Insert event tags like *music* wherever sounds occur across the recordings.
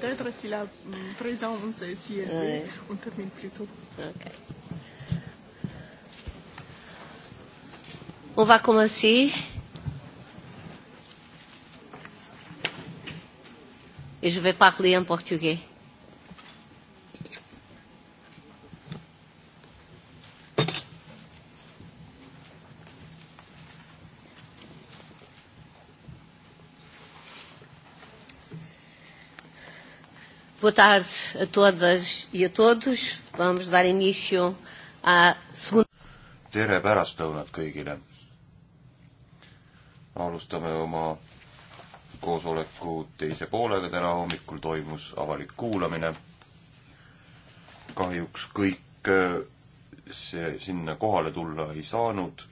peut-être si la mm, présence est eh. si élevée, ouais. on termine plus tôt. Okay. On va commencer. Et je vais parler en portugais. boa tarde a todas e a todos. Vamos dar início à segunda... Tere pärastlõunat kõigile. Alustame oma koosoleku teise poolega. Täna hommikul toimus avalik kuulamine. Kahjuks kõik eh, see sinna kohale tulla ei saanud.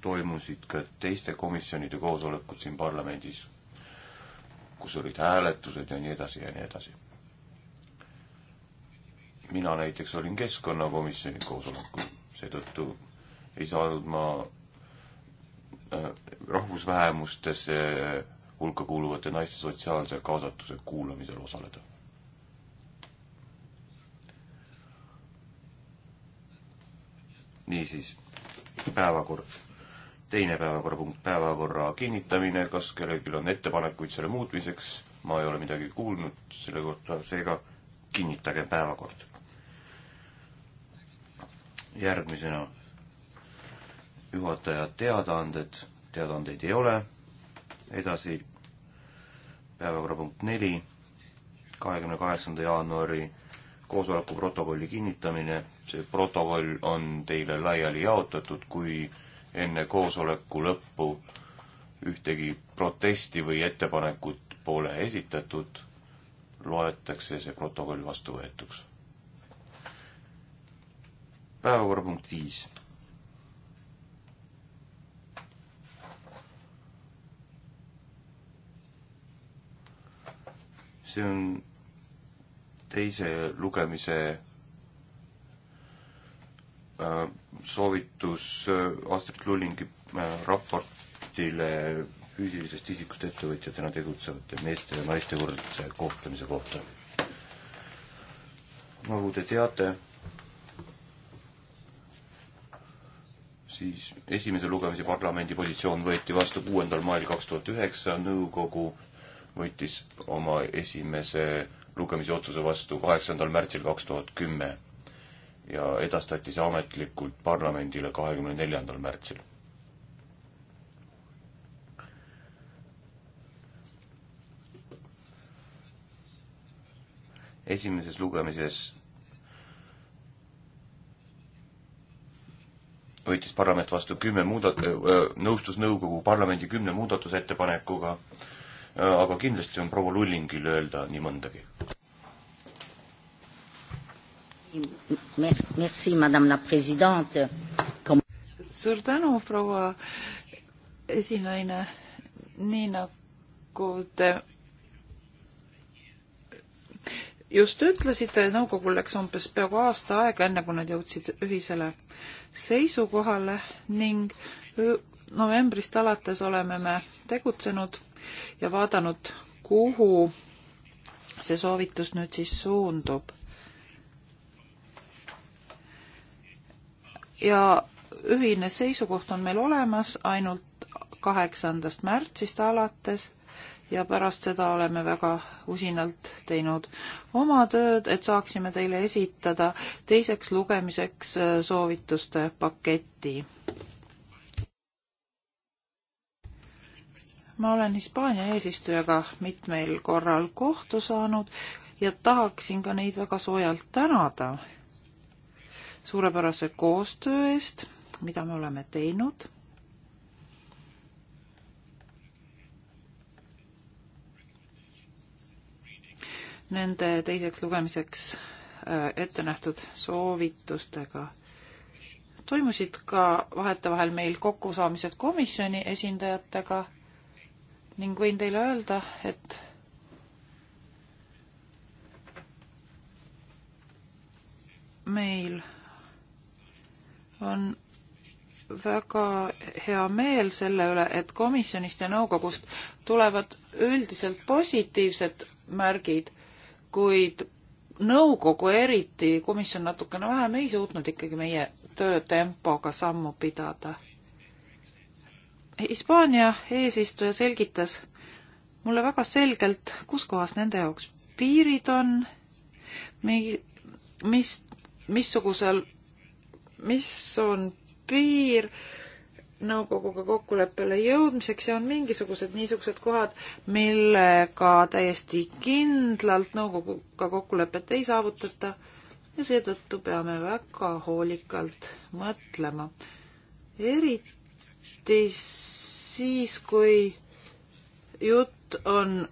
Toimusid ka teiste komisjonide koosolekud siin parlamendis, kus olid hääletused ja nii edasi ja nii edasi mina näiteks olin keskkonnakomisjoni koosolekul, seetõttu ei saanud ma äh, rahvusvähemustesse hulka kuuluvate naiste sotsiaalse kaasatuse kuulamisel osaleda. niisiis, päevakord, teine päevakorrapunkt, päevakorra kinnitamine, kas kellelgi on ettepanekuid selle muutmiseks, ma ei ole midagi kuulnud selle kohta, seega kinnitage päevakord järgmisena juhataja teadaanded, teadaandeid ei ole, edasi päevakorrapunkt neli, kahekümne kaheksanda jaanuari koosoleku protokolli kinnitamine, see protokoll on teile laiali jaotatud, kui enne koosoleku lõppu ühtegi protesti või ettepanekut pole esitatud, loetakse see protokoll vastuvõetuks päevakorrapunkt viis. see on teise lugemise äh, soovitus äh, Astrid Lullingi äh, raportile füüsilisest isikust ettevõtjatena tegutsevate meeste ja naiste võrdse kohtlemise kohta. nagu te teate, siis esimese lugemise parlamendi positsioon võeti vastu kuuendal mail kaks tuhat üheksa, nõukogu võttis oma esimese lugemise otsuse vastu kaheksandal märtsil kaks tuhat kümme ja edastati see ametlikult parlamendile kahekümne neljandal märtsil. esimeses lugemises võttis parlament vastu kümme muudat-, äh, äh, nõustus nõukogu parlamendi kümne muudatusettepanekuga, äh, aga kindlasti on proua Lullingil öelda nii mõndagi. Merci, madame la president. suur tänu, proua esinaine, nii nagu te just ütlesite, nõukogul läks umbes peaaegu aasta aega, enne kui nad jõudsid ühisele seisukohale ning novembrist alates oleme me tegutsenud ja vaadanud, kuhu see soovitus nüüd siis suundub. ja ühine seisukoht on meil olemas ainult kaheksandast märtsist alates ja pärast seda oleme väga usinalt teinud oma tööd, et saaksime teile esitada teiseks lugemiseks äh, soovituste paketti. ma olen Hispaania eesistujaga mitmel korral kohtu saanud ja tahaksin ka neid väga soojalt tänada suurepärase koostöö eest, mida me oleme teinud nende teiseks lugemiseks äh, ette nähtud soovitustega. toimusid ka vahetevahel meil kokkusaamised komisjoni esindajatega ning võin teile öelda, et meil on väga hea meel selle üle, et komisjonist ja nõukogust tulevad üldiselt positiivsed märgid kuid nõukogu eriti, komisjon natukene vähem, ei suutnud ikkagi meie töötempoga sammu pidada. Hispaania eesistuja selgitas mulle väga selgelt, kus kohas nende jaoks piirid on, mi-, mis, missugusel, mis on piir, nõukoguga kokkuleppele jõudmiseks ja on mingisugused niisugused kohad, millega täiesti kindlalt nõukoguga kokkulepet ei saavutata ja seetõttu peame väga hoolikalt mõtlema. eriti siis, kui jutt on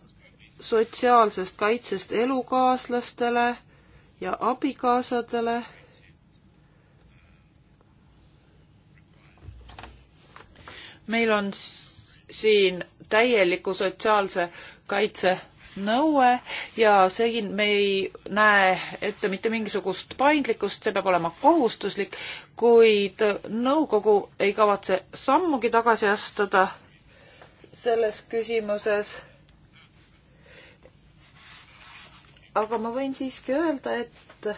sotsiaalsest kaitsest elukaaslastele ja abikaasadele meil on siin täieliku sotsiaalse kaitse nõue ja siin me ei näe ette mitte mingisugust paindlikkust, see peab olema kohustuslik, kuid nõukogu ei kavatse sammugi tagasi astuda selles küsimuses. aga ma võin siiski öelda, et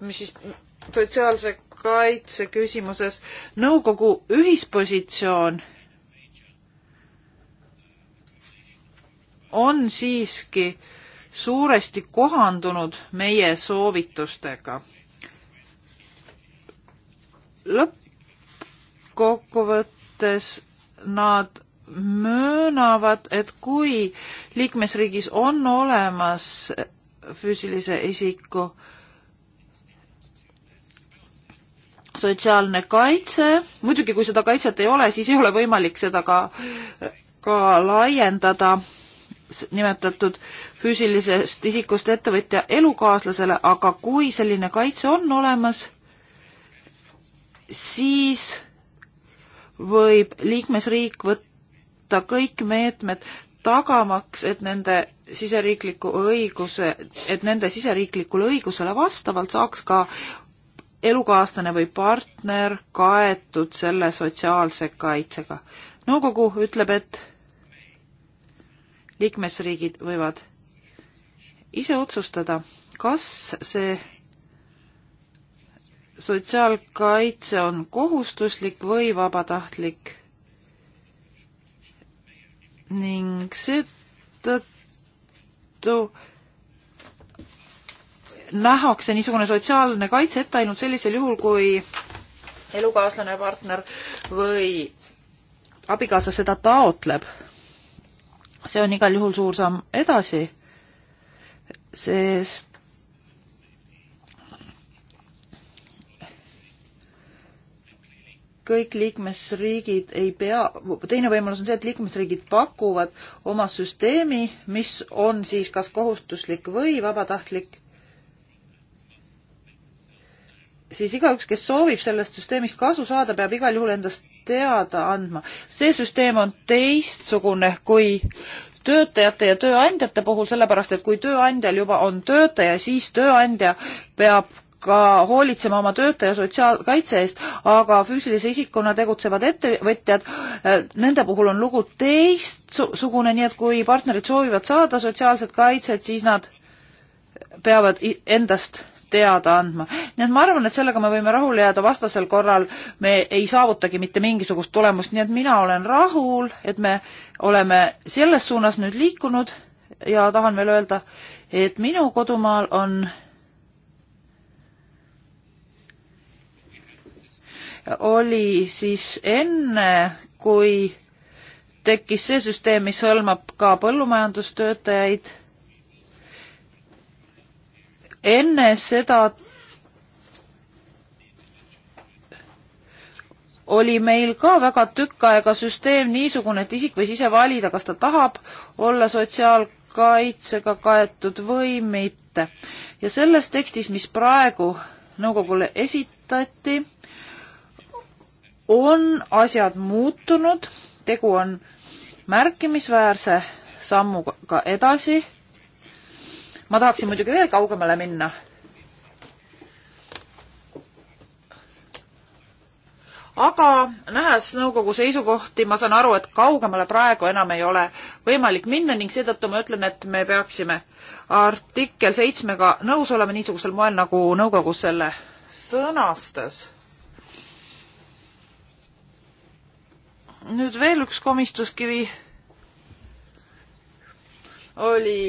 mis siis sotsiaalse kaitse küsimuses nõukogu ühispositsioon on siiski suuresti kohandunud meie soovitustega. lõppkokkuvõttes nad möönavad, et kui liikmesriigis on olemas füüsilise isiku äh, sotsiaalne kaitse, muidugi kui seda kaitset ei ole, siis ei ole võimalik seda ka, ka laiendada nimetatud füüsilisest isikust ettevõtja elukaaslasele, aga kui selline kaitse on olemas, siis võib liikmesriik võtta kõik meetmed tagamaks, et nende siseriikliku õiguse, et nende siseriiklikule õigusele vastavalt saaks ka elukaaslane või partner kaetud selle sotsiaalse kaitsega. nõukogu ütleb, et liikmesriigid võivad ise otsustada, kas see sotsiaalkaitse on kohustuslik või vabatahtlik ning seetõttu nähakse niisugune sotsiaalne kaitse ette ainult sellisel juhul, kui elukaaslane, partner või abikaasa seda taotleb. see on igal juhul suur samm edasi, sest kõik liikmesriigid ei pea, teine võimalus on see, et liikmesriigid pakuvad oma süsteemi, mis on siis kas kohustuslik või vabatahtlik siis igaüks, kes soovib sellest süsteemist kasu saada, peab igal juhul endast teada andma. see süsteem on teistsugune kui töötajate ja tööandjate puhul, sellepärast et kui tööandjal juba on töötaja, siis tööandja peab ka hoolitsema oma töötaja sotsiaalkaitse eest, aga füüsilise isikuna tegutsevad ettevõtjad, äh, nende puhul on lugu teistsugune, nii et kui partnerid soovivad saada sotsiaalset kaitset, siis nad peavad endast teada andma. nii et ma arvan, et sellega me võime rahule jääda, vastasel korral me ei saavutagi mitte mingisugust tulemust, nii et mina olen rahul, et me oleme selles suunas nüüd liikunud ja tahan veel öelda, et minu kodumaal on oli siis enne, kui tekkis see süsteem, mis hõlmab ka põllumajandustöötajaid enne seda oli meil ka väga tükk aega süsteem niisugune, et isik võis ise valida, kas ta tahab olla sotsiaalkaitsega kaetud või mitte. ja selles tekstis, mis praegu nõukogule esitati, on asjad muutunud, tegu on märkimisväärse sammuga edasi ma tahaksin muidugi veel kaugemale minna. aga nähes nõukogu seisukohti, ma saan aru, et kaugemale praegu enam ei ole võimalik minna ning seetõttu ma ütlen, et me peaksime artikkel seitsmega nõus olema niisugusel moel, nagu nõukogu selle sõnastas nüüd veel üks komistuskivi oli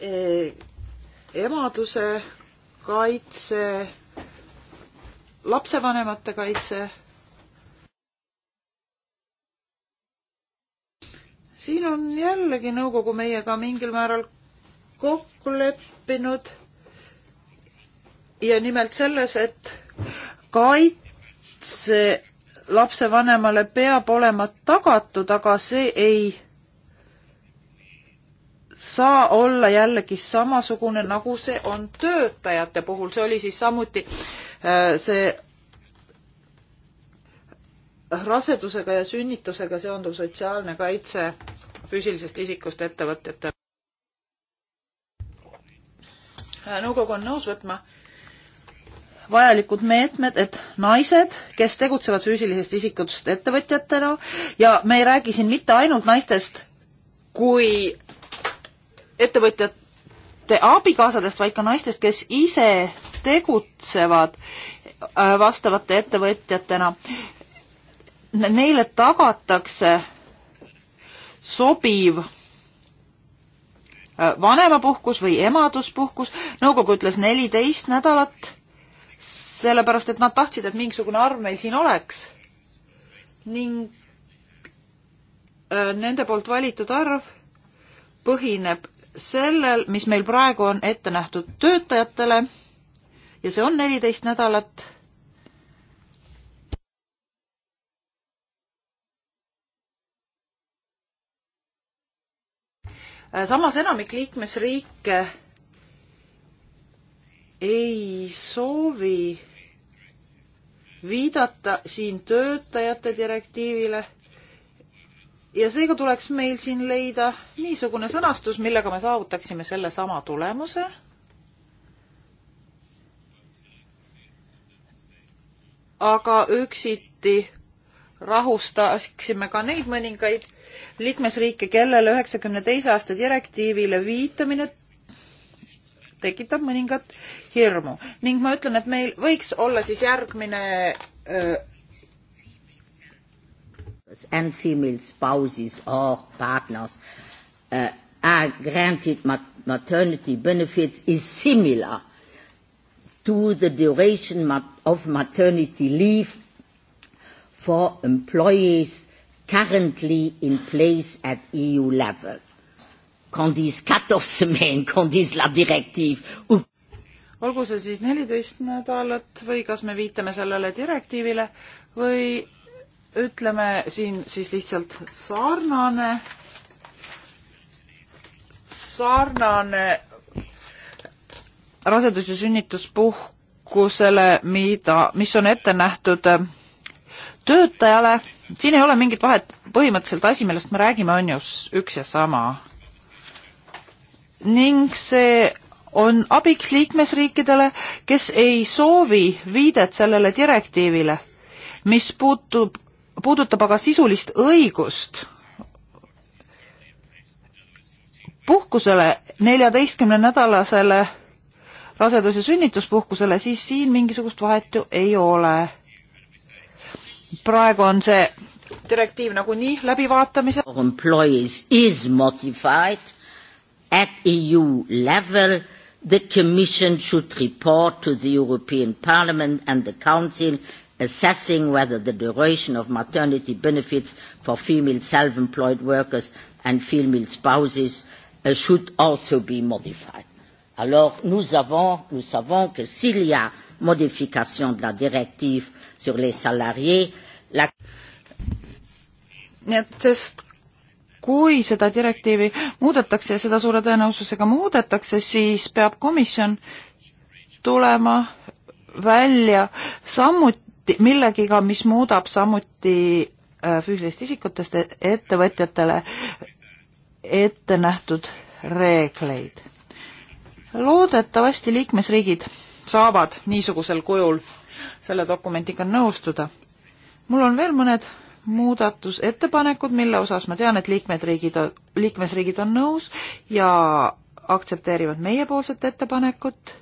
Eh, emaduse kaitse, lapsevanemate kaitse. siin on jällegi nõukogu meiega mingil määral kokku leppinud ja nimelt selles, et kaitse lapsevanemale peab olema tagatud, aga see ei saa olla jällegi samasugune, nagu see on töötajate puhul, see oli siis samuti äh, see rasedusega ja sünnitusega seonduv sotsiaalne kaitse füüsilisest isikust ettevõtjatele. Äh, nõukogu on nõus võtma vajalikud meetmed, et naised, kes tegutsevad füüsilisest isikust ettevõtjatena ja me ei räägi siin mitte ainult naistest kui ettevõtjate abikaasadest, vaid ka naistest, kes ise tegutsevad äh, vastavate ettevõtjatena. Neile tagatakse sobiv äh, vanemapuhkus või emaduspuhkus, nõukogu ütles neliteist nädalat, sellepärast et nad tahtsid, et mingisugune arv meil siin oleks. ning äh, nende poolt valitud arv põhineb sellel, mis meil praegu on ette nähtud töötajatele ja see on neliteist nädalat samas enamik liikmesriike ei soovi viidata siin töötajate direktiivile ja seega tuleks meil siin leida niisugune sõnastus, millega me saavutaksime sellesama tulemuse. aga üksiti rahustaksime ka neid mõningaid liikmesriike, kellele üheksakümne teise aasta direktiivile viitamine tekitab mõningat hirmu ning ma ütlen, et meil võiks olla siis järgmine öö, and female spouses or partners uh, are granted maternity benefits is similar to the duration of maternity leave for employees currently in place at EU level. Qu'on dise 14 semaines, *laughs* qu'on dise la directive. olgu see siis neliteist nädalat või kas me viitame sellele direktiivile või ütleme siin siis lihtsalt sarnane, sarnane rasedus- ja sünnituspuhkusele, mida, mis on ette nähtud äh, töötajale, siin ei ole mingit vahet, põhimõtteliselt asi, millest me räägime, on ju üks ja sama. ning see on abiks liikmesriikidele, kes ei soovi viidet sellele direktiivile, mis puutub puudutab aga sisulist õigust puhkusele, neljateistkümnenädalasele rasedus- ja sünnituspuhkusele, siis siin mingisugust vahet ju ei ole. praegu on see direktiiv nagunii läbivaatamisel. Employees is modified at EU level the Commission should report to the European Parliament and the Council assessing whether the duration of maternity benefits for female self-employed workers and female spouses uh, should also be modified. Alors, nous, avons, nous savons que s'il y a modification de la directive sur les salariés, la... nii et sest kui seda direktiivi muudetakse ja seda suure tõenäosusega muudetakse, siis peab komisjon tulema välja samuti millegiga, mis muudab samuti äh, füüsilist isikutest e-, ettevõtjatele ette nähtud reegleid. loodetavasti liikmesriigid saavad niisugusel kujul selle dokumendiga nõustuda. mul on veel mõned muudatusettepanekud, mille osas ma tean, et liikmesriigid, liikmesriigid on nõus ja aktsepteerivad meiepoolset ettepanekut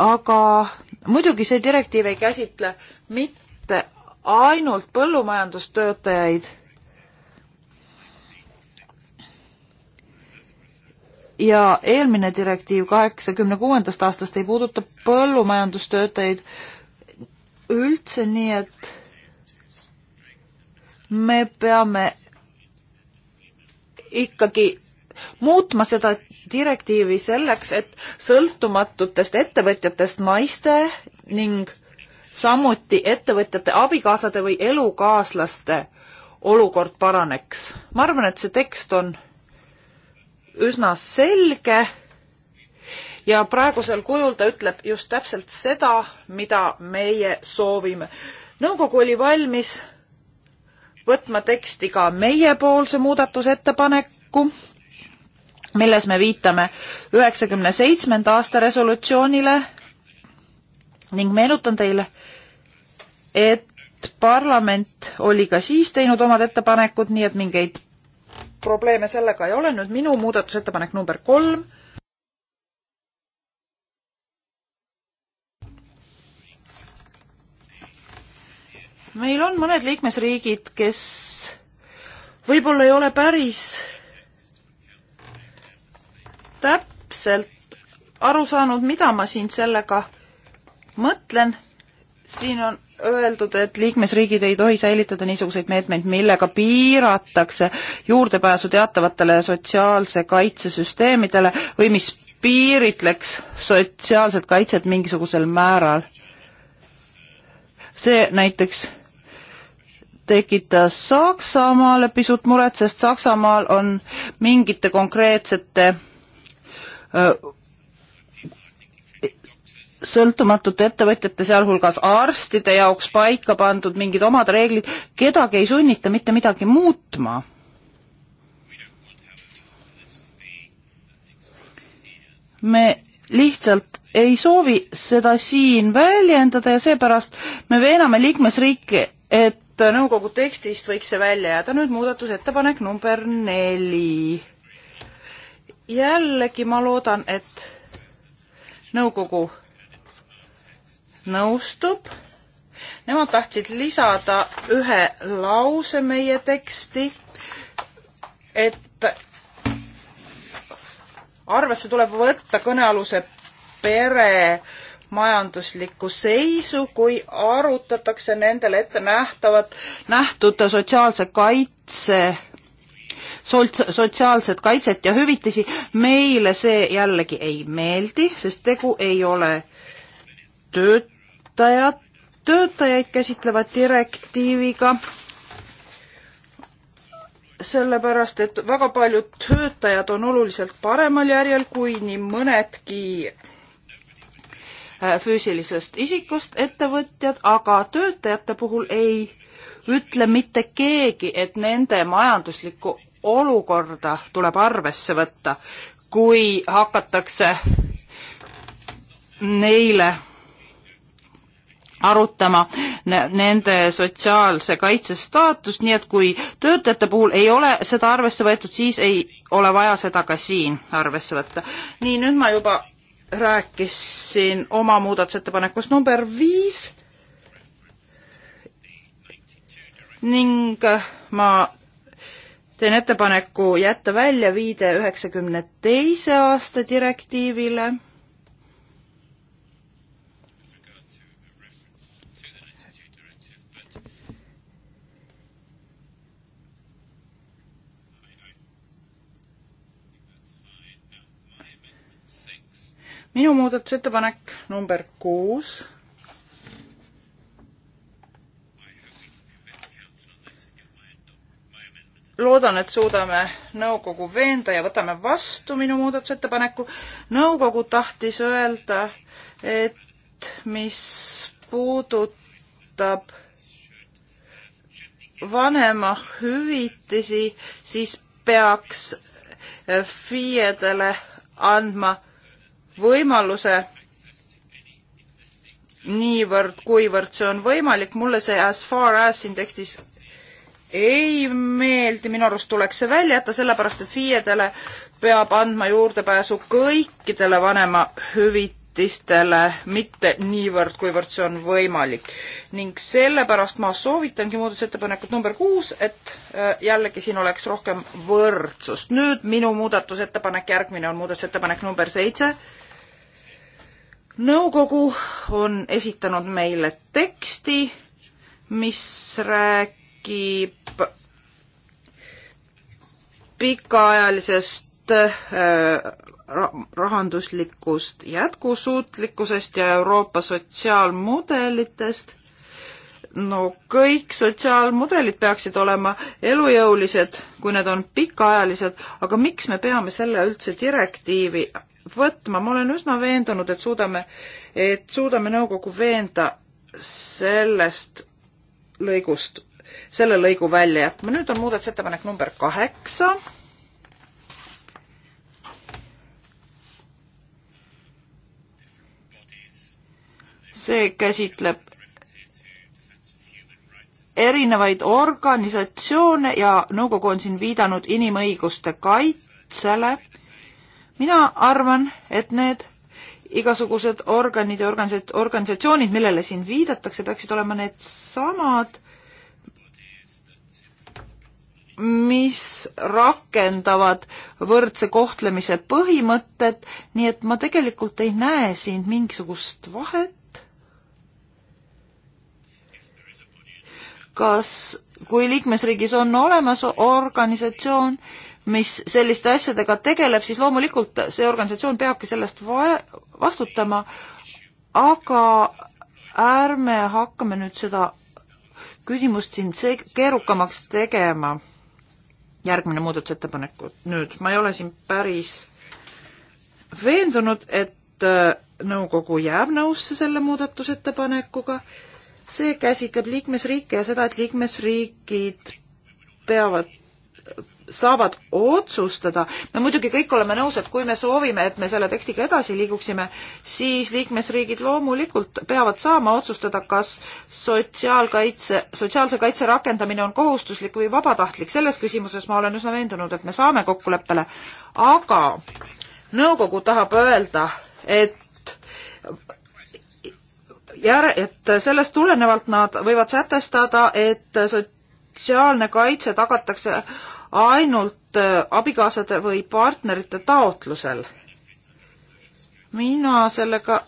aga muidugi see direktiiv ei käsitle mitte ainult põllumajandustöötajaid ja eelmine direktiiv kaheksakümne kuuendast aastast ei puuduta põllumajandustöötajaid üldse, nii et me peame ikkagi muutma seda direktiivi selleks, et sõltumatutest ettevõtjatest naiste ning samuti ettevõtjate abikaasade või elukaaslaste olukord paraneks. ma arvan, et see tekst on üsna selge ja praegusel kujul ta ütleb just täpselt seda, mida meie soovime. nõukogu oli valmis võtma teksti ka meiepoolse muudatusettepaneku milles me viitame üheksakümne seitsmenda aasta resolutsioonile ning meenutan teile, et parlament oli ka siis teinud omad ettepanekud, nii et mingeid probleeme sellega ei ole. nüüd minu muudatusettepanek number kolm. meil on mõned liikmesriigid, kes võib-olla ei ole päris täpselt aru saanud, mida ma siin sellega mõtlen. siin on öeldud, et liikmesriigid ei tohi säilitada niisuguseid meetmeid, millega piiratakse juurdepääsu teatavatele sotsiaalse kaitse süsteemidele või mis piiritleks sotsiaalset kaitset mingisugusel määral. see näiteks tekitas Saksamaale pisut muret, sest Saksamaal on mingite konkreetsete sõltumatute ettevõtjate, sealhulgas arstide jaoks paika pandud mingid omad reeglid, kedagi ei sunnita mitte midagi muutma. me lihtsalt ei soovi seda siin väljendada ja seepärast me veename liikmesriike, et nõukogu tekstist võiks see välja jääda. nüüd muudatusettepanek number neli jällegi ma loodan, et nõukogu nõustub. Nemad tahtsid lisada ühe lause meie teksti, et arvesse tuleb võtta kõnealuse pere majanduslikku seisu, kui arutatakse nendele ette nähtavat, nähtud sotsiaalse kaitse sots-, sotsiaalset kaitset ja hüvitisi. meile see jällegi ei meeldi, sest tegu ei ole töötajat, töötajaid käsitleva direktiiviga, sellepärast et väga paljud töötajad on oluliselt paremal järjel kui nii mõnedki äh, füüsilisest isikust ettevõtjad, aga töötajate puhul ei ütle mitte keegi, et nende majanduslikku olukorda tuleb arvesse võtta, kui hakatakse neile arutama nende sotsiaalse kaitse staatust, nii et kui töötajate puhul ei ole seda arvesse võetud, siis ei ole vaja seda ka siin arvesse võtta. nii, nüüd ma juba rääkisin oma muudatusettepanekust number viis ning ma teen ettepaneku jätta välja viide üheksakümne teise aasta direktiivile. minu muudatusettepanek number kuus loodan, et suudame nõukogu veenda ja võtame vastu minu muudatusettepaneku. nõukogu tahtis öelda, et mis puudutab vanemahüvitisi, siis peaks FIE-dele andma võimaluse niivõrd, kuivõrd see on võimalik. mulle see as far as siin tekstis ei meeldi, minu arust tuleks see välja jätta, sellepärast et FIE-dele peab andma juurdepääsu kõikidele vanemahüvitistele, mitte niivõrd, kuivõrd see on võimalik. ning sellepärast ma soovitangi muudatusettepanekut number kuus, et äh, jällegi siin oleks rohkem võrdsust. nüüd minu muudatusettepanek, järgmine on muudatusettepanek number seitse nõukogu on esitanud meile teksti, mis räägib räägib pikaajalisest äh, rahanduslikust jätkusuutlikkusest ja Euroopa sotsiaalmudelitest. no kõik sotsiaalmudelid peaksid olema elujõulised, kui need on pikaajalised, aga miks me peame selle üldse direktiivi võtma, ma olen üsna veendunud, et suudame, et suudame nõukogu veenda sellest lõigust selle lõigu välja jätma. nüüd on muudatusettepanek number kaheksa. see käsitleb erinevaid organisatsioone ja nõukogu on siin viidanud inimõiguste kaitsele. mina arvan, et need igasugused organid ja organisatsioonid, millele siin viidatakse, peaksid olema needsamad mis rakendavad võrdse kohtlemise põhimõtet, nii et ma tegelikult ei näe siin mingisugust vahet. kas, kui liikmesriigis on olemas organisatsioon, mis selliste asjadega tegeleb, siis loomulikult see organisatsioon peabki sellest vaja, vastutama, aga ärme hakkame nüüd seda küsimust siin keerukamaks tegema järgmine muudatusettepanek nüüd, ma ei ole siin päris veendunud, et äh, nõukogu jääb nõusse selle muudatusettepanekuga. see käsitleb liikmesriike ja seda, et liikmesriigid peavad saavad otsustada. me muidugi kõik oleme nõus, et kui me soovime, et me selle tekstiga edasi liiguksime, siis liikmesriigid loomulikult peavad saama otsustada, kas sotsiaalkaitse, sotsiaalse kaitse rakendamine on kohustuslik või vabatahtlik. selles küsimuses ma olen üsna veendunud, et me saame kokkuleppele. aga nõukogu tahab öelda, et jär-, et sellest tulenevalt nad võivad sätestada, et sotsiaalne kaitse tagatakse ainult äh, abikaasade või partnerite taotlusel. mina sellega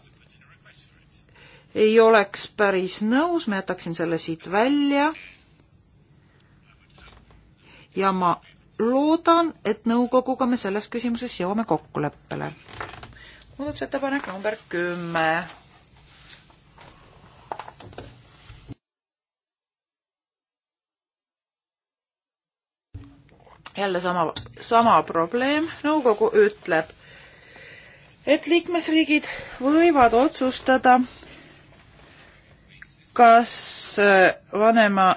ei oleks päris nõus, ma jätaksin selle siit välja. ja ma loodan, et nõukoguga me selles küsimuses jõuame kokkuleppele. muudatusettepanek number kümme jälle sama, sama probleem, nõukogu ütleb, et liikmesriigid võivad otsustada, kas äh, vanema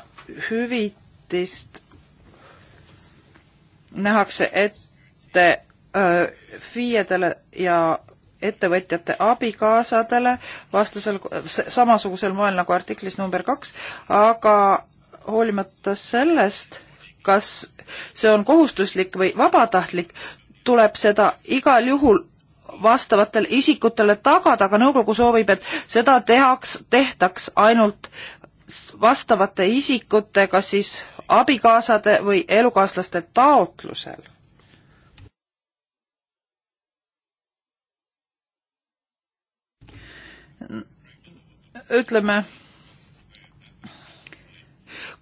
hüvitist nähakse ette äh, FIE-dele ja ettevõtjate abikaasadele vastasel samasugusel moel nagu artiklis number kaks, aga hoolimata sellest kas see on kohustuslik või vabatahtlik, tuleb seda igal juhul vastavatele isikutele tagada, aga nõukogu soovib, et seda tehaks, tehtaks ainult vastavate isikute, kas siis abikaasade või elukaaslaste taotlusel. ütleme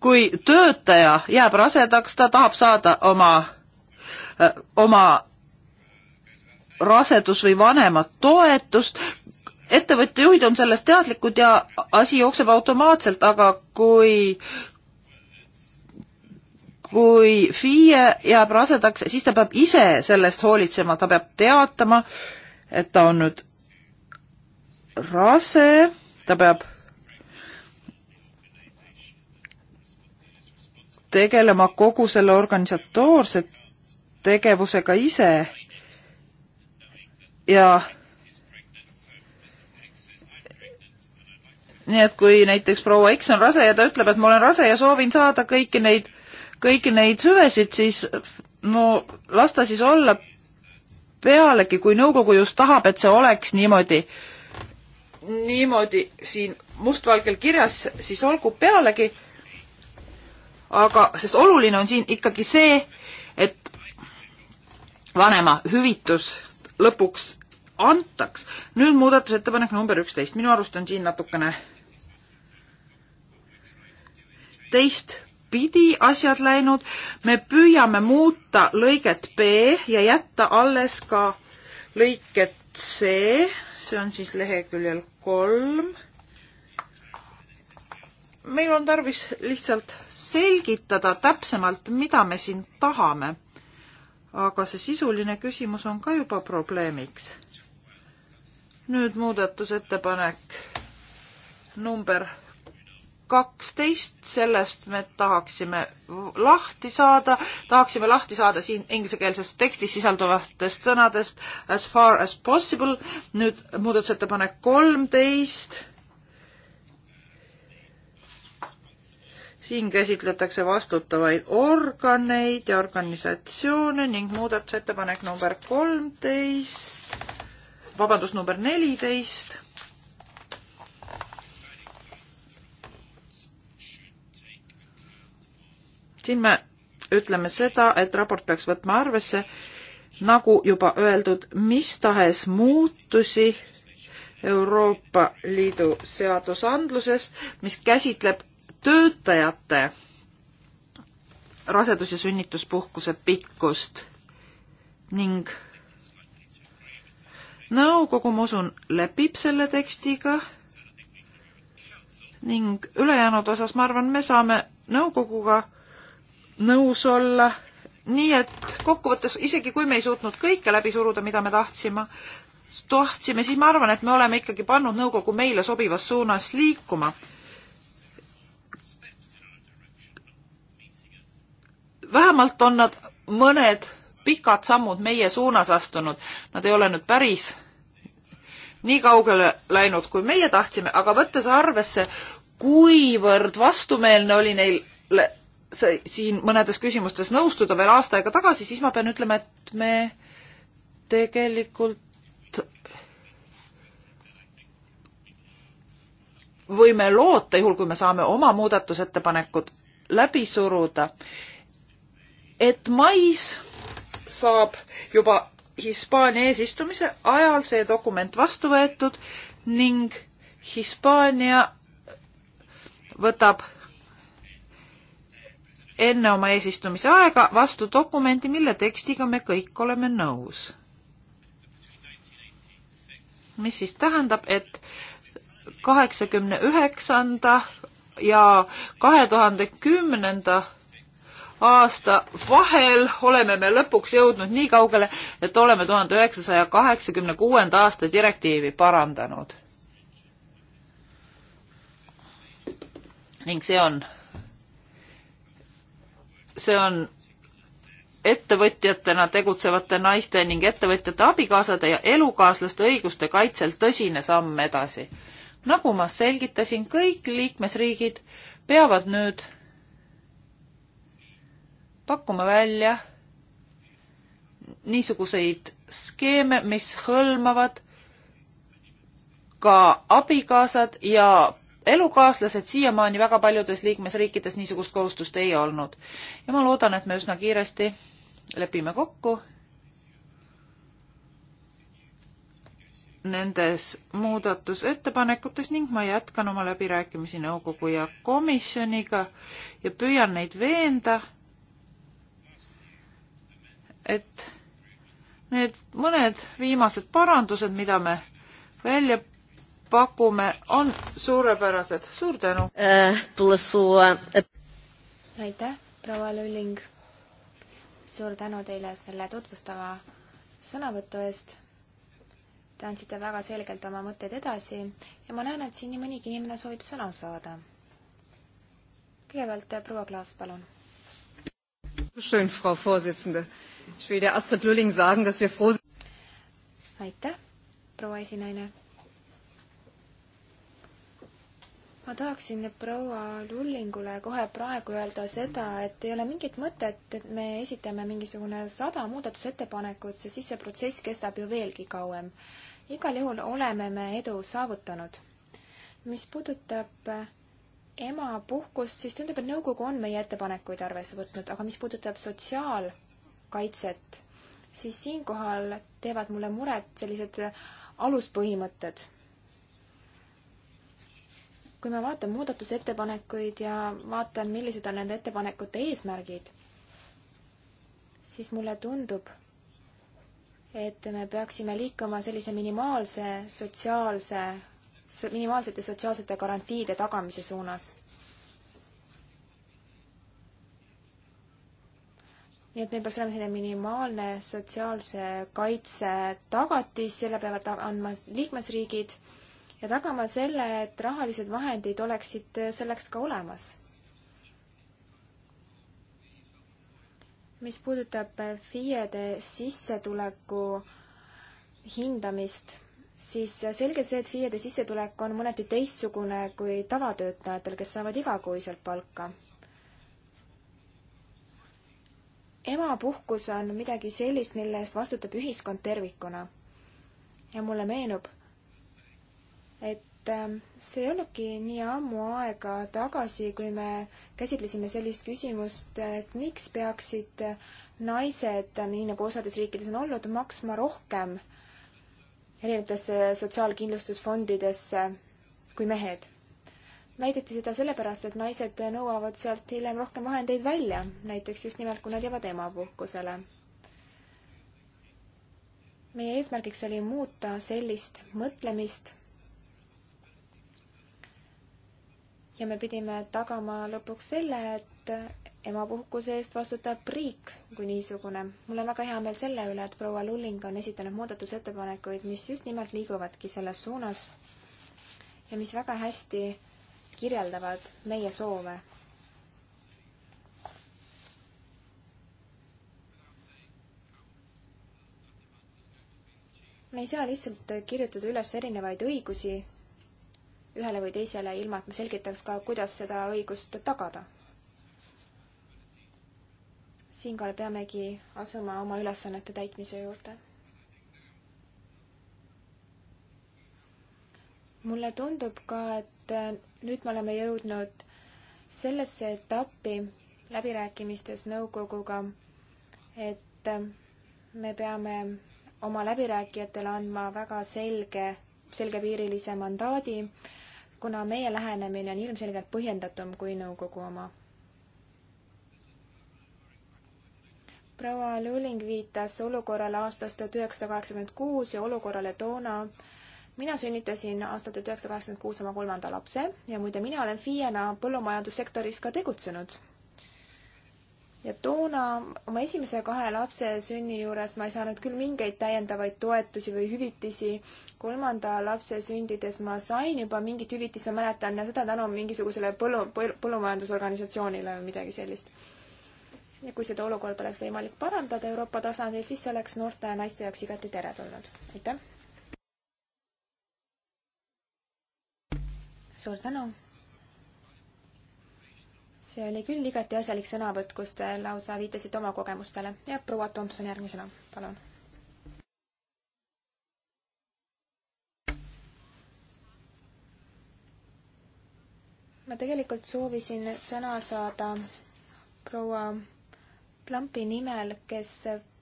kui töötaja jääb rasedaks, ta tahab saada oma, äh, oma rasedus- või vanemat toetust, ettevõtte juhid on sellest teadlikud ja asi jookseb automaatselt, aga kui kui FIE jääb rasedaks, siis ta peab ise sellest hoolitsema, ta peab teatama, et ta on nüüd rase, ta peab tegelema kogu selle organisatoorse tegevusega ise ja nii et kui näiteks proua X on rase ja ta ütleb, et ma olen rase ja soovin saada kõiki neid, kõiki neid hüvesid, siis no las ta siis olla pealegi, kui nõukogu just tahab, et see oleks niimoodi, niimoodi siin mustvalgel kirjas, siis olgu pealegi aga, sest oluline on siin ikkagi see, et vanema hüvitus lõpuks antaks. nüüd muudatusettepanek number üksteist, minu arust on siin natukene teistpidi asjad läinud, me püüame muuta lõiget B ja jätta alles ka lõiket C, see on siis leheküljel kolm meil on tarvis lihtsalt selgitada täpsemalt, mida me siin tahame. aga see sisuline küsimus on ka juba probleemiks. nüüd muudatusettepanek number kaksteist, sellest me tahaksime lahti saada, tahaksime lahti saada siin inglisekeelses tekstis sisalduvatest sõnadest as far as possible. nüüd muudatusettepanek kolmteist siin käsitletakse vastutavaid organeid ja organisatsioone ning muudatusettepanek number kolmteist, vabandust, number neliteist. siin me ütleme seda, et raport peaks võtma arvesse, nagu juba öeldud, mis tahes muutusi Euroopa Liidu seadusandluses, mis käsitleb töötajate rasedus- ja sünnituspuhkuse pikkust ning nõukogu, ma usun, lepib selle tekstiga ning ülejäänud osas, ma arvan, me saame nõukoguga nõus olla, nii et kokkuvõttes, isegi kui me ei suutnud kõike läbi suruda, mida me tahtsime, tahtsime, siis ma arvan, et me oleme ikkagi pannud nõukogu meile sobivas suunas liikuma vähemalt on nad mõned pikad sammud meie suunas astunud. Nad ei ole nüüd päris nii kaugele läinud, kui meie tahtsime, aga võttes arvesse, kuivõrd vastumeelne oli neil see, siin mõnedes küsimustes nõustuda veel aasta aega tagasi, siis ma pean ütlema, et me tegelikult võime loota, juhul kui me saame oma muudatusettepanekud läbi suruda, et mais saab juba Hispaania eesistumise ajal see dokument vastu võetud ning Hispaania võtab enne oma eesistumise aega vastu dokumendi, mille tekstiga me kõik oleme nõus. mis siis tähendab, et kaheksakümne üheksanda ja kahe tuhande kümnenda aasta vahel oleme me lõpuks jõudnud nii kaugele, et oleme tuhande üheksasaja kaheksakümne kuuenda aasta direktiivi parandanud. ning see on, see on ettevõtjatena tegutsevate naiste ning ettevõtjate abikaasade ja elukaaslaste õiguste kaitsel tõsine samm edasi. nagu ma selgitasin, kõik liikmesriigid peavad nüüd pakkuma välja niisuguseid skeeme, mis hõlmavad ka abikaasad ja elukaaslased siiamaani väga paljudes liikmesriikides niisugust kohustust ei olnud. ja ma loodan, et me üsna kiiresti lepime kokku nendes muudatusettepanekutes ning ma jätkan oma läbirääkimisi nõukogu ja komisjoniga ja püüan neid veenda et need mõned viimased parandused, mida me välja pakume, on suurepärased. suur tänu äh,! aitäh, proua Lulling! suur tänu teile selle tutvustava sõnavõtu eest. Te andsite väga selgelt oma mõtteid edasi ja ma näen, et siin nii mõnigi inimene soovib sõna saada. kõigepealt proua Klaas, palun aitäh, proua esinaine. ma tahaksin proua Lullingule kohe praegu öelda seda, et ei ole mingit mõtet, et me esitame mingisugune sada muudatusettepanekut, sest siis see protsess kestab ju veelgi kauem. igal juhul oleme me edu saavutanud. mis puudutab emapuhkust, siis tundub, et nõukogu on meie ettepanekuid arvesse võtnud, aga mis puudutab sotsiaal- kaitset, siis siinkohal teevad mulle muret sellised aluspõhimõtted. kui ma vaatan muudatusettepanekuid ja vaatan, millised on nende ettepanekute eesmärgid, siis mulle tundub, et me peaksime liikuma sellise minimaalse sotsiaalse, minimaalsete sotsiaalsete garantiide tagamise suunas nii et meil peaks olema selline minimaalne sotsiaalse kaitse tagatis, selle peavad andma liikmesriigid ja tagama selle, et rahalised vahendid oleksid selleks ka olemas. mis puudutab FIE-de sissetuleku hindamist, siis selge see, et FIE-de sissetulek on mõneti teistsugune kui tavatöötajatel, kes saavad igakuiselt palka emapuhkus on midagi sellist, mille eest vastutab ühiskond tervikuna. ja mulle meenub, et ähm, see ei olnudki nii ammu aega tagasi, kui me käsitlesime sellist küsimust, et miks peaksid naised, nii nagu osades riikides on olnud, maksma rohkem erinevatesse sotsiaalkindlustusfondidesse kui mehed väideti seda sellepärast, et naised nõuavad sealt hiljem rohkem vahendeid välja, näiteks just nimelt, kui nad jäävad emapuhkusele. meie eesmärgiks oli muuta sellist mõtlemist. ja me pidime tagama lõpuks selle, et emapuhkuse eest vastutab riik kui niisugune. mul on väga hea meel selle üle, et proua Lulling on esitanud muudatusettepanekuid, mis just nimelt liiguvadki selles suunas ja mis väga hästi kirjeldavad meie soove. me ei saa lihtsalt kirjutada üles erinevaid õigusi ühele või teisele, ilma et me selgitaks ka, kuidas seda õigust tagada. siinkohal peamegi asuma oma ülesannete täitmise juurde mulle tundub ka, et nüüd me oleme jõudnud sellesse etappi läbirääkimistes nõukoguga, et me peame oma läbirääkijatele andma väga selge, selgepiirilise mandaadi, kuna meie lähenemine on ilmselgelt põhjendatum kui nõukogu oma. proua Luling viitas olukorrale aastast tuhat üheksasada kaheksakümmend kuus ja olukorrale toona, mina sünnitasin aastal tuhat üheksasada kaheksakümmend kuus oma kolmanda lapse ja muide, mina olen FIE-na põllumajandussektoris ka tegutsenud. ja toona oma esimese kahe lapse sünni juures ma ei saanud küll mingeid täiendavaid toetusi või hüvitisi. kolmanda lapse sündides ma sain juba mingit hüvitist, ma mäletan, ja seda tänu mingisugusele põllu, põllumajandusorganisatsioonile või midagi sellist ja kui seda olukorda oleks võimalik parandada Euroopa tasandil, siis see oleks noorte ja naiste jaoks igati teretulnud. aitäh! suur tänu! see oli küll igati asjalik sõnavõtt, kus te lausa viitasite oma kogemustele ja proua Tomson järgmisena, palun. ma tegelikult soovisin sõna saada proua Plampi nimel, kes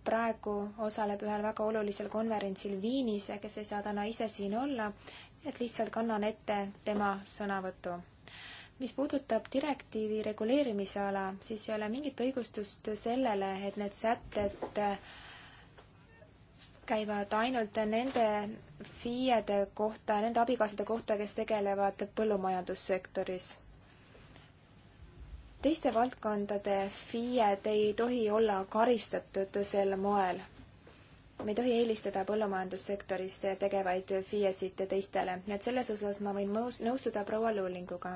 praegu osaleb ühel väga olulisel konverentsil Viinis ja kes ei saa täna ise siin olla et lihtsalt kannan ette tema sõnavõttu. mis puudutab direktiivi reguleerimisala, siis ei ole mingit õigustust sellele, et need sätted käivad ainult nende FIE-de kohta, nende abikaasade kohta, kes tegelevad põllumajandussektoris teiste valdkondade FIE-d ei tohi olla karistatud sel moel me ei tohi eelistada põllumajandussektoris tegevaid FIE-sid teistele, nii et selles osas ma võin mõus-, nõustuda proua Luulinguga.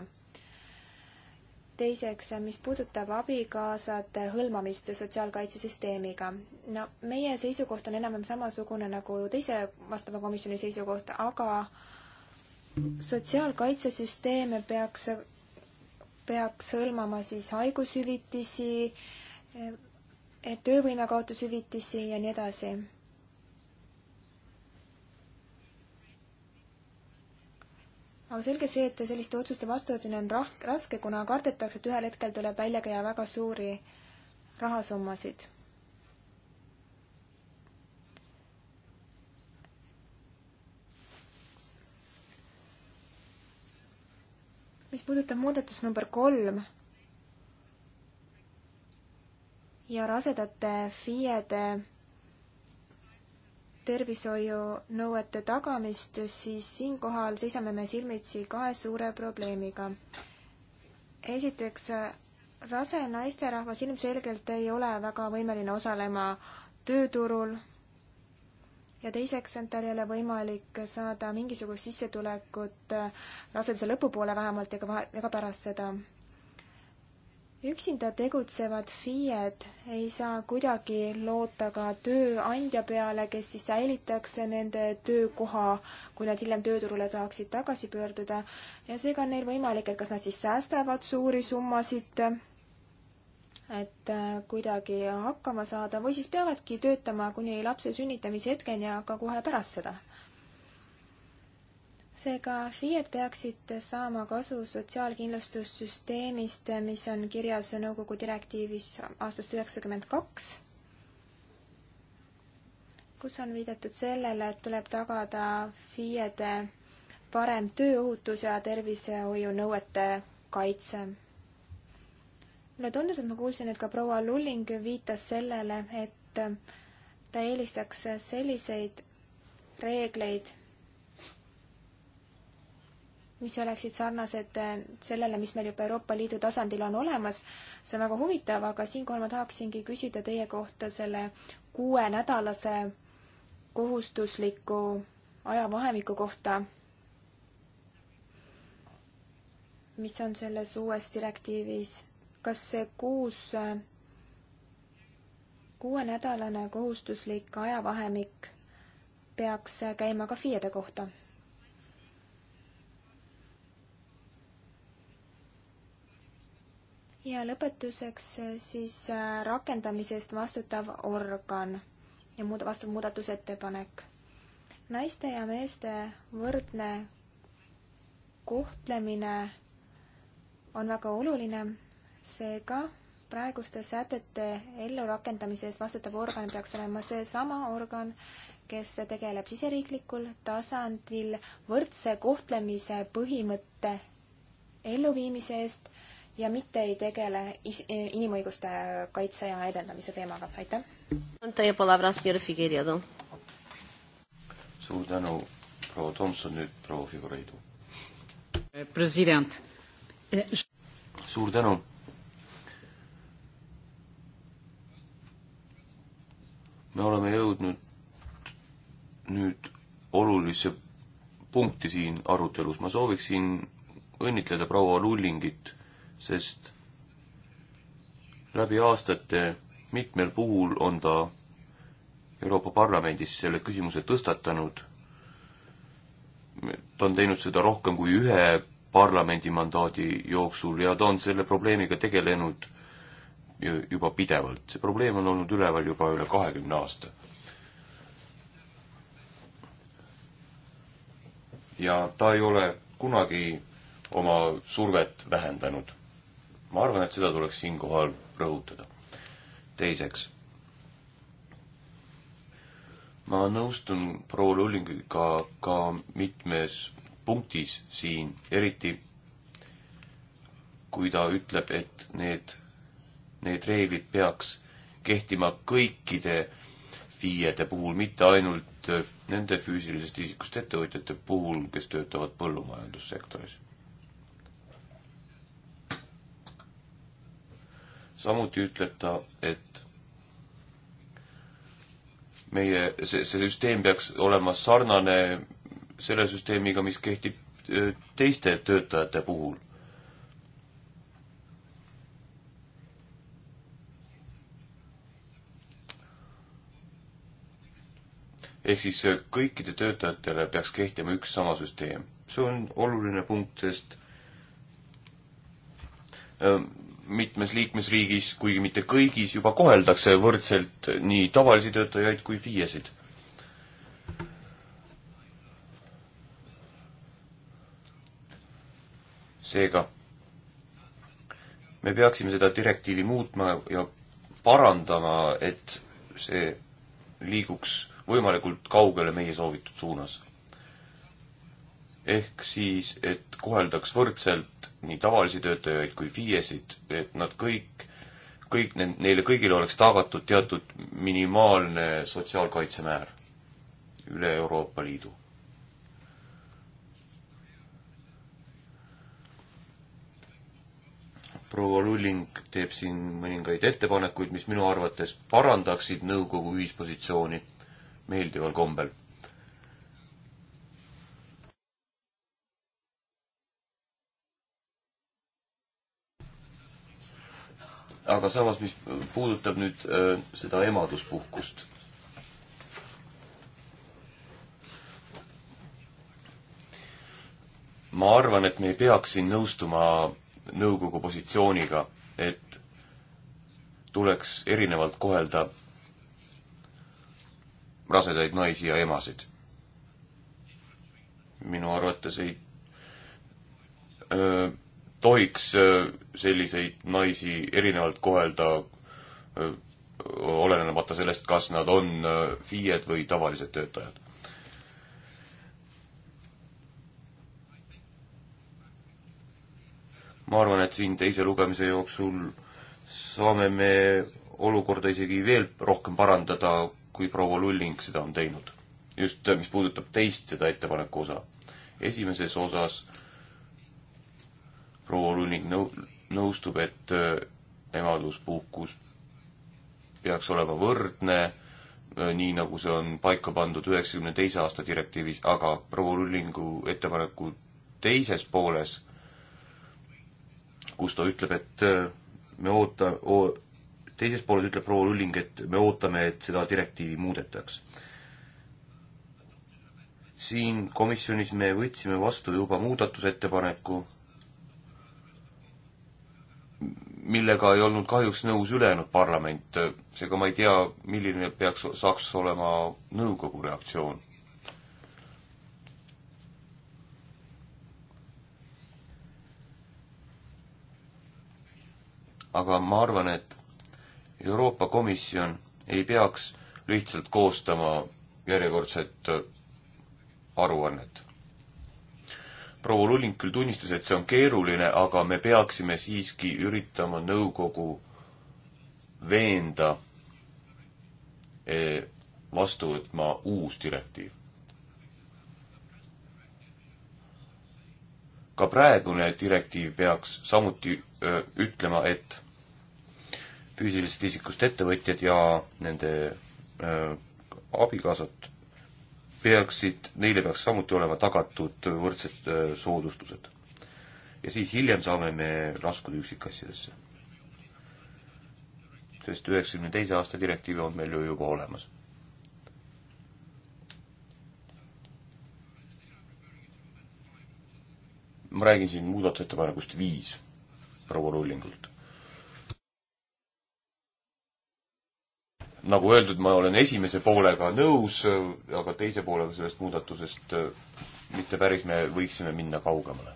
teiseks, mis puudutab abikaasade hõlmamist sotsiaalkaitsesüsteemiga. no meie seisukoht on enam-vähem samasugune nagu teise vastava komisjoni seisukoht, aga sotsiaalkaitsesüsteeme peaks, peaks hõlmama siis haigushüvitisi, eh, töövõimekaotushüvitisi ja nii edasi aga selge see, et selliste otsuste vastuvõtmine on rah-, raske, kuna kardetakse, et ühel hetkel tuleb välja käia väga suuri rahasummasid. mis puudutab muudatust number kolm ja rasedate FIE-de tervishoiunõuete tagamist, siis siinkohal seisame me silmitsi kahe suure probleemiga. esiteks, rase naisterahvas ilmselgelt ei ole väga võimeline osalema tööturul ja teiseks on tal jälle võimalik saada mingisugust sissetulekut raseduse lõpupoole vähemalt ja ka, ja ka pärast seda üksinda tegutsevad FIE-d ei saa kuidagi loota ka tööandja peale, kes siis säilitaks nende töökoha, kui nad hiljem tööturule tahaksid tagasi pöörduda. ja seega on neil võimalik, et kas nad siis säästavad suuri summasid et äh, kuidagi hakkama saada või siis peavadki töötama kuni lapse sünnitamise hetkeni, aga kohe pärast seda seega FIE-d peaksid saama kasu sotsiaalkindlustussüsteemist, mis on kirjas nõukogu direktiivis aastast üheksakümmend kaks, kus on viidatud sellele, et tuleb tagada FIE-de parem tööohutus ja tervishoiunõuete kaitse. mulle tundus, et ma kuulsin, et ka proua Lulling viitas sellele, et ta eelistaks selliseid reegleid, mis oleksid sarnased eh, sellele, mis meil juba Euroopa Liidu tasandil on olemas. see on väga huvitav, aga siinkohal ma tahaksingi küsida teie kohta selle kuuenädalase kohustusliku ajavahemiku kohta, mis on selles uues direktiivis. kas see kuus, kuuenädalane kohustuslik ajavahemik peaks käima ka FIE-de kohta? ja lõpetuseks äh, siis äh, rakendamise eest vastutav organ ja muud, vastav muudatusettepanek. naiste ja meeste võrdne kohtlemine on väga oluline, seega praeguste sätete ellurakendamise eest vastutav organ peaks olema seesama organ, kes tegeleb siseriiklikul tasandil võrdse kohtlemise põhimõtte elluviimise eest ja mitte ei tegele is-, inimõiguste kaitse ja edendamise teemaga, aitäh! suur tänu, proua Tomson, nüüd proua Figureidu. Eh, president. Eh, suur tänu! me oleme jõudnud nüüd olulisse punkti siin arutelus, ma sooviksin õnnitleda proua Lullingit sest läbi aastate mitmel puhul on ta Euroopa Parlamendis selle küsimuse tõstatanud. ta on teinud seda rohkem kui ühe parlamendimandaadi jooksul ja ta on selle probleemiga tegelenud juba pidevalt. see probleem on olnud üleval juba üle kahekümne aasta. ja ta ei ole kunagi oma survet vähendanud ma arvan, et seda tuleks siinkohal rõhutada. teiseks, ma nõustun proua Lullingiga ka mitmes punktis siin, eriti kui ta ütleb, et need, need reeglid peaks kehtima kõikide FIE-de puhul, mitte ainult nende füüsilisest isikust ettevõtjate puhul, kes töötavad põllumajandussektoris samuti ütleb ta, et meie, see, see süsteem peaks olema sarnane selle süsteemiga, mis kehtib teiste töötajate puhul. ehk siis kõikide töötajatele peaks kehtima üks sama süsteem. see on oluline punkt, sest mitmes liikmesriigis, kuigi mitte kõigis, juba koheldakse võrdselt nii tavalisi töötajaid kui FIE-sid. seega me peaksime seda direktiivi muutma ja parandama, et see liiguks võimalikult kaugele meie soovitud suunas ehk siis, et koheldaks võrdselt nii tavalisi töötajaid kui FIE-sid, et nad kõik, kõik need, neile kõigile oleks tagatud teatud minimaalne sotsiaalkaitsemäär üle Euroopa Liidu. proua Lulling teeb siin mõningaid ettepanekuid, mis minu arvates parandaksid nõukogu ühispositsiooni meeldival kombel aga samas, mis puudutab nüüd öö, äh, seda emaduspuhkust. ma arvan, et me ei peaks siin nõustuma nõukogu positsiooniga, et tuleks erinevalt kohelda rasedaid naisi ja emasid. minu arvates ei öö, äh, tohiks äh, selliseid naisi erinevalt kohelda, äh, olenemata sellest, kas nad on äh, FIE-d või tavalised töötajad. ma arvan, et siin teise lugemise jooksul saame me olukorda isegi veel rohkem parandada, kui proua Lulling seda on teinud. just, mis puudutab teist, seda ettepaneku osa. esimeses osas proua Luning nõu-, nõustub, et äh, emaduspuhkus peaks olema võrdne, äh, nii nagu see on paika pandud üheksakümne teise aasta direktiivis, aga proua Lullingu ettepaneku teises pooles, kus ta ütleb, et äh, me oota-, teises pooles ütleb proua Lulling, et me ootame, et seda direktiivi muudetaks. siin komisjonis me võtsime vastu juba muudatusettepaneku, millega ei olnud kahjuks nõus ülejäänud parlament, seega ma ei tea, milline peaks, saaks olema nõukogu reaktsioon. aga ma arvan, et Euroopa Komisjon ei peaks lihtsalt koostama järjekordset aruannet proua Lulling küll tunnistas, et see on keeruline, aga me peaksime siiski üritama nõukogu veenda eh, vastu võtma uus direktiiv. ka praegune direktiiv peaks samuti öö, eh, ütlema, et füüsilisest isikust ettevõtjad ja nende öö, eh, abikaasad peaksid, neile peaks samuti olema tagatud võrdsed äh, soodustused. ja siis hiljem saame me laskuda üksikasjadesse. sest üheksakümne teise aasta direktiiv on meil ju juba olemas. ma räägin siin muudatusettepanekust viis proua Rullingult nagu öeldud, ma olen esimese poolega nõus, aga teise poolega sellest muudatusest äh, mitte päris, me võiksime minna kaugemale.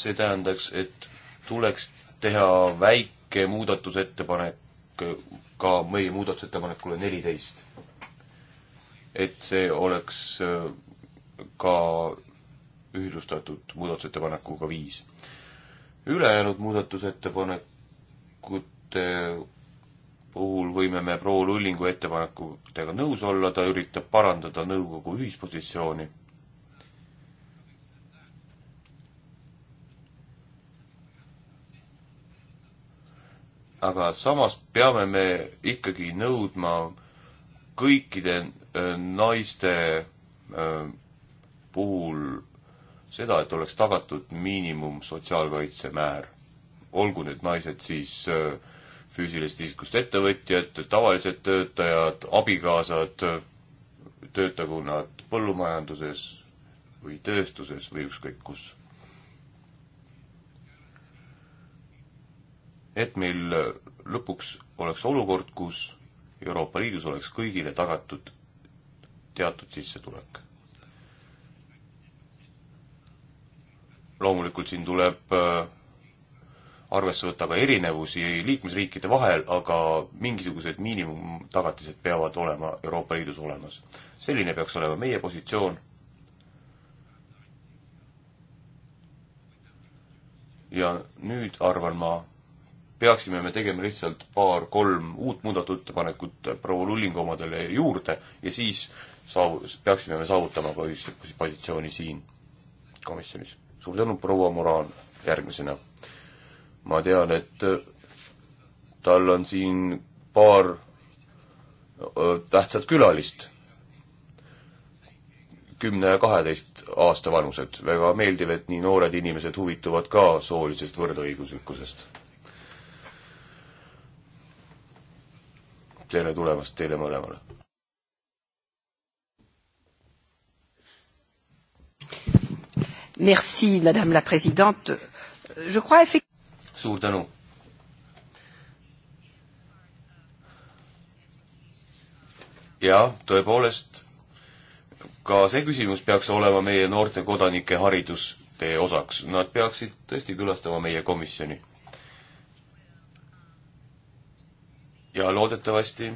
see tähendaks, et tuleks teha väike muudatusettepanek äh, ka meie muudatusettepanekule neliteist. et see oleks äh, ka ühtlustatud muudatusettepanekuga viis ülejäänud muudatusettepanekute puhul võime me proua Lullingu ettepanekutega nõus olla, ta üritab parandada nõukogu ühispositsiooni. aga samas peame me ikkagi nõudma kõikide äh, naiste äh, puhul seda, et oleks tagatud miinimum sotsiaalkaitsemäär. olgu need naised siis äh, füüsilisest isikust ettevõtjad, tavalised töötajad, abikaasad, töötagu nad põllumajanduses või tööstuses või ükskõik kus. et meil lõpuks oleks olukord, kus Euroopa Liidus oleks kõigile tagatud teatud sissetulek loomulikult siin tuleb äh, arvesse võtta ka erinevusi liikmesriikide vahel, aga mingisugused miinimumtagatised peavad olema Euroopa Liidus olemas. selline peaks olema meie positsioon. ja nüüd arvan ma, peaksime me tegema lihtsalt paar-kolm uut muudatusettepanekut proua Lullingu omadele juurde ja siis saav-, peaksime me saavutama ka ühise positsiooni siin komisjonis suur tänu, proua Moraal, järgmisena. ma tean, et äh, tal on siin paar äh, tähtsat külalist, kümne ja kaheteist aasta vanused. väga meeldiv, et nii noored inimesed huvituvad ka soolisest võrdõiguslikkusest. tere tulemast teile mõlemale! Merci, madame la présidente. Je crois effectivement. suur tänu. jah, tõepoolest, ka see küsimus peaks olema meie noorte kodanike haridustee osaks, nad peaksid tõesti külastama meie komisjoni. ja loodetavasti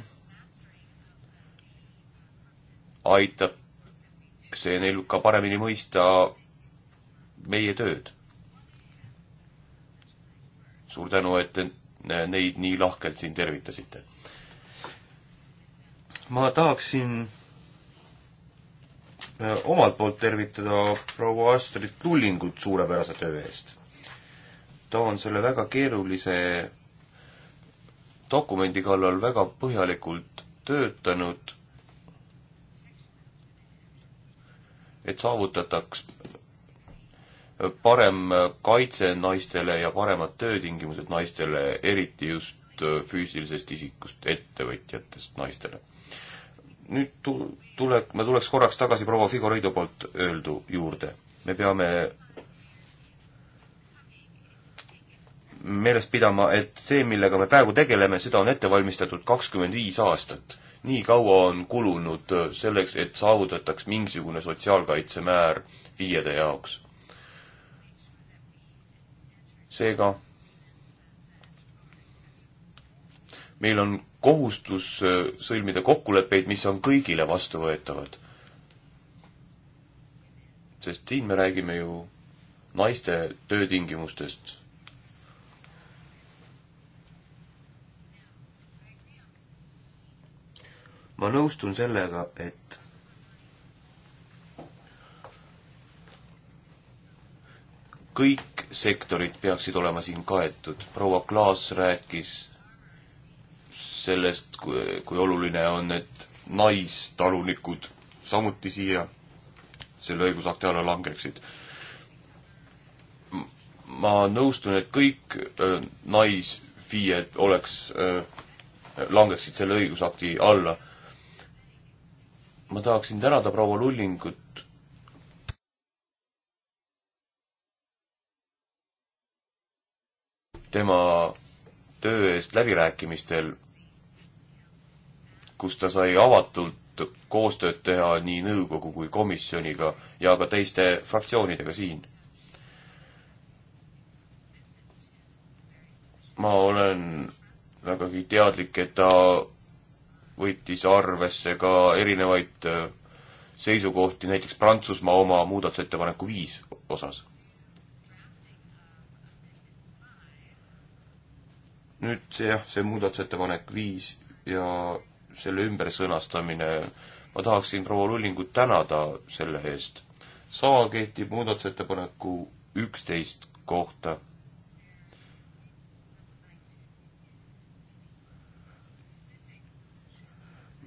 aitab see neil ka paremini mõista meie tööd. suur tänu, et te äh, neid nii lahkelt siin tervitasite. ma tahaksin äh, omalt poolt tervitada proua Astrid Lullingut suurepärase töö eest. ta on selle väga keerulise dokumendi kallal väga põhjalikult töötanud, et saavutataks parem kaitse naistele ja paremad töötingimused naistele, eriti just äh, füüsilisest isikust ettevõtjatest naistele. nüüd tu-, tule, ma tuleks korraks tagasi proua Figoreido poolt öeldu juurde. me peame meeles pidama, et see, millega me praegu tegeleme, seda on ette valmistatud kakskümmend viis aastat. nii kaua on kulunud äh, selleks, et saavutataks mingisugune sotsiaalkaitsemäär FIE-de jaoks seega meil on kohustus äh, sõlmida kokkuleppeid, mis on kõigile vastuvõetavad. sest siin me räägime ju naiste töötingimustest. ma nõustun sellega, et kõik sektorid peaksid olema siin kaetud. proua Klaas rääkis sellest, kui, kui oluline on, et naistalunikud samuti siia selle õigusakti alla langeksid. ma nõustun, et kõik äh, naisfiied oleks äh,, langeksid selle õigusakti alla. ma tahaksin tänada proua Lullingut tema töö eest läbirääkimistel, kus ta sai avatult koostööd teha nii nõukogu kui komisjoniga ja ka teiste fraktsioonidega siin. ma olen vägagi teadlik, et ta võttis arvesse ka erinevaid äh, seisukohti, näiteks Prantsusmaa oma muudatusettepaneku viis osas nüüd see jah, see muudatusettepanek viis ja selle ümbersõnastamine, ma tahaksin proua Lullingut tänada selle eest. sama kehtib muudatusettepaneku üksteist kohta.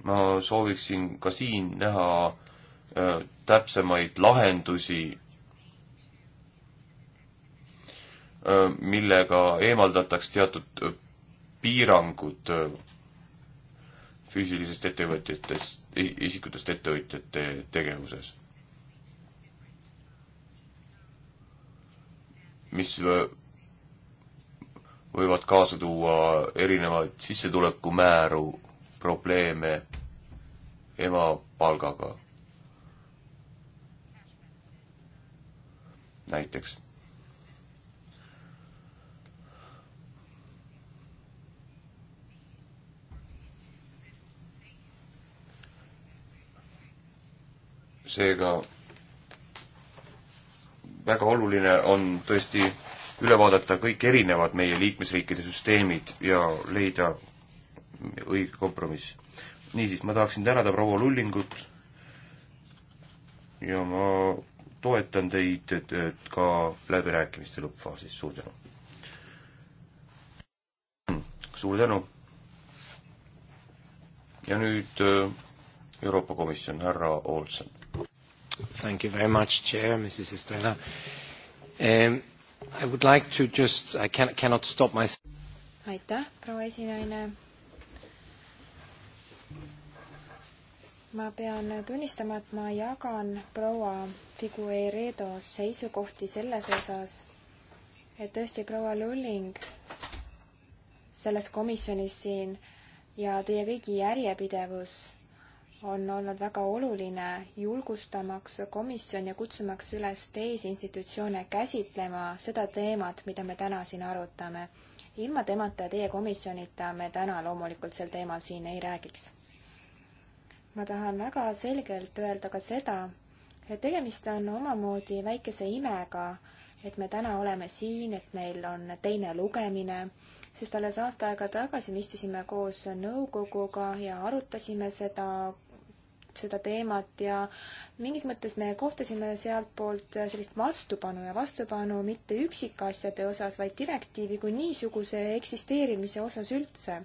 ma sooviksin ka siin näha äh, täpsemaid lahendusi millega eemaldataks teatud piirangud füüsilisest ettevõtjatest, isikutest ettevõtjate tegevuses. mis võivad kaasa tuua erinevaid sissetulekumääru probleeme emapalgaga näiteks seega väga oluline on tõesti üle vaadata kõik erinevad meie liikmesriikide süsteemid ja leida õige kompromiss. niisiis, ma tahaksin tänada proua Lullingut ja ma toetan teid et, et ka läbirääkimiste lõppfaasis, suur tänu! suur tänu! ja nüüd äh, Euroopa Komisjon, härra Olsen. Thank you very much, chair, Mrs Estrela um,. I would like to just, I can, cannot stop my aitäh, proua esinaine. ma pean tunnistama, et ma jagan proua Figueiredo seisukohti selles osas, et tõesti proua Lulling selles komisjonis siin ja teie kõigi järjepidevus on olnud väga oluline julgustamaks komisjoni ja kutsumaks üles teisi institutsioone käsitlema seda teemat, mida me täna siin arutame. ilma temata ja teie komisjonita me täna loomulikult sel teemal siin ei räägiks. ma tahan väga selgelt öelda ka seda, et tegemist on omamoodi väikese imega, et me täna oleme siin, et meil on teine lugemine sest alles aasta aega tagasi me istusime koos nõukoguga ja arutasime seda seda teemat ja mingis mõttes me kohtasime sealtpoolt sellist vastupanu ja vastupanu mitte üksikasjade osas, vaid direktiivi kui niisuguse eksisteerimise osas üldse.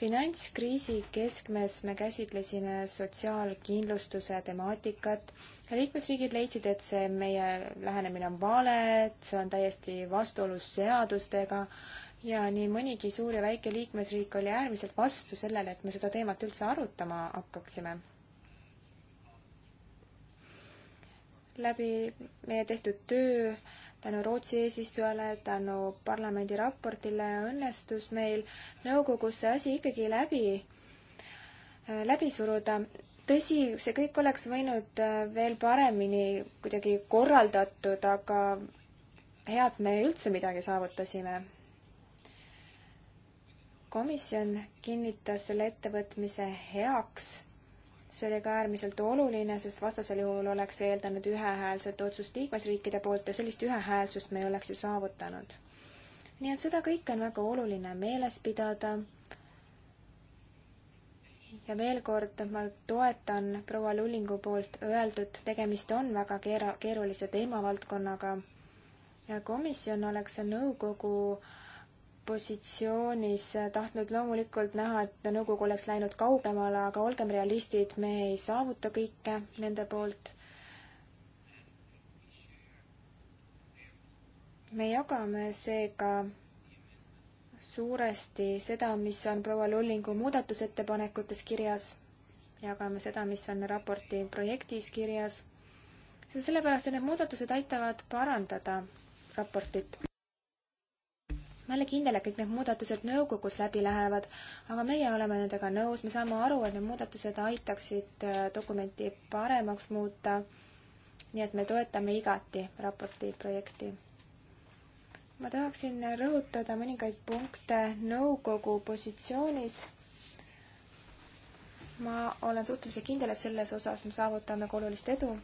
finantskriisi keskmes me käsitlesime sotsiaalkindlustuse temaatikat ja liikmesriigid leidsid, et see meie lähenemine on vale, et see on täiesti vastuolus seadustega ja nii mõnigi suur ja väike liikmesriik oli äärmiselt vastu sellele, et me seda teemat üldse arutama hakkaksime. läbi meie tehtud töö, tänu Rootsi eesistujale, tänu parlamendi raportile õnnestus meil nõukogus see asi ikkagi läbi, äh, läbi suruda. tõsi, see kõik oleks võinud äh, veel paremini kuidagi korraldatud, aga hea, et me üldse midagi saavutasime komisjon kinnitas selle ettevõtmise heaks. see oli ka äärmiselt oluline, sest vastasel juhul oleks eeldanud ühehäälset otsust liikmesriikide poolt ja sellist ühehäälsust me ei oleks ju saavutanud. nii et seda kõike on väga oluline meeles pidada. ja veel kord, ma toetan proua Lullingu poolt öeldud, tegemist on väga keera-, keerulise teemavaldkonnaga. komisjon oleks nõukogu äh, opositsioonis äh, tahtnud loomulikult näha, et nõukogu oleks läinud kaugemale, aga olgem realistid, me ei saavuta kõike nende poolt. me jagame seega suuresti seda, mis on proua Lullingu muudatusettepanekutes kirjas, jagame seda, mis on raporti projektis kirjas. see on sellepärast, et need muudatused aitavad parandada raportit ma ei ole kindel, et kõik need muudatused nõukogus läbi lähevad, aga meie oleme nendega nõus, me saame aru, et need muudatused aitaksid äh, dokumenti paremaks muuta. nii et me toetame igati raporti projekti. ma tahaksin rõhutada mõningaid punkte nõukogu positsioonis ma olen suhteliselt kindel, et selles osas me saavutame ka olulist edu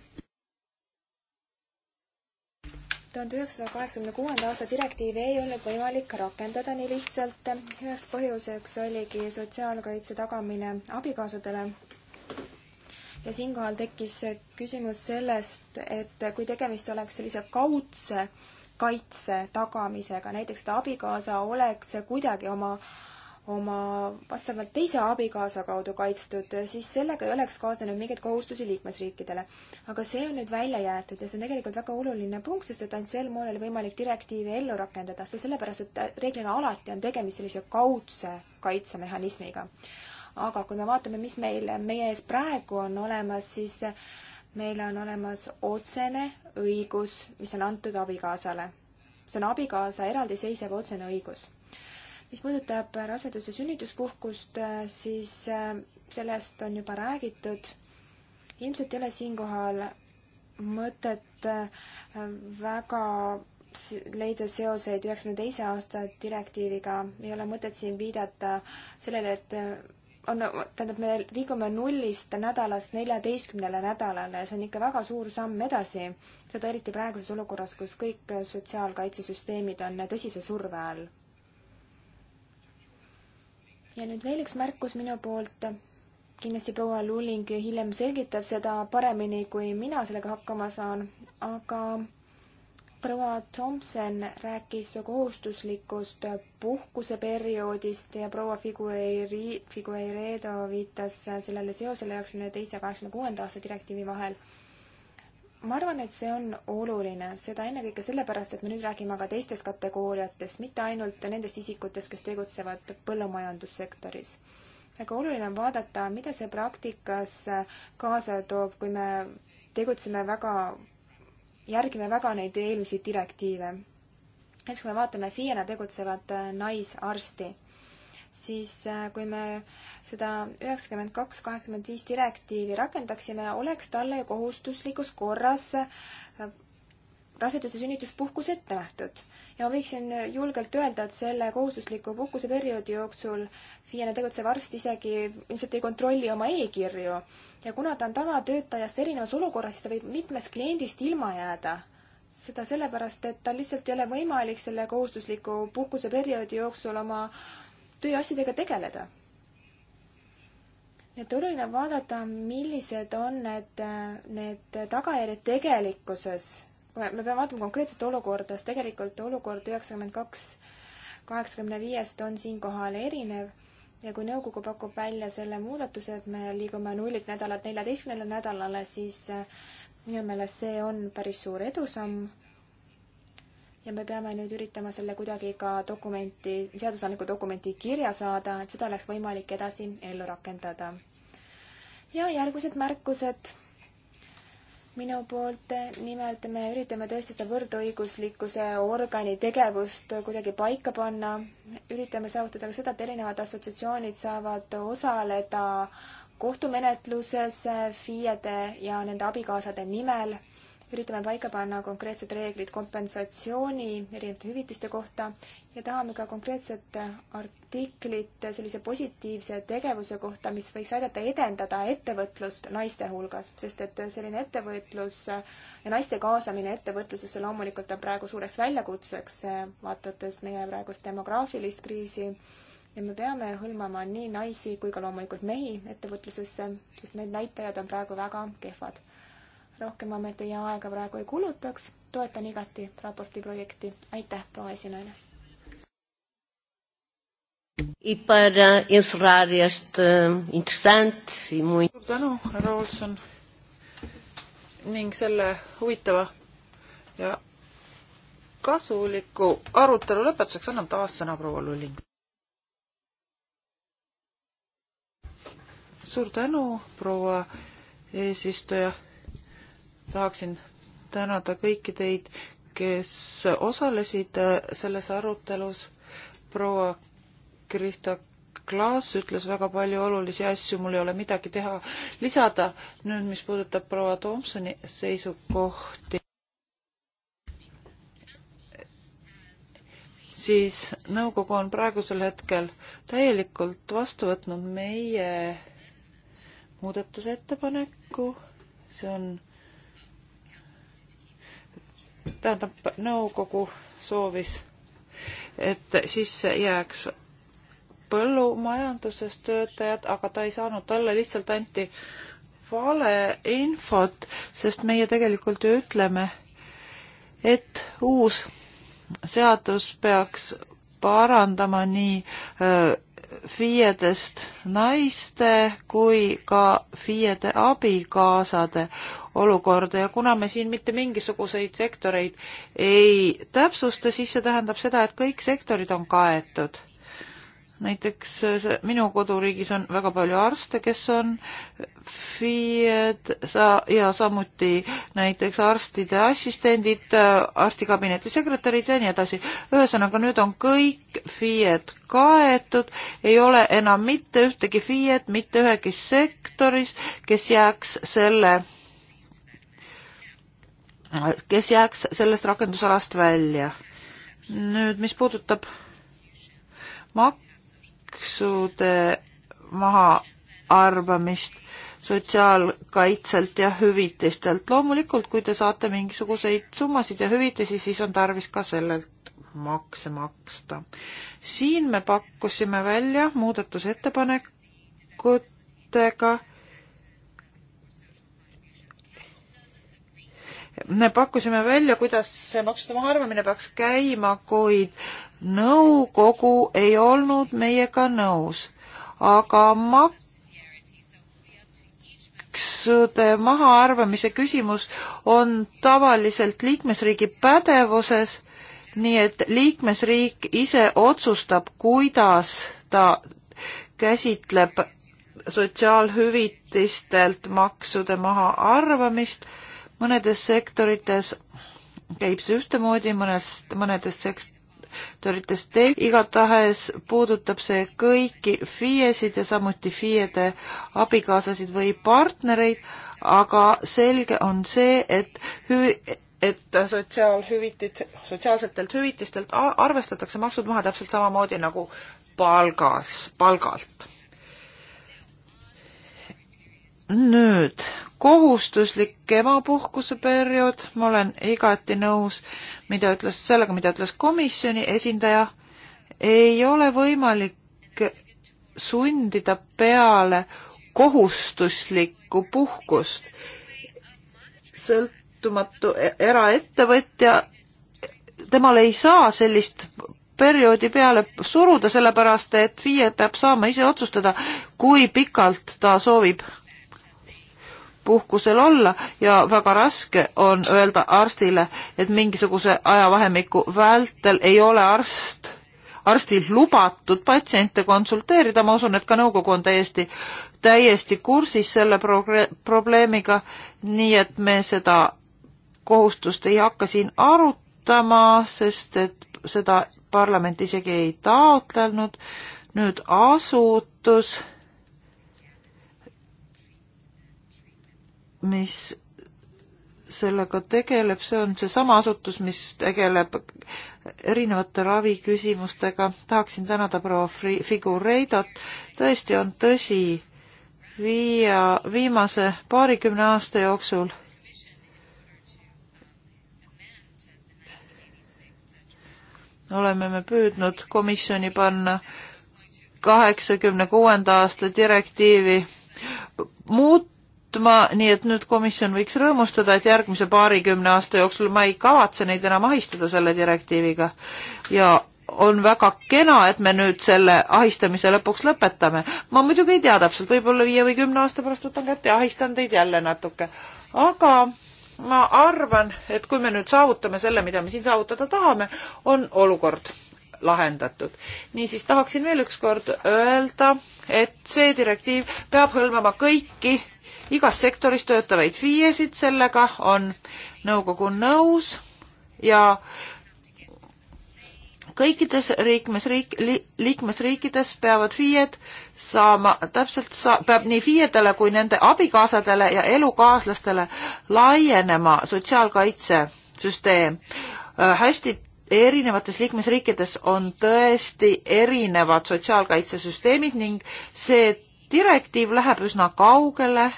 tuhande üheksasaja kaheksakümne kuuenda aasta direktiivi ei olnud võimalik rakendada nii lihtsalt. üheks põhjuseks oligi sotsiaalkaitse tagamine abikaasadele. ja siinkohal tekkis küsimus sellest, et kui tegemist oleks sellise kaudse kaitse tagamisega, näiteks et abikaasa oleks kuidagi oma oma vastavalt teise abikaasa kaudu kaitstud, siis sellega ei oleks kaasnenud mingeid kohustusi liikmesriikidele. aga see on nüüd välja jäetud ja see on tegelikult väga oluline punkt, sest et ainult sel moel oli võimalik direktiivi ellu rakendada, seda sellepärast, et äh, reeglina alati on tegemist sellise kaudse kaitsemehhanismiga. aga kui me vaatame, mis meil, meie ees praegu on olemas, siis meil on olemas otsene õigus, mis on antud abikaasale. see on abikaasa eraldiseisev otsene õigus mis puudutab äh, rasedus- ja sünnituspuhkust, äh, siis äh, sellest on juba räägitud. ilmselt ei ole siinkohal mõtet väga leida seoseid üheksakümne teise aasta direktiiviga, ei ole mõtet siin viidata sellele, et on, tähendab, me liigume nullist nädalast neljateistkümnele nädalale ja see on ikka väga suur samm edasi. seda eriti praeguses olukorras, kus kõik sotsiaalkaitsesüsteemid on tõsise surve all ja nüüd veel üks märkus minu poolt. kindlasti proua Luling hiljem selgitab seda paremini, kui mina sellega hakkama saan, aga proua Thompson rääkis kohustuslikust puhkuseperioodist ja proua Figueiredo viitas sellele seosele üheksakümne teise ja kaheksakümne kuuenda aasta direktiivi vahel ma arvan, et see on oluline, seda ennekõike sellepärast, et me nüüd räägime ka teistest kategooriatest, mitte ainult nendest isikutest, kes tegutsevad põllumajandussektoris. aga oluline on vaadata, mida see praktikas kaasa toob, kui me tegutseme väga, järgime väga neid eelmisi direktiive. näiteks kui me vaatame FIE-na tegutsevat naisarsti siis äh, kui me seda üheksakümmend kaks, kaheksakümmend viis direktiivi rakendaksime, oleks talle ju kohustuslikus korras äh, rasedus- ja sünnituspuhkus ette nähtud. ja ma võiksin julgelt öelda, et selle kohustusliku puhkuseperioodi jooksul FIE-na tegutsev arst isegi ilmselt ei kontrolli oma e-kirju. ja kuna ta on tavatöötajast erinevas olukorras, siis ta võib mitmest kliendist ilma jääda. seda sellepärast, et tal lihtsalt ei ole võimalik selle kohustusliku puhkuseperioodi jooksul oma tööasjadega tegeleda. nii et oluline on vaadata, millised on need, need tagajärjed tegelikkuses. me peame vaatama konkreetset olukorda, sest tegelikult olukord üheksakümmend kaks kaheksakümne viiest on siinkohal erinev ja kui nõukogu pakub välja selle muudatuse, et me liigume nullilt nädalalt neljateistkümnele nädalale, siis minu meelest see on päris suur edusamm ja me peame nüüd üritama selle kuidagi ka dokumenti, seadusandliku dokumenti kirja saada, et seda oleks võimalik edasi ellu rakendada. ja järgmised märkused minu poolt nimelt me üritame tõesti seda võrdõiguslikkuse organi tegevust kuidagi paika panna. üritame saavutada ka seda, et erinevad assotsiatsioonid saavad osaleda kohtumenetluses FIE-de ja nende abikaasade nimel üritame paika panna konkreetsed reeglid kompensatsiooni erinevate hüvitiste kohta ja tahame ka konkreetset artiklit sellise positiivse tegevuse kohta, mis võiks aidata edendada ettevõtlust naiste hulgas, sest et selline ettevõtlus ja naiste kaasamine ettevõtlusesse loomulikult on praegu suureks väljakutseks, vaadates meie praegust demograafilist kriisi ja me peame hõlmama nii naisi kui ka loomulikult mehi ettevõtlusesse, sest need näitajad on praegu väga kehvad rohkem ma teie aega praegu ei kulutaks, toetan igati raporti projekti. aitäh, proua esinaine! E para encerrar este eh, interessante e muito. suur tänu, härra Olson ning selle huvitava ja kasuliku arutelu lõpetuseks annan taas sõna proua Lulling. suur tänu, proua eesistuja tahaksin tänada kõiki teid, kes osalesid äh, selles arutelus. proua Krista Klaas ütles väga palju olulisi asju, mul ei ole midagi teha lisada. nüüd, mis puudutab proua Tomsoni seisukohti, siis nõukogu on praegusel hetkel täielikult vastu võtnud meie muudatusettepaneku, see on tähendab, nõukogu soovis, et sisse jääks põllumajanduses töötajad, aga ta ei saanud, talle lihtsalt anti valeinfot, sest meie tegelikult ju ütleme, et uus seadus peaks parandama nii öö, FIE-dest naiste kui ka FIE-de abikaasade olukorda ja kuna me siin mitte mingisuguseid sektoreid ei täpsusta, siis see tähendab seda, et kõik sektorid on kaetud näiteks äh, minu koduriigis on väga palju arste, kes on FIE-d sa, ja samuti näiteks arstide assistendid, äh, arstikabineti sekretärid ja nii edasi. ühesõnaga, nüüd on kõik FIE-d kaetud, ei ole enam mitte ühtegi FIE-d mitte ühegi sektoris, kes jääks selle kes jääks sellest rakendusalast välja. nüüd, mis puudutab mak-, maksude mahaarvamist sotsiaalkaitselt ja hüvitistelt. loomulikult, kui te saate mingisuguseid summasid ja hüvitisi, siis on tarvis ka sellelt makse maksta. siin me pakkusime välja muudatusettepanekutega me pakkusime välja, kuidas see maksude mahaarvamine peaks käima, kuid nõukogu ei olnud meiega nõus, aga maksude mahaarvamise küsimus on tavaliselt liikmesriigi pädevuses, nii et liikmesriik ise otsustab, kuidas ta käsitleb sotsiaalhüvitistelt maksude mahaarvamist, mõnedes sektorites käib see ühtemoodi, mõnes, mõnedes sekt-, direktoritest teinud, igatahes puudutab see kõiki FIE-sid ja samuti FIE-de abikaasasid või partnereid, aga selge on see, et hü-, et sotsiaalhüvitid, sotsiaalsetelt hüvitistelt arvestatakse maksud maha täpselt samamoodi nagu palgas, palgalt. nüüd kohustuslik kevapuhkuseperiood, ma olen igati nõus, mida ütles, sellega, mida ütles komisjoni esindaja, ei ole võimalik sundida peale kohustuslikku puhkust. sõltumatu eraettevõtja, temal ei saa sellist perioodi peale suruda, sellepärast et FIE peab saama ise otsustada, kui pikalt ta soovib puhkusel olla ja väga raske on öelda arstile, et mingisuguse ajavahemiku vältel ei ole arst, arstil lubatud patsiente konsulteerida, ma usun, et ka nõukogu on täiesti, täiesti kursis selle probleemiga, nii et me seda kohustust ei hakka siin arutama, sest et seda parlament isegi ei taotlenud. nüüd asutus mis sellega tegeleb, see on seesama asutus, mis tegeleb erinevate raviküsimustega. tahaksin tänada proua Figureidat. tõesti on tõsi, viia, viimase paarikümne aasta jooksul oleme me püüdnud komisjoni panna kaheksakümne kuuenda aasta direktiivi muut-, muutma, nii et nüüd komisjon võiks rõõmustada, et järgmise paarikümne aasta jooksul ma ei kavatse neid enam ahistada selle direktiiviga ja on väga kena, et me nüüd selle ahistamise lõpuks lõpetame. ma muidugi ei tea täpselt, võib-olla viie või kümne aasta pärast võtan kätte ja ahistan teid jälle natuke. aga ma arvan, et kui me nüüd saavutame selle, mida me siin saavutada tahame, on olukord lahendatud. niisiis tahaksin veel ükskord öelda, et see direktiiv peab hõlmama kõiki igas sektoris töötavaid FIE-sid, sellega on nõukogu nõus ja kõikides liikmesriik, li, liikmesriikides peavad FIE-d saama, täpselt sa, peab nii FIE-dele kui nende abikaasadele ja elukaaslastele laienema sotsiaalkaitsesüsteem äh,. hästi erinevates liikmesriikides on tõesti erinevad sotsiaalkaitsesüsteemid ning see direktiiv läheb üsna kaugele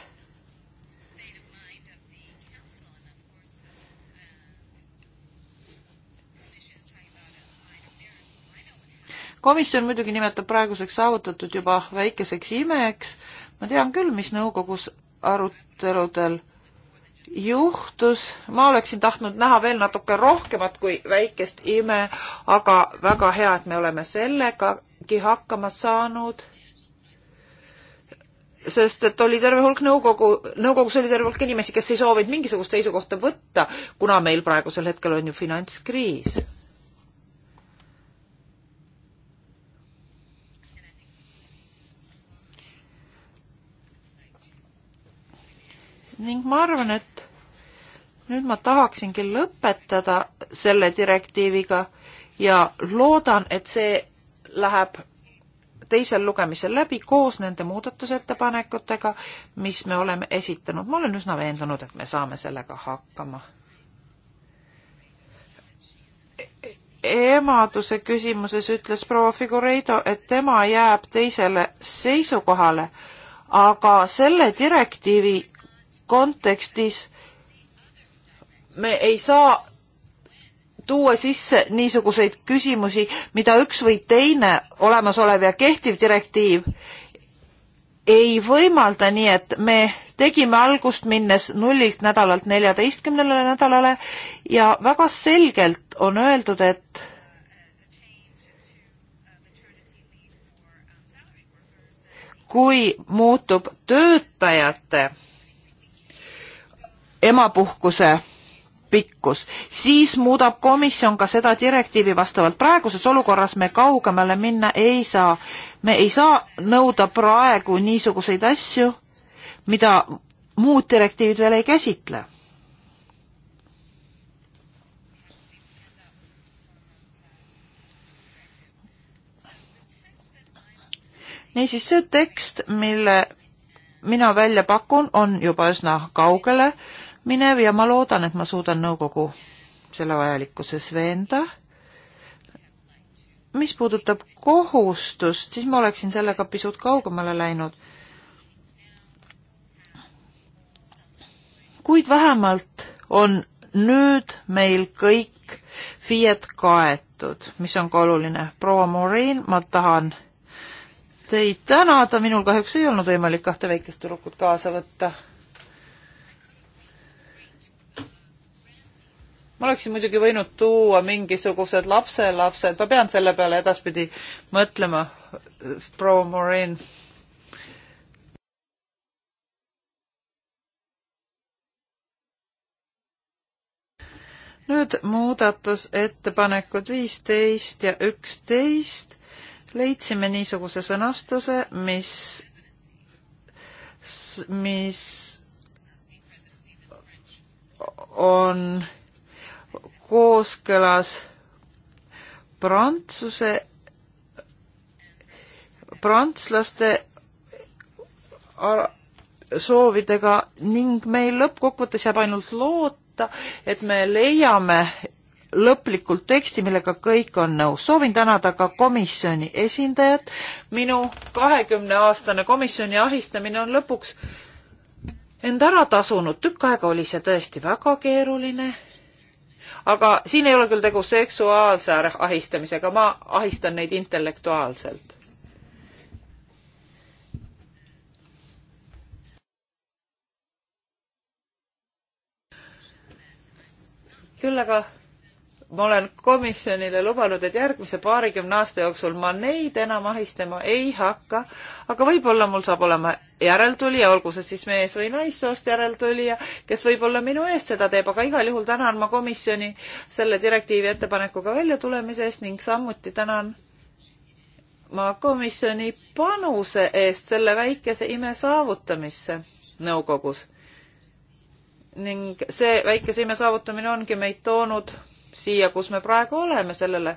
komisjon muidugi nimetab praeguseks saavutatud juba väikeseks imeks. ma tean küll, mis nõukogus aruteludel juhtus, ma oleksin tahtnud näha veel natuke rohkemat kui väikest ime, aga väga hea, et me oleme sellegagi hakkama saanud sest et oli terve hulk nõukogu, nõukogus oli terve hulk inimesi, kes ei soovinud mingisugust seisukohta võtta, kuna meil praegusel hetkel on ju finantskriis ning ma arvan, et nüüd ma tahaksingi lõpetada selle direktiiviga ja loodan, et see läheb teisel lugemisel läbi koos nende muudatusettepanekutega, mis me oleme esitanud. ma olen üsna veendunud, et me saame sellega hakkama. emaduse küsimuses ütles proua Figureido, et tema jääb teisele seisukohale, aga selle direktiivi kontekstis me ei saa tuua sisse niisuguseid küsimusi, mida üks või teine olemasolev ja kehtiv direktiiv ei võimalda, nii et me tegime algust minnes nullilt nädalalt neljateistkümnele nädalale ja väga selgelt on öeldud, et kui muutub töötajate emapuhkuse pikkus, siis muudab komisjon ka seda direktiivi vastavalt. praeguses olukorras me kaugemale minna ei saa. me ei saa nõuda praegu niisuguseid asju, mida muud direktiivid veel ei käsitle. niisiis, see tekst, mille mina välja pakun, on juba üsna kaugele äh, minev ja ma loodan, et ma suudan nõukogu selle vajalikkuses veenda. mis puudutab kohustust, siis ma oleksin sellega pisut kaugemale läinud. kuid vähemalt on nüüd meil kõik FIE-d kaetud, mis on ka oluline. proua Maureen, ma tahan teid tänada, minul kahjuks ei olnud võimalik kahte väikest tüdrukut kaasa võtta ma oleksin muidugi võinud tuua mingisugused lapselapsed, ma pean selle peale edaspidi mõtlema, proua Maureen. nüüd muudatusettepanekud viisteist ja üksteist leidsime niisuguse sõnastuse, mis, mis on kooskõlas Prantsuse, prantslaste soovidega ning meil lõppkokkuvõttes jääb ainult loota, et me leiame lõplikult teksti, millega kõik on nõus. soovin tänada ka komisjoni esindajat. minu kahekümneaastane komisjoni ahistamine on lõpuks end ära tasunud. tükk aega oli see tõesti väga keeruline aga siin ei ole küll tegu seksuaalse ahistamisega, ma ahistan neid intellektuaalselt. küll aga ma olen komisjonile lubanud, et järgmise paarikümne aasta jooksul ma neid enam ahistama ei hakka, aga võib-olla mul saab olema järeltulija, olgu see siis mees või naissoost järeltulija, kes võib-olla minu eest seda teeb, aga igal juhul tänan ma komisjoni selle direktiivi ettepanekuga väljatulemise eest ning samuti tänan ma komisjoni panuse eest selle väikese ime saavutamisse nõukogus ning see väikese ime saavutamine ongi meid toonud siia, kus me praegu oleme, sellele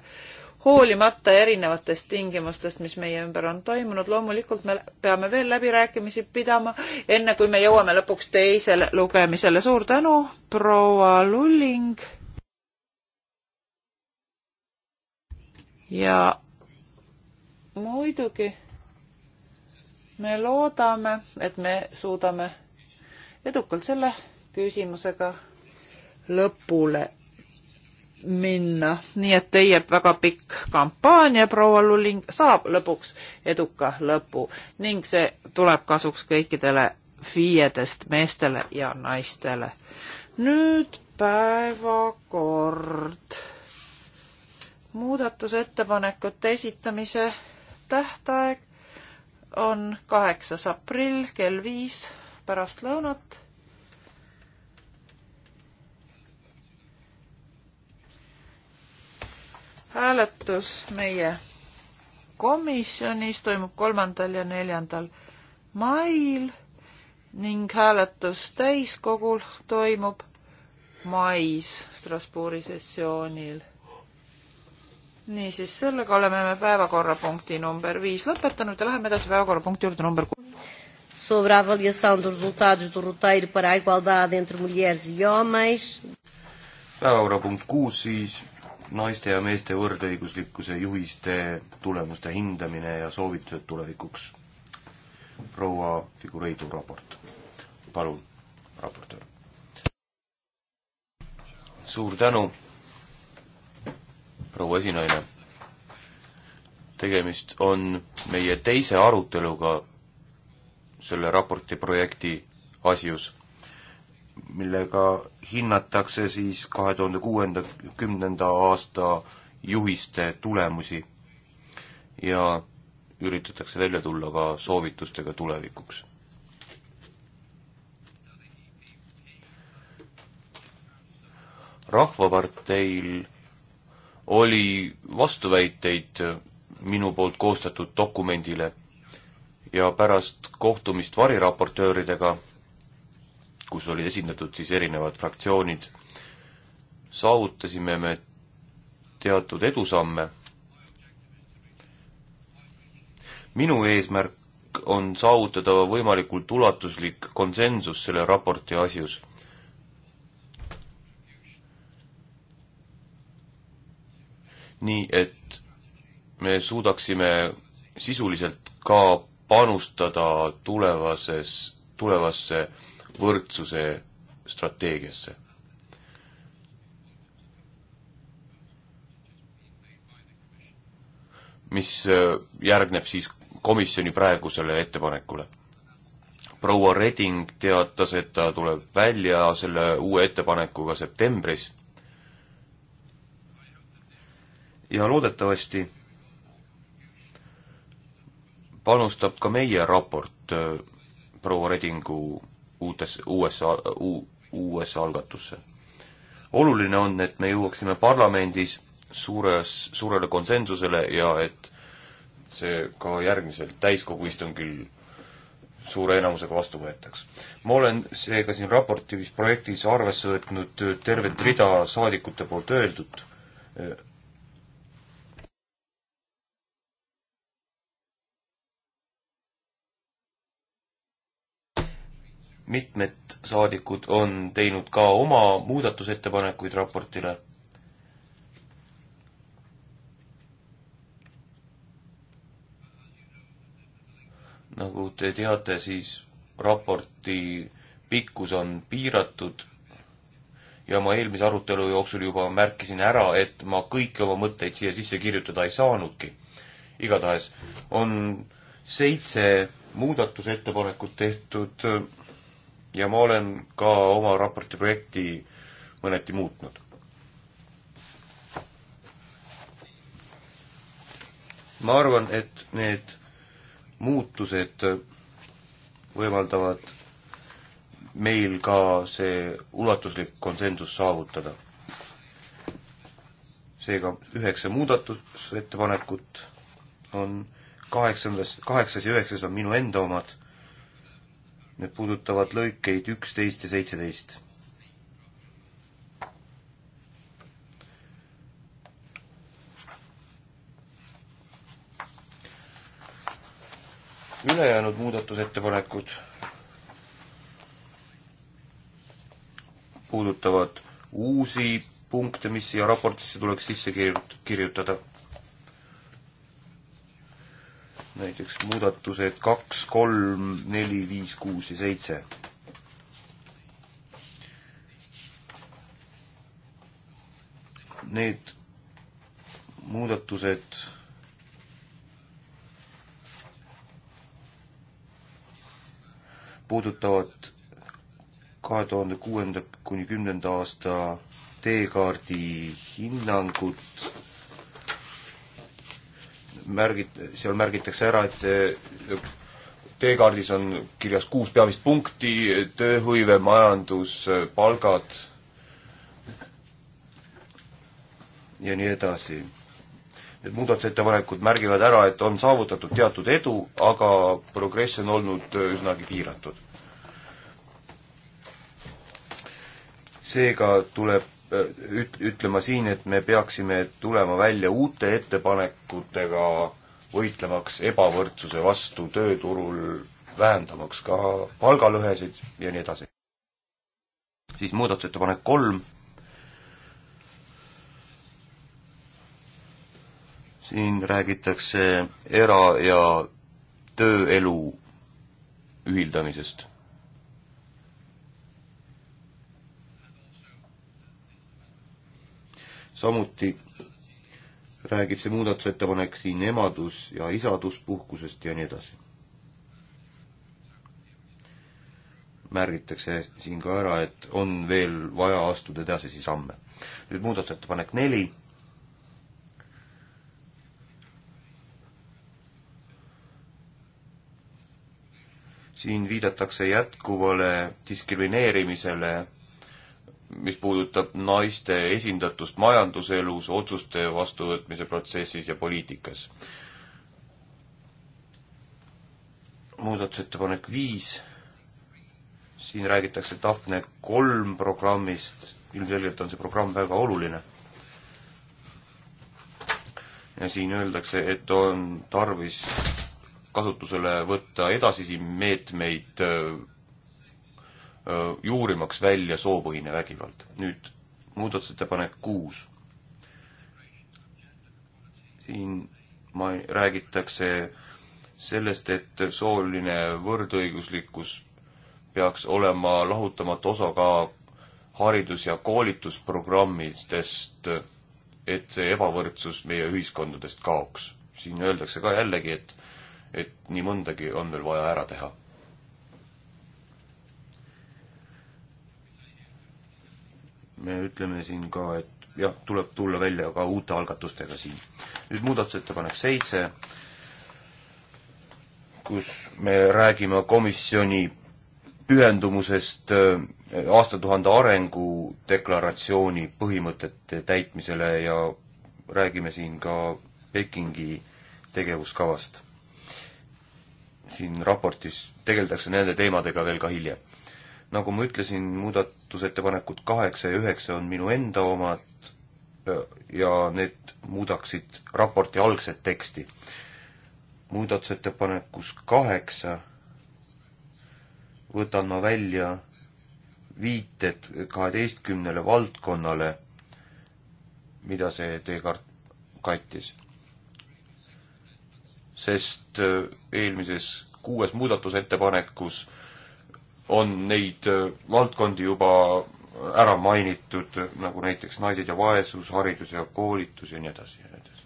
hoolimata erinevatest tingimustest, mis meie ümber on toimunud, loomulikult me peame veel läbirääkimisi pidama, enne kui me jõuame lõpuks teisele lugemisele. suur tänu, proua Lulling. ja muidugi me loodame, et me suudame edukalt selle küsimusega lõpule minna, nii et teie väga pikk kampaania, proua Lulling, saab lõpuks eduka lõpu ning see tuleb kasuks kõikidele FIE-dest meestele ja naistele. nüüd päevakord. muudatusettepanekute esitamise tähtaeg on kaheksas aprill kell viis pärastlõunat hääletus meie komisjonis toimub kolmandal ja neljandal mail ning hääletus täiskogul toimub mais Strasbourgi sessioonil. niisiis, sellega oleme me päevakorrapunkti number viis lõpetanud ja läheme edasi päevakorrapunkti juurde number kuus. Sobre a avaliação dos resultados do roteiro para a igualdade entre mulheres e homens. Päevakorrapunkt kuus siis naiste ja meeste võrdõiguslikkuse juhiste tulemuste hindamine ja soovitused tulevikuks. proua Figureidu raport. palun, raportöör. suur tänu, proua esinaine. tegemist on meie teise aruteluga selle raporti projekti asjus millega hinnatakse siis kahe tuhande kuuenda, kümnenda aasta juhiste tulemusi ja üritatakse välja tulla ka soovitustega tulevikuks. rahvaparteil oli vastuväiteid minu poolt koostatud dokumendile ja pärast kohtumist variraportööridega kus olid esindatud siis erinevad fraktsioonid, saavutasime me teatud edusamme. minu eesmärk on saavutada võimalikult ulatuslik konsensus selle raporti asjus nii et me suudaksime sisuliselt ka panustada tulevases, tulevasse võrdsuse strateegiasse. mis äh, järgneb siis komisjoni praegusele ettepanekule. proua Reding teatas, et ta tuleb välja selle uue ettepanekuga septembris ja loodetavasti panustab ka meie raport äh, proua Redingu uutes, USA, USA algatusse. oluline on, et me jõuaksime parlamendis suures, suurele konsensusele ja et see ka järgmisel täiskogu istungil suure enamusega vastu võetaks. ma olen seega siin raportis, projektis arvesse võtnud tervet rida saadikute poolt öeldut, mitmed saadikud on teinud ka oma muudatusettepanekuid raportile. nagu te teate, siis raporti pikkus on piiratud ja ma eelmise arutelu jooksul juba märkisin ära, et ma kõiki oma mõtteid siia sisse kirjutada ei saanudki. igatahes on seitse muudatusettepanekut tehtud ja ma olen ka oma raporti projekti mõneti muutnud. ma arvan, et need muutused võimaldavad meil ka see ulatuslik konsensus saavutada. seega üheksa muudatusettepanekut on kaheksandast, kaheksas ja üheksas on minu enda omad Need puudutavad lõikeid üksteist ja seitseteist. ülejäänud muudatusettepanekud puudutavad uusi punkte, mis siia raportisse tuleks sisse kirjutada näiteks muudatused kaks, kolm, neli, viis, kuus ja seitse. Need muudatused puudutavad kahe tuhande kuuenda kuni kümnenda aasta teekaardi hinnangut märgid, seal märgitakse ära, et teekaardis on kirjas kuus peamist punkti, tööhõive, majandus, palgad ja nii edasi. Need muudatusettepanekud märgivad ära, et on saavutatud teatud edu, aga progress on olnud üsnagi piiratud. seega tuleb Äh, üt-, ütlema siin, et me peaksime tulema välja uute ettepanekutega, võitlemaks ebavõrdsuse vastu tööturul, vähendamaks ka palgalõhesid ja nii edasi. siis muudatusettepanek kolm, siin räägitakse era- ja tööelu ühildamisest samuti räägib see muudatusettepanek siin emadus- ja isaduspuhkusest ja nii edasi. märgitakse siin ka ära, et on veel vaja astuda edasisi samme. nüüd muudatusettepanek neli. siin viidatakse jätkuvale diskrimineerimisele mis puudutab naiste esindatust majanduselus, otsuste vastuvõtmise protsessis ja poliitikas. muudatusettepanek viis, siin räägitakse Daphne kolm programmist, ilmselgelt on see programm väga oluline. ja siin öeldakse, et on tarvis kasutusele võtta edasisi meetmeid juurimaks välja soopõhine vägivald. nüüd muudatusettepanek kuus. siin ma, räägitakse sellest, et sooline võrdõiguslikkus peaks olema lahutamatu osa ka haridus- ja koolitusprogrammidest, et see ebavõrdsus meie ühiskondadest kaoks. siin öeldakse ka jällegi, et, et nii mõndagi on veel vaja ära teha me ütleme siin ka, et jah, tuleb tulla välja ka uute algatustega siin. nüüd muudatusettepanek seitse, kus me räägime komisjoni pühendumusest äh, aastatuhande arengu deklaratsiooni põhimõtete täitmisele ja räägime siin ka Pekingi tegevuskavast. siin raportis tegeldakse nende teemadega veel ka hiljem. nagu ma ütlesin, muudat-, muudatusettepanekud kaheksa ja üheksa on minu enda omad ja need muudaksid raporti algset teksti. muudatusettepanekus kaheksa võtan ma välja viited kaheteistkümnele valdkonnale, mida see teekaart kattis. sest eelmises kuues muudatusettepanekus äh, on neid äh, valdkondi juba ära mainitud, nagu näiteks naised ja vaesus, haridus ja koolitus ja nii edasi ja nii edasi.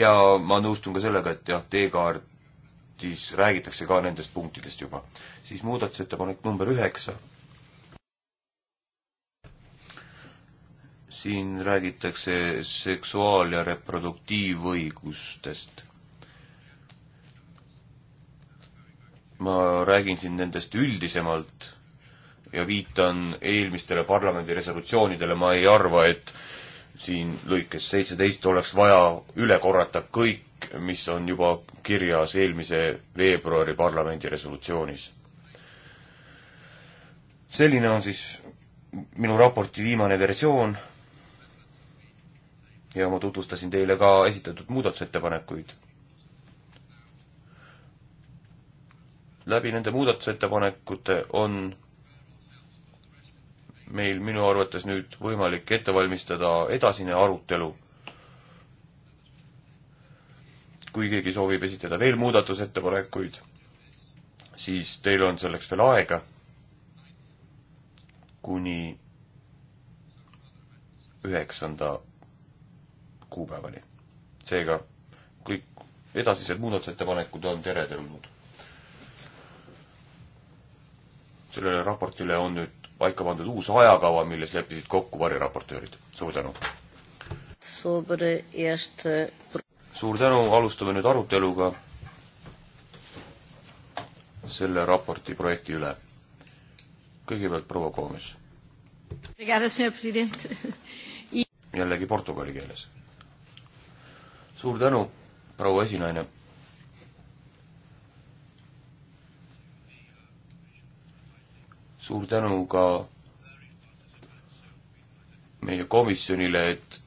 ja ma nõustun ka sellega, et jah, teekaardis räägitakse ka nendest punktidest juba. siis muudatusettepanek number üheksa siin räägitakse seksuaal- ja reproduktiivõigustest. ma räägin siin nendest üldisemalt ja viitan eelmistele parlamendi resolutsioonidele, ma ei arva, et siin lõikes seitseteist oleks vaja üle korrata kõik, mis on juba kirjas eelmise veebruari parlamendi resolutsioonis. selline on siis minu raporti viimane versioon ja ma tutvustasin teile ka esitatud muudatusettepanekuid. läbi nende muudatusettepanekute on meil minu arvates nüüd võimalik ette valmistada edasine arutelu. kui keegi soovib esitada veel muudatusettepanekuid, siis teil on selleks veel aega kuni üheksanda kuupäevani. seega kõik edasised muudatusettepanekud on teretulnud. sellele raportile on nüüd paika pandud uus ajakava, milles leppisid kokku variraportöörid. suur tänu! suur tänu, alustame nüüd aruteluga selle raporti projekti üle. kõigepealt proua Koomes. jällegi portugali keeles suur tänu, proua esinaine. suur tänu ka meie komisjonile, et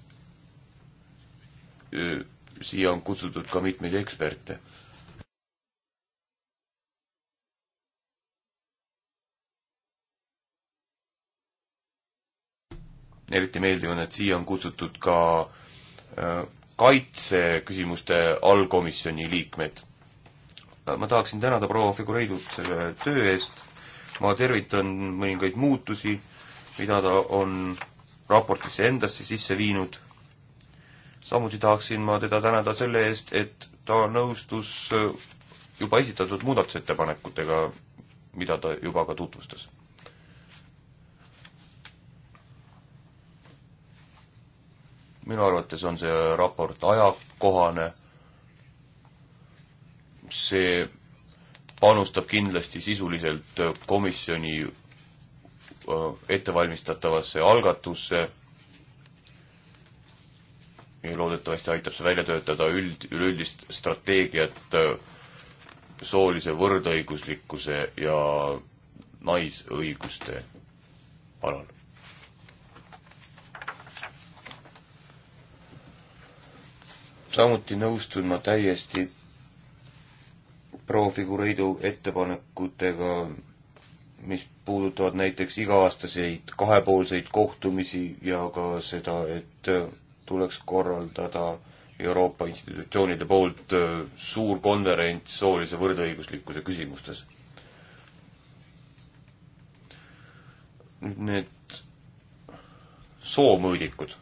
siia on kutsutud ka mitmeid eksperte eriti meeldiv on, et siia on kutsutud ka kaitseküsimuste allkomisjoni liikmed. ma tahaksin tänada proua Figureidut selle töö eest, ma tervitan mõningaid muutusi, mida ta on raportisse endasse sisse viinud, samuti tahaksin ma teda tänada selle eest, et ta nõustus juba esitatud muudatusettepanekutega, mida ta juba ka tutvustas minu arvates on see raport ajakohane, see panustab kindlasti sisuliselt komisjoni ettevalmistatavasse algatusse ja loodetavasti aitab see välja töötada üld, üleüldist strateegiat soolise võrdõiguslikkuse ja naisõiguste alal. samuti nõustun ma täiesti proua Figureidu ettepanekutega, mis puudutavad näiteks iga-aastaseid kahepoolseid kohtumisi ja ka seda, et tuleks korraldada Euroopa institutsioonide poolt äh, suur konverents soolise võrdõiguslikkuse küsimustes. nüüd need soomõõdikud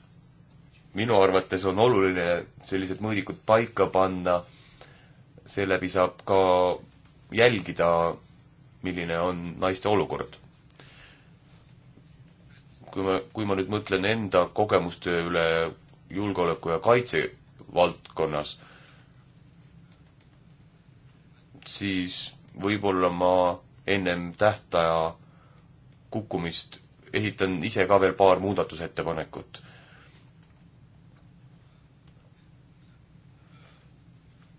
minu arvates on oluline sellised mõõdikud paika panna, seeläbi saab ka jälgida, milline on naiste olukord. kui ma, kui ma nüüd mõtlen enda kogemuste üle julgeoleku ja kaitse valdkonnas, siis võib-olla ma ennem tähtaja kukkumist esitan ise ka veel paar muudatusettepanekut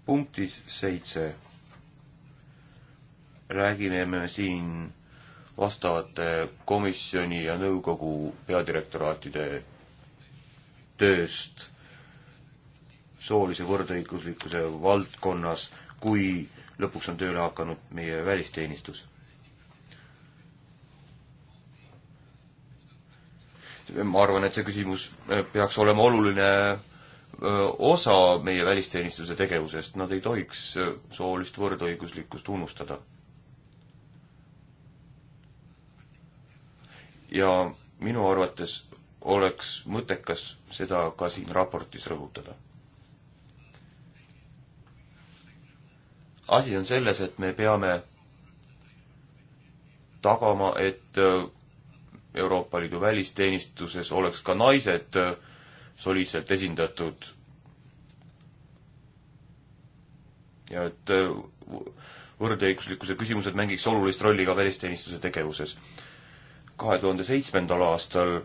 punktis seitse räägime me siin vastavate komisjoni ja nõukogu peadirektoraatide tööst soolise võrdõiguslikkuse valdkonnas, kui lõpuks on tööle hakanud meie välisteenistus. ma arvan, et see küsimus peaks olema oluline osa meie välisteenistuse tegevusest, nad ei tohiks soolist võrdõiguslikkust unustada. ja minu arvates oleks mõttekas seda ka siin raportis rõhutada. asi on selles, et me peame tagama, et Euroopa Liidu välisteenistuses oleks ka naised äh, soliidselt esindatud. ja et äh, võrdõiguslikkuse küsimused mängiks olulist rolli ka välisteenistuse tegevuses. kahe tuhande seitsmendal aastal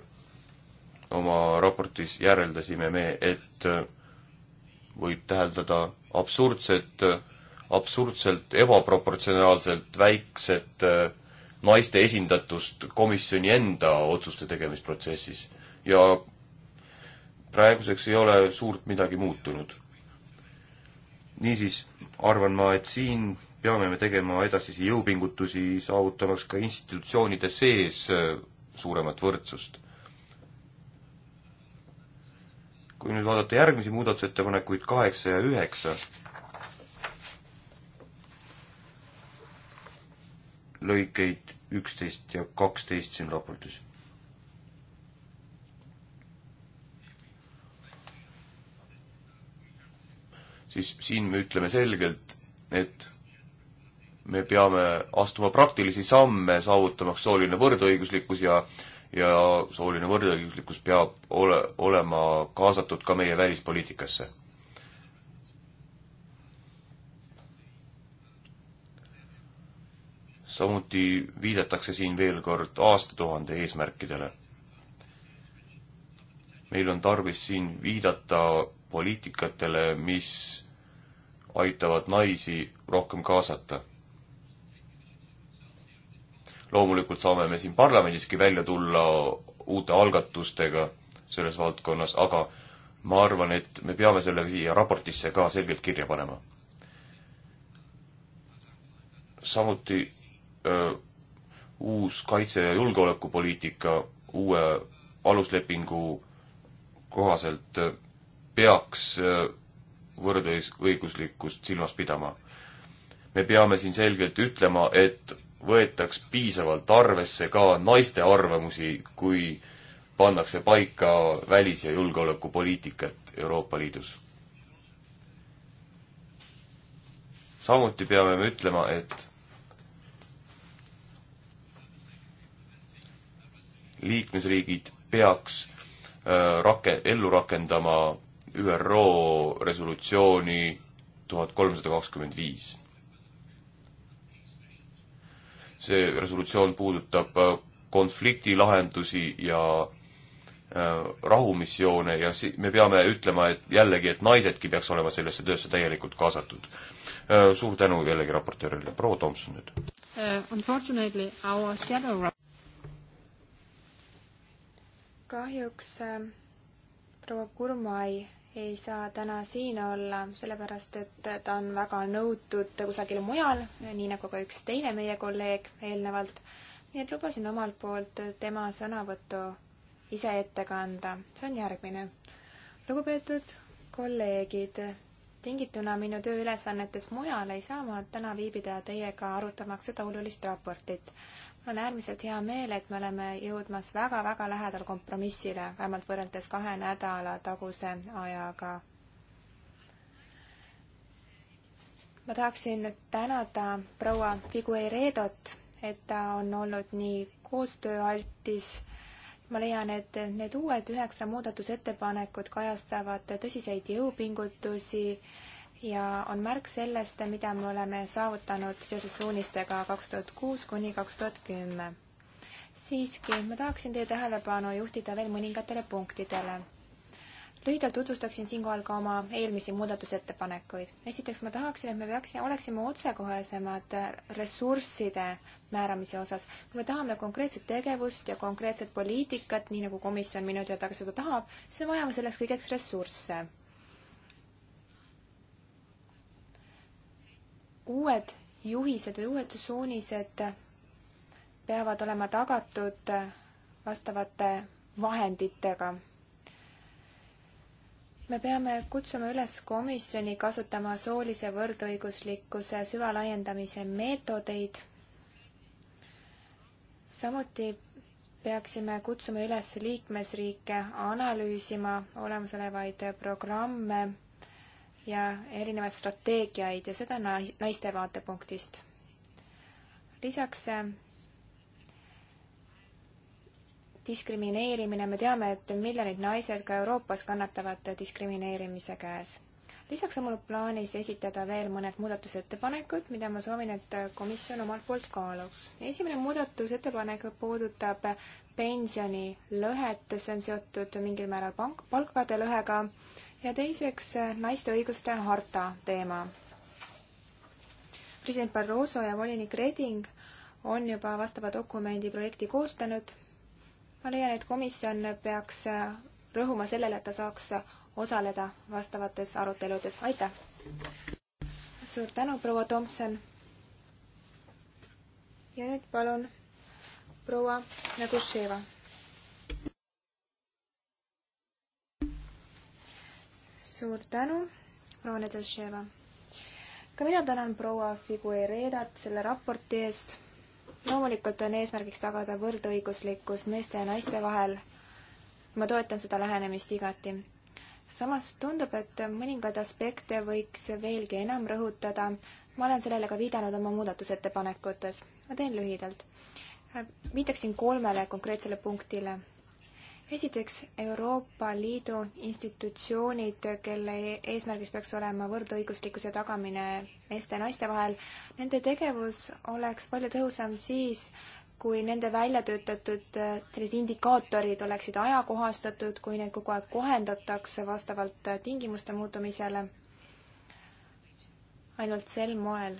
oma raportis järeldasime me, et äh, võib täheldada absurdset, absurdselt ebaproportsionaalselt väikset äh, naiste esindatust komisjoni enda otsuste tegemisprotsessis ja praeguseks ei ole suurt midagi muutunud. niisiis arvan ma, et siin peame me tegema edasisi jõupingutusi, saavutamaks ka institutsioonide sees äh, suuremat võrdsust. kui nüüd vaadata järgmisi muudatusettepanekuid kaheksa ja üheksa, lõikeid üksteist ja kaksteist siin raportis siis siin me ütleme selgelt, et me peame astuma praktilisi samme, saavutamaks sooline võrdõiguslikkus ja ja sooline võrdõiguslikkus peab ole, olema kaasatud ka meie välispoliitikasse. samuti viidatakse siin veel kord aastatuhande eesmärkidele. meil on tarvis siin viidata poliitikatele, mis aitavad naisi rohkem kaasata. loomulikult saame me siin parlamendiski välja tulla uute algatustega selles valdkonnas, aga ma arvan, et me peame selle siia raportisse ka selgelt kirja panema. samuti öö, uus kaitse- ja julgeolekupoliitika uue aluslepingu kohaselt öö, peaks äh, võrdõiguslikkust silmas pidama. me peame siin selgelt ütlema, et võetaks piisavalt arvesse ka naiste arvamusi, kui pannakse paika välis- ja julgeolekupoliitikat Euroopa Liidus. samuti peame me ütlema, et liikmesriigid peaks äh, rake-, ellu rakendama ÜRO resolutsiooni tuhat kolmsada kakskümmend viis. see resolutsioon puudutab äh, konflikti lahendusi ja äh, rahumissioone ja si-, me peame ütlema, et jällegi, et naisedki peaks olema sellesse töösse täielikult kaasatud. Äh, suur tänu jällegi raportöörile, proua Tomson nüüd uh,. Shadow... kahjuks äh, proua Kurmai ei saa täna siin olla, sellepärast et ta on väga nõutud kusagil mujal, nii nagu ka üks teine meie kolleeg eelnevalt. nii et lubasin omalt poolt tema sõnavõttu ise ette kanda. see on järgmine. lugupeetud kolleegid, tingituna minu tööülesannetes mujal ei saa ma täna viibida teiega arutamaks seda olulist raportit. mul on äärmiselt hea meel, et me oleme jõudmas väga-väga lähedal kompromissile, vähemalt võrreldes kahe nädala taguse ajaga. ma tahaksin tänada proua Figueiredot, et ta on olnud nii koostööaltis ma leian, et need uued üheksa muudatusettepanekut kajastavad tõsiseid jõupingutusi ja on märk sellest, mida me oleme saavutanud seoses suunistega kaks tuhat kuus kuni kaks tuhat kümme. siiski, ma tahaksin teie tähelepanu juhtida veel mõningatele punktidele lühidalt tutvustaksin siinkohal ka oma eelmisi muudatusettepanekuid. esiteks ma tahaksin, et me peaksime, oleksime otsekohesemad ressursside määramise osas. kui me tahame konkreetset tegevust ja konkreetset poliitikat, nii nagu komisjon minu teada ka seda tahab, siis me vajame selleks kõigeks ressursse. uued juhised või uued suunised peavad olema tagatud vastavate vahenditega me peame kutsuma üles komisjoni kasutama soolise võrdõiguslikkuse süvalaiendamise meetodeid. samuti peaksime kutsuma üles liikmesriike analüüsima olemasolevaid programme ja erinevaid strateegiaid ja seda naiste vaatepunktist. lisaks diskrimineerimine, me teame, et miljonid naised ka Euroopas kannatavad diskrimineerimise käes. lisaks on mul plaanis esitada veel mõned muudatusettepanekud, mida ma soovin, et komisjon omalt poolt kaaluks. esimene muudatusettepanek puudutab pensionilõhet, see on seotud mingil määral pank-, palkade lõhega ja teiseks naiste õiguste harta teema. president Barroso ja volinik Reding on juba vastava dokumendi projekti koostanud ma leian, et komisjon peaks rõhuma sellele, et ta saaks osaleda vastavates aruteludes. aitäh! suur tänu, proua Tomson! ja nüüd palun proua Naguševa. suur tänu, proua Naguševa! ka mina tänan proua Figueredat selle raporti eest loomulikult on eesmärgiks tagada võrdõiguslikkus meeste ja naiste vahel. ma toetan seda lähenemist igati. samas tundub, et mõningaid aspekte võiks veelgi enam rõhutada. ma olen sellele ka viidanud oma muudatusettepanekutes. ma teen lühidalt. viitaksin kolmele konkreetsele punktile esiteks Euroopa Liidu institutsioonid, kelle eesmärgiks peaks olema võrdõiguslikkuse tagamine meeste ja naiste vahel, nende tegevus oleks palju tõhusam siis, kui nende välja töötatud äh, sellised indikaatorid oleksid ajakohastatud, kui neid kogu aeg kohendatakse vastavalt äh, tingimuste muutumisele. ainult sel moel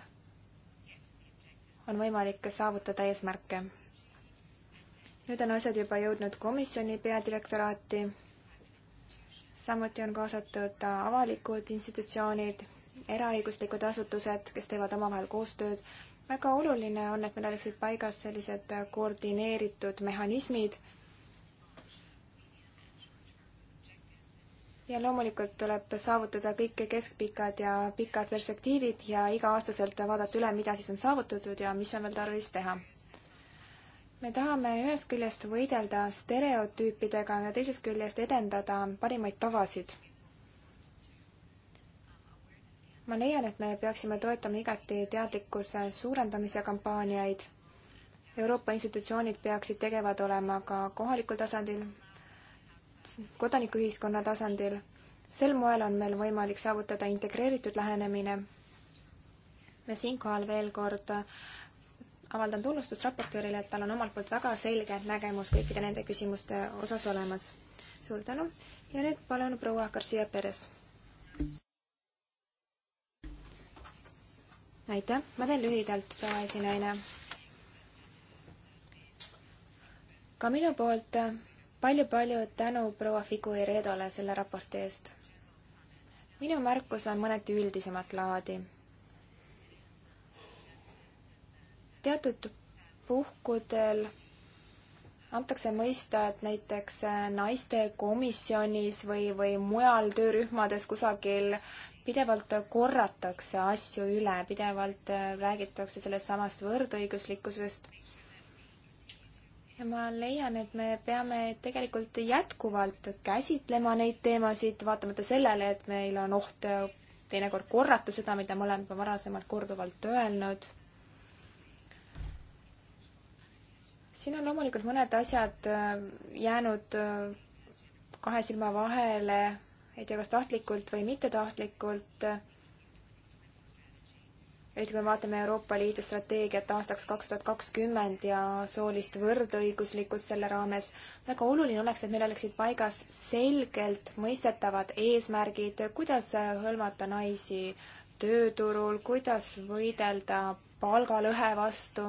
on võimalik saavutada eesmärke nüüd on asjad juba jõudnud komisjoni peadirektoraati. samuti on kaasatud avalikud institutsioonid, eraõiguslikud asutused, kes teevad omavahel koostööd. väga oluline on, et meil oleksid paigas sellised koordineeritud mehhanismid. ja loomulikult tuleb saavutada kõik keskpikad ja pikad perspektiivid ja iga-aastaselt vaadata üle, mida siis on saavutatud ja mis on veel tarvis teha me tahame ühest küljest võidelda stereotüüpidega ja teisest küljest edendada parimaid tavasid. ma leian, et me peaksime toetama igati teadlikkuse suurendamise kampaaniaid. Euroopa institutsioonid peaksid tegevad olema ka kohalikul tasandil, kodanikuühiskonna tasandil. sel moel on meil võimalik saavutada integreeritud lähenemine. me siinkohal veel kord avaldan tunnustust raportöörile, et tal on omalt poolt väga selge nägemus kõikide nende küsimuste osas olemas. suur tänu ja nüüd palun proua Garcia Perez. aitäh, ma teen lühidalt, proua esinaine. ka minu poolt palju-palju tänu proua Figueredole selle raporti eest. minu märkus on mõneti üldisemat laadi teatud puhkudel antakse mõista, et näiteks äh, naistekomisjonis või, või mujal töörühmades kusagil pidevalt korratakse asju üle, pidevalt äh, räägitakse sellest samast võrdõiguslikkusest. ja ma leian, et me peame tegelikult jätkuvalt käsitlema neid teemasid, vaatamata sellele, et meil on oht äh, teinekord korrata seda, mida me oleme juba varasemalt korduvalt öelnud siin on loomulikult mõned asjad äh, jäänud äh, kahe silma vahele, ei tea, kas tahtlikult või mittetahtlikult. eriti kui me vaatame Euroopa Liidu strateegiat aastaks kaks tuhat kakskümmend ja soolist võrdõiguslikkust selle raames, väga oluline oleks, et meil oleksid paigas selgelt mõistetavad eesmärgid, kuidas hõlmata naisi tööturul, kuidas võidelda palgalõhe vastu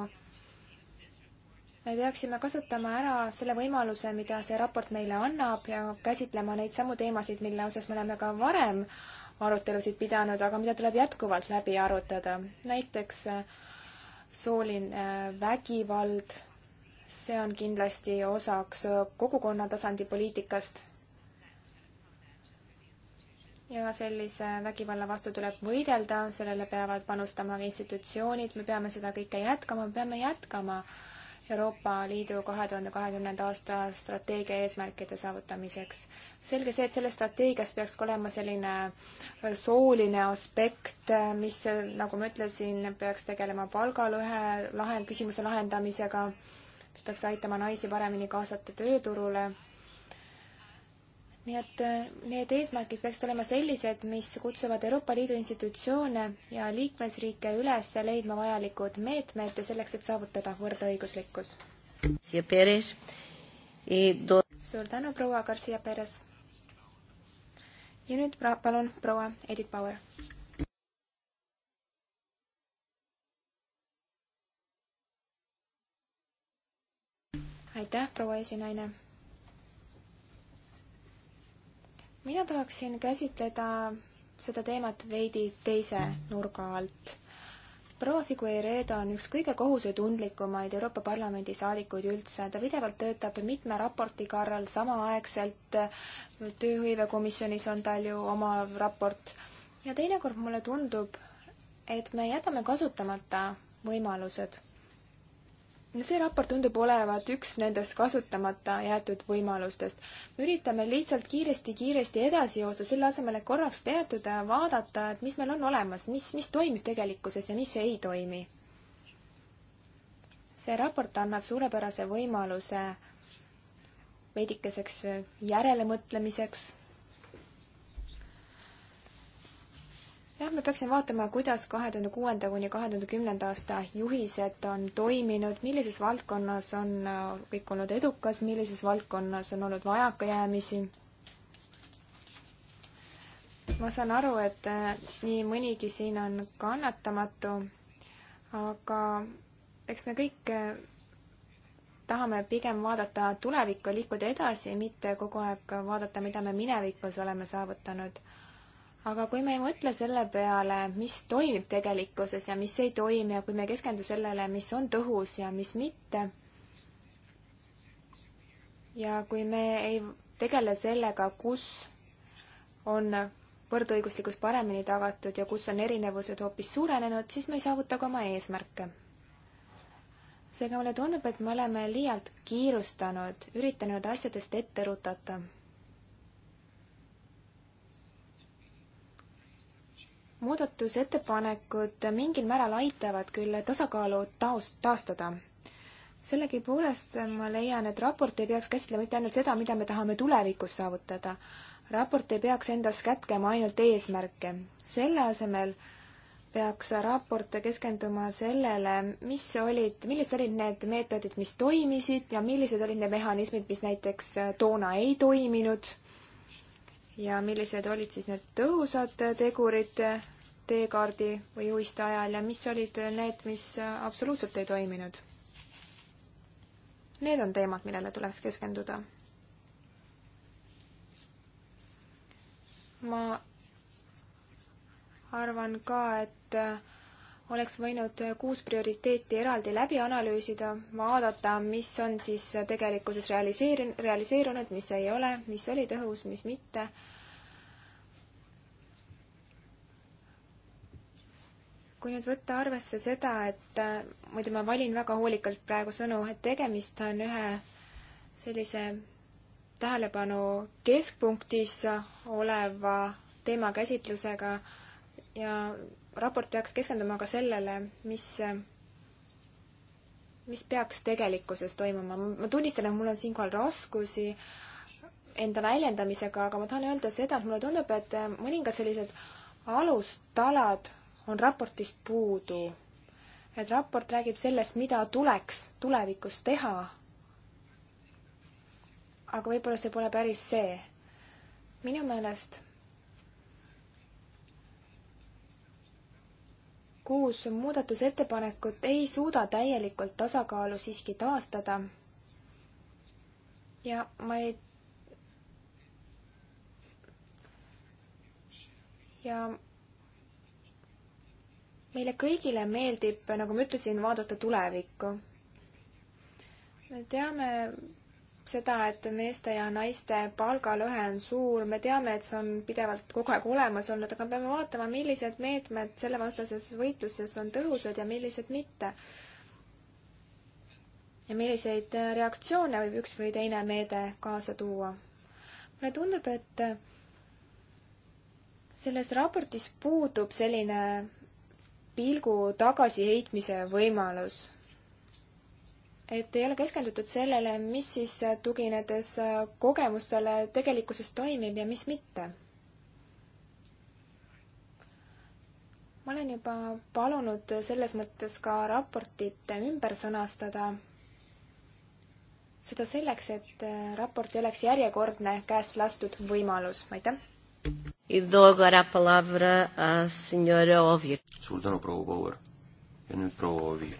me peaksime kasutama ära selle võimaluse, mida see raport meile annab ja käsitlema neid samu teemasid, mille osas me oleme ka varem arutelusid pidanud, aga mida tuleb jätkuvalt läbi arutada. näiteks äh, sooline äh, vägivald, see on kindlasti osaks äh, kogukonna tasandi poliitikast. ja sellise vägivalla vastu tuleb võidelda, sellele peavad panustama institutsioonid, me peame seda kõike jätkama, me peame jätkama äh, Euroopa Liidu kahe tuhande kahekümnenda aasta strateegia eesmärkide saavutamiseks. selge see, et selles strateegias peaks ka olema selline äh, sooline aspekt, äh, mis, äh, nagu ma ütlesin, peaks tegelema palgalõhe lahe, küsimuse lahendamisega, mis peaks aitama naisi paremini kaasata tööturule nii et äh, need eesmärgid peaksid olema sellised, mis kutsuvad Euroopa Liidu institutsioone ja liikmesriike üles leidma vajalikud meetmed selleks, et saavutada võrdõiguslikkus. E, suur tänu, proua Garcia Perez. ja nüüd pra-, palun, proua Edith Bauer. aitäh, proua esinaine mina tahaksin käsitleda seda teemat veidi teise nurga alt. proua Figueiredo on üks kõige kohusetundlikumaid Euroopa Parlamendi saadikuid üldse. ta pidevalt töötab mitme raporti korral samaaegselt. tööhõivekomisjonis on tal ju oma raport ja teinekord mulle tundub, et me jätame kasutamata võimalused see raport tundub olevat üks nendest kasutamata jäetud võimalustest. me üritame lihtsalt kiiresti-kiiresti edasi joosta, selle asemel, et korraks peatuda ja vaadata, et mis meil on olemas, mis, mis toimib tegelikkuses ja mis ei toimi. see raport annab suurepärase võimaluse veidikeseks järelemõtlemiseks jah, me peaksime vaatama, kuidas kahe tuhande kuuenda kuni kahe tuhande kümnenda aasta juhised on toiminud, millises valdkonnas on äh, kõik olnud edukas, millises valdkonnas on olnud vajakajäämisi. ma saan aru, et äh, nii mõnigi siin on kannatamatu, aga eks me kõik äh, tahame pigem vaadata tulevikku, liikuda edasi, mitte kogu aeg vaadata, mida me minevikus oleme saavutanud aga kui me ei mõtle selle peale, mis toimib tegelikkuses ja mis ei toimi ja kui me ei keskendu sellele, mis on tõhus ja mis mitte, ja kui me ei tegele sellega, kus on võrdõiguslikkus paremini tagatud ja kus on erinevused hoopis suurenenud, siis me ei saavuta ka oma eesmärke. seega mulle tundub, et me oleme liialt kiirustanud, üritanud asjadest ette rutata muudatusettepanekud mingil määral aitavad küll tasakaalu taust, taastada. sellegipoolest ma leian, et raport ei peaks käsitlema mitte ainult seda, mida me tahame tulevikus saavutada. raport ei peaks endas kätkema ainult eesmärke. selle asemel peaks raport keskenduma sellele, mis olid, millised olid need meetodid, mis toimisid ja millised olid need mehhanismid, mis näiteks äh, toona ei toiminud ja millised olid siis need tõhusad tegurid, teekaardi või juhiste ajal ja mis olid need, mis absoluutselt ei toiminud. Need on teemad, millele tuleks keskenduda. ma arvan ka, et oleks võinud kuus prioriteeti eraldi läbi analüüsida, vaadata, mis on siis tegelikkuses realiseerinud, realiseerunud, mis ei ole, mis oli tõhus, mis mitte kui nüüd võtta arvesse seda, et äh, muidu ma valin väga hoolikalt praegu sõnu, et tegemist on ühe sellise tähelepanu keskpunktis oleva teemakäsitlusega ja raport peaks keskenduma ka sellele, mis, mis peaks tegelikkuses toimuma. ma tunnistan, et mul on siinkohal raskusi enda väljendamisega, aga ma tahan öelda seda, et mulle tundub, et äh, mõningad sellised alustalad on raportist puudu. et raport räägib sellest, mida tuleks tulevikus teha. aga võib-olla see pole päris see. minu meelest kuus muudatusettepanekut ei suuda täielikult tasakaalu siiski taastada. ja ma ei ja meile kõigile meeldib, nagu ma ütlesin, vaadata tulevikku. me teame seda, et meeste ja naiste palgalõhe on suur, me teame, et see on pidevalt kogu aeg olemas olnud, aga peame vaatama, millised meetmed sellevastases võitluses on tõhusad ja millised mitte. ja milliseid reaktsioone võib üks või teine meede kaasa tuua. mulle tundub, et selles raportis puudub selline pilgu tagasiheitmise võimalus. et ei ole keskendutud sellele, mis siis tuginedes kogemustele tegelikkuses toimib ja mis mitte ma olen juba palunud selles mõttes ka raportit ümber sõnastada. seda selleks, et raport ei oleks järjekordne käest lastud võimalus, aitäh suur tänu, proua Bauer. ja nüüd proua Oviir.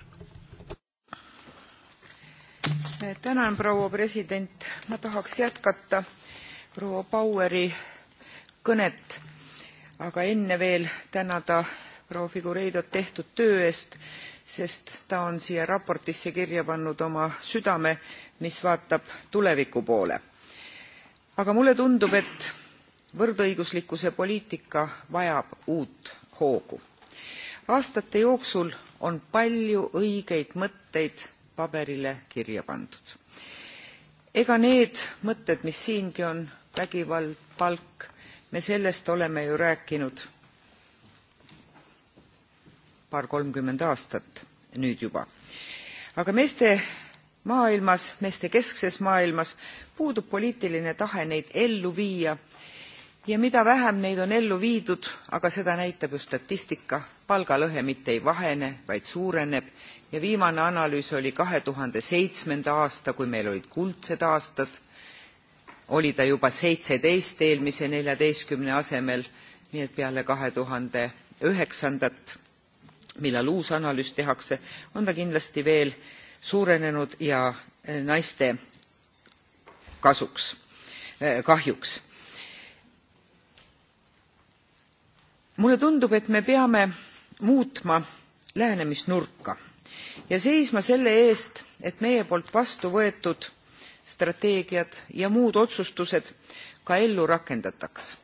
tänan, proua president. ma tahaks jätkata proua Baueri kõnet, aga enne veel tänada proua Figureidot tehtud töö eest, sest ta on siia raportisse kirja pannud oma südame, mis vaatab tuleviku poole. aga mulle tundub, et võrdõiguslikkuse poliitika vajab uut hoogu. aastate jooksul on palju õigeid mõtteid paberile kirja pandud. ega need mõtted mis siingi on vägivald palk me sellest oleme ju rääkinud paar kolmkümmend aastat nüüd juba aga meeste maailmas meeste keskses maailmas puudub poliitiline tahe neid ellu viia ja mida vähem neid on ellu viidud aga seda näitab ju statistika palgalõhe mitte ei vahene vaid suureneb ja viimane analüüs oli 2007. aasta kui meil olid kuldsed aastad oli ta juba 17 eelmise 14 asemel nii et peale 2009 millal uus analüüs tehakse on ta kindlasti veel suurenenud ja naiste kasuks eh, kahjuks mulle tundub et me peame muutma lähenemisnurka ja seisma selle eest et meie poolt vastu võetud strateegiad ja muud otsustused ka ellu rakendataks.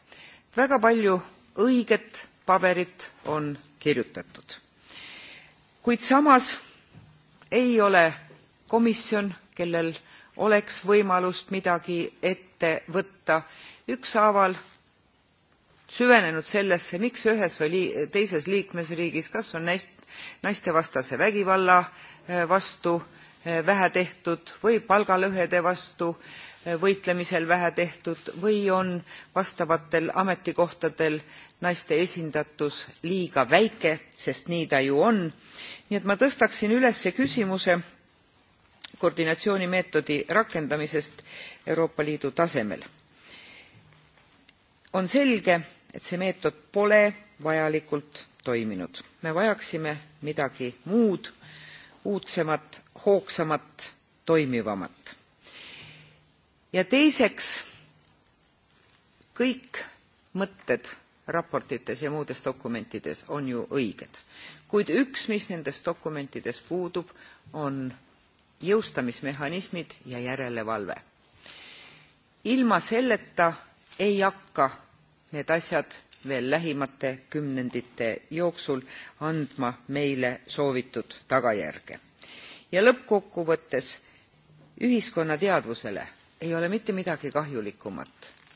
väga palju õiget paberit on kirjutatud kuid samas ei ole komisjon kellel oleks võimalust midagi ette võtta ükshaaval süvenenud sellesse miks ühes või lii, teises liikmesriigis kas on naist, naistevastase vägivalla äh, vastu äh, vähe tehtud või palgalõhede vastu äh, võitlemisel vähe tehtud või on vastavatel ametikohtadel naiste esindatus liiga väike sest nii ta ju on. nii et ma tõstaksin üles küsimuse koordinatsioonimeetodi rakendamisest euroopa liidu tasemel. on selge et see meetod pole vajalikult toiminud me vajaksime midagi muud uudsemat hoogsamat toimivamat ja teiseks kõik mõtted raportites ja muudes dokumentides on ju õiged kuid üks mis nendes dokumentides puudub on jõustamismehhanismid ja järelevalve ilma selleta ei hakka need asjad veel lähimate kümnendite jooksul andma meile soovitud tagajärge. ja lõppkokkuvõttes ühiskonna teadvusele ei ole mitte midagi kahjulikumat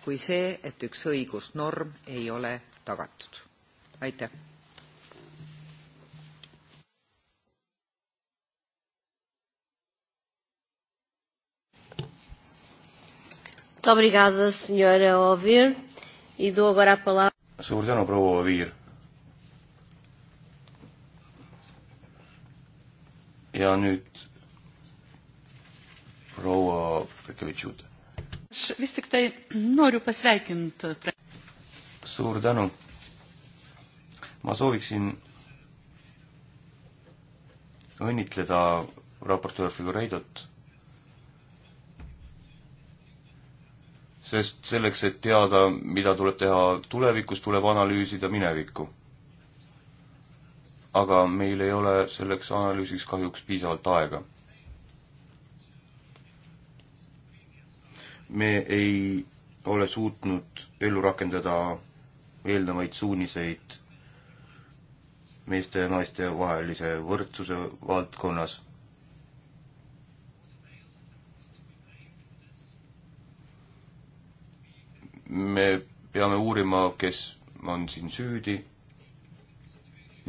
kui see, et üks õigusnorm ei ole tagatud. aitäh! Muito obrigada, senhora Ovir suur tänu, proua Oviir. ja nüüd proua Rekevitšut. suur tänu. ma sooviksin õnnitleda raportöör Figureidot sest selleks, et teada, mida tuleb teha tulevikus, tuleb analüüsida minevikku. aga meil ei ole selleks analüüsiks kahjuks piisavalt aega. me ei ole suutnud ellu rakendada eelnevaid suuniseid meeste ja naiste vahelise võrdsuse valdkonnas me peame uurima, kes on siin süüdi.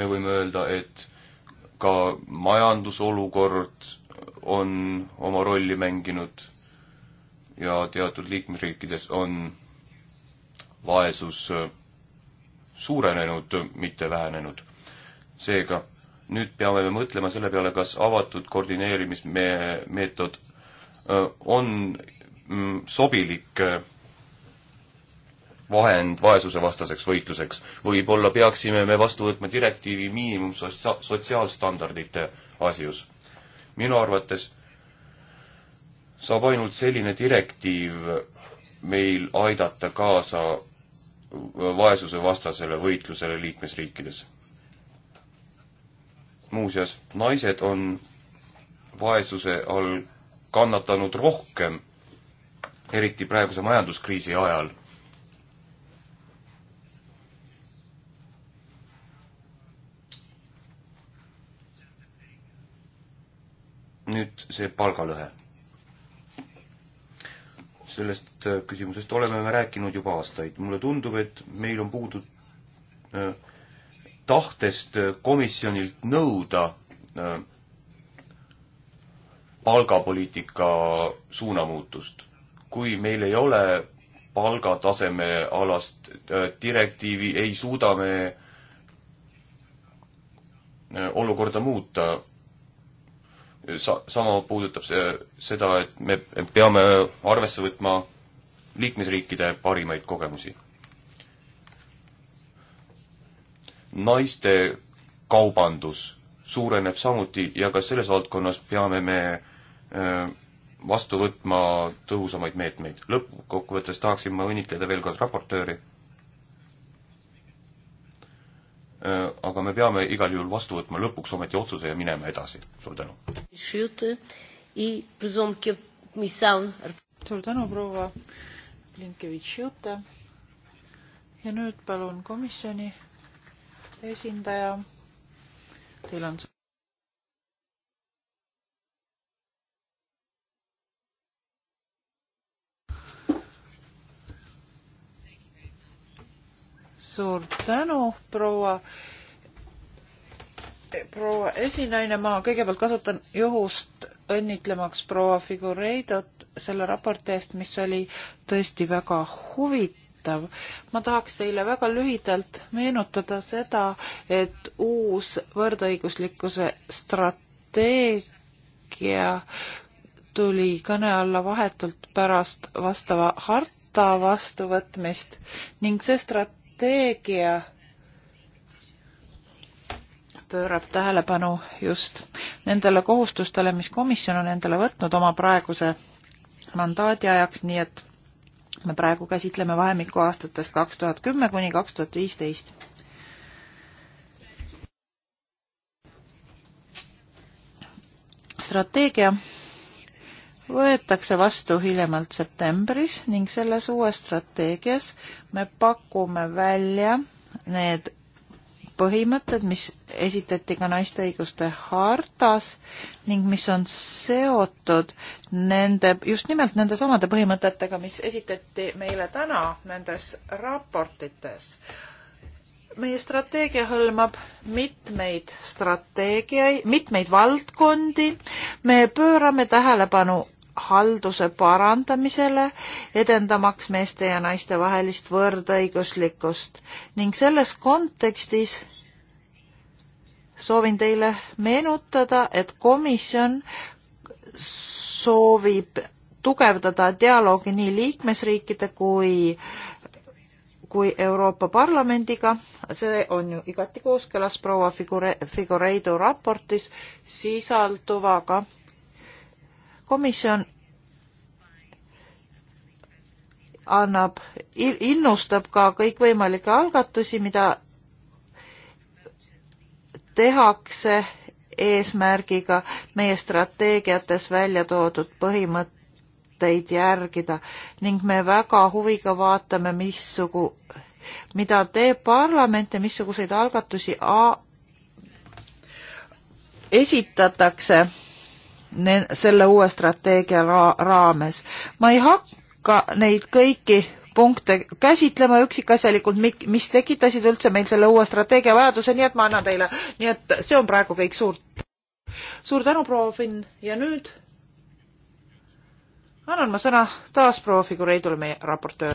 me võime öelda, et ka majandusolukord on oma rolli mänginud ja teatud liikmesriikides on vaesus suurenenud, mitte vähenenud. seega nüüd peame me mõtlema selle peale, kas avatud koordineerimismeetod äh, on mm, sobilik äh, vahend vaesusevastaseks võitluseks. võib-olla peaksime me vastu võtma direktiivi miinimumsotsiaalstandardite asjus. minu arvates saab ainult selline direktiiv meil aidata kaasa vaesusevastasele võitlusele liikmesriikides. muuseas, naised on vaesuse all kannatanud rohkem, eriti praeguse majanduskriisi ajal nüüd see palgalõhe. sellest äh, küsimusest oleme me rääkinud juba aastaid. mulle tundub, et meil on puudu äh, tahtest äh, komisjonilt nõuda palgapoliitika suunamuutust. kui meil ei ole palgataseme alast direktiivi, ei suuda me olukorda muuta sa-, sama puudutab see, seda, et me peame arvesse võtma liikmesriikide parimaid kogemusi. naiste kaubandus suureneb samuti ja ka selles valdkonnas peame me äh, vastu võtma tõhusamaid meetmeid. lõppkokkuvõttes tahaksin ma õnnitleda veel kord raportööri Äh, aga me peame igal juhul vastu võtma lõpuks ometi otsuse ja minema edasi. suur tänu. suur tänu, proua Blinkevitš-Jute. ja nüüd palun komisjoni esindaja. Teil on suur tänu, proua, proua esinaine, ma kõigepealt kasutan juhust õnnitlemaks proua Figureidot selle raporti eest, mis oli tõesti väga huvitav. ma tahaks teile väga lühidalt meenutada seda, et uus võrdõiguslikkuse strateegia tuli kõne alla vahetult pärast vastava harta vastuvõtmist ning see strat-, strateegia pöörab tähelepanu just nendele kohustustele, mis komisjon on endale võtnud oma praeguse mandaadi ajaks, nii et me praegu käsitleme vahemikku aastatest kaks tuhat kümme kuni kaks tuhat viisteist. strateegia võetakse vastu hiljemalt septembris ning selles uues strateegias me pakume välja need põhimõtted, mis esitati ka naiste õiguste hartas ning mis on seotud nende, just nimelt nende samade põhimõtetega, mis esitati meile täna nendes raportites. meie strateegia hõlmab mitmeid strateegiaid, mitmeid valdkondi, me pöörame tähelepanu halduse parandamisele, edendamaks meeste ja naiste vahelist võrdõiguslikkust ning selles kontekstis soovin teile meenutada, et komisjon soovib tugevdada dialoogi nii liikmesriikide kui, kui Euroopa Parlamendiga. see on ju igati kooskõlas proua Figure, Figureidu raportis sisalduvaga komisjon annab, innustab ka kõikvõimalikke algatusi, mida tehakse eesmärgiga meie strateegiates välja toodud põhimõtteid järgida ning me väga huviga vaatame, missugu, mida teeb parlament ja missuguseid algatusi a, esitatakse selle uue strateegia ra raames. ma ei hakka neid kõiki punkte käsitlema üksikasjalikult, mis tekitasid üldse meil selle uue strateegia vajaduse, nii et ma annan teile, nii et see on praegu kõik suur, suur tänu, proua Finn ja nüüd annan ma sõna taas proua Figureidule, meie raportöör.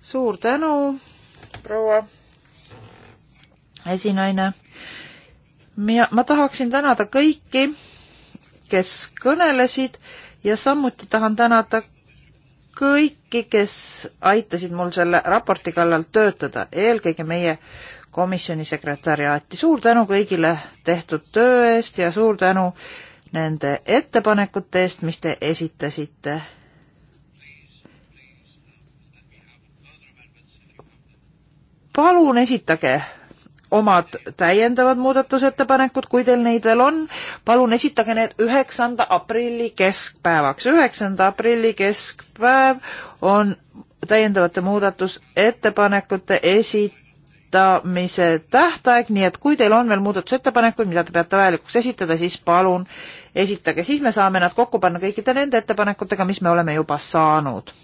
suur tänu, proua esinaine ma tahaksin tänada kõiki, kes kõnelesid ja samuti tahan tänada kõiki, kes aitasid mul selle raporti kallal töötada, eelkõige meie komisjoni sekretäriaati. suur tänu kõigile tehtud töö eest ja suur tänu nende ettepanekute eest, mis te esitasite. palun esitage omad täiendavad muudatusettepanekud, kui teil neid veel on, palun esitage need üheksanda aprilli keskpäevaks. üheksanda aprilli keskpäev on täiendavate muudatusettepanekute esitamise tähtaeg, nii et kui teil on veel muudatusettepanekuid, mida te peate vajalikuks esitada, siis palun esitage, siis me saame nad kokku panna kõikide nende ettepanekutega, mis me oleme juba saanud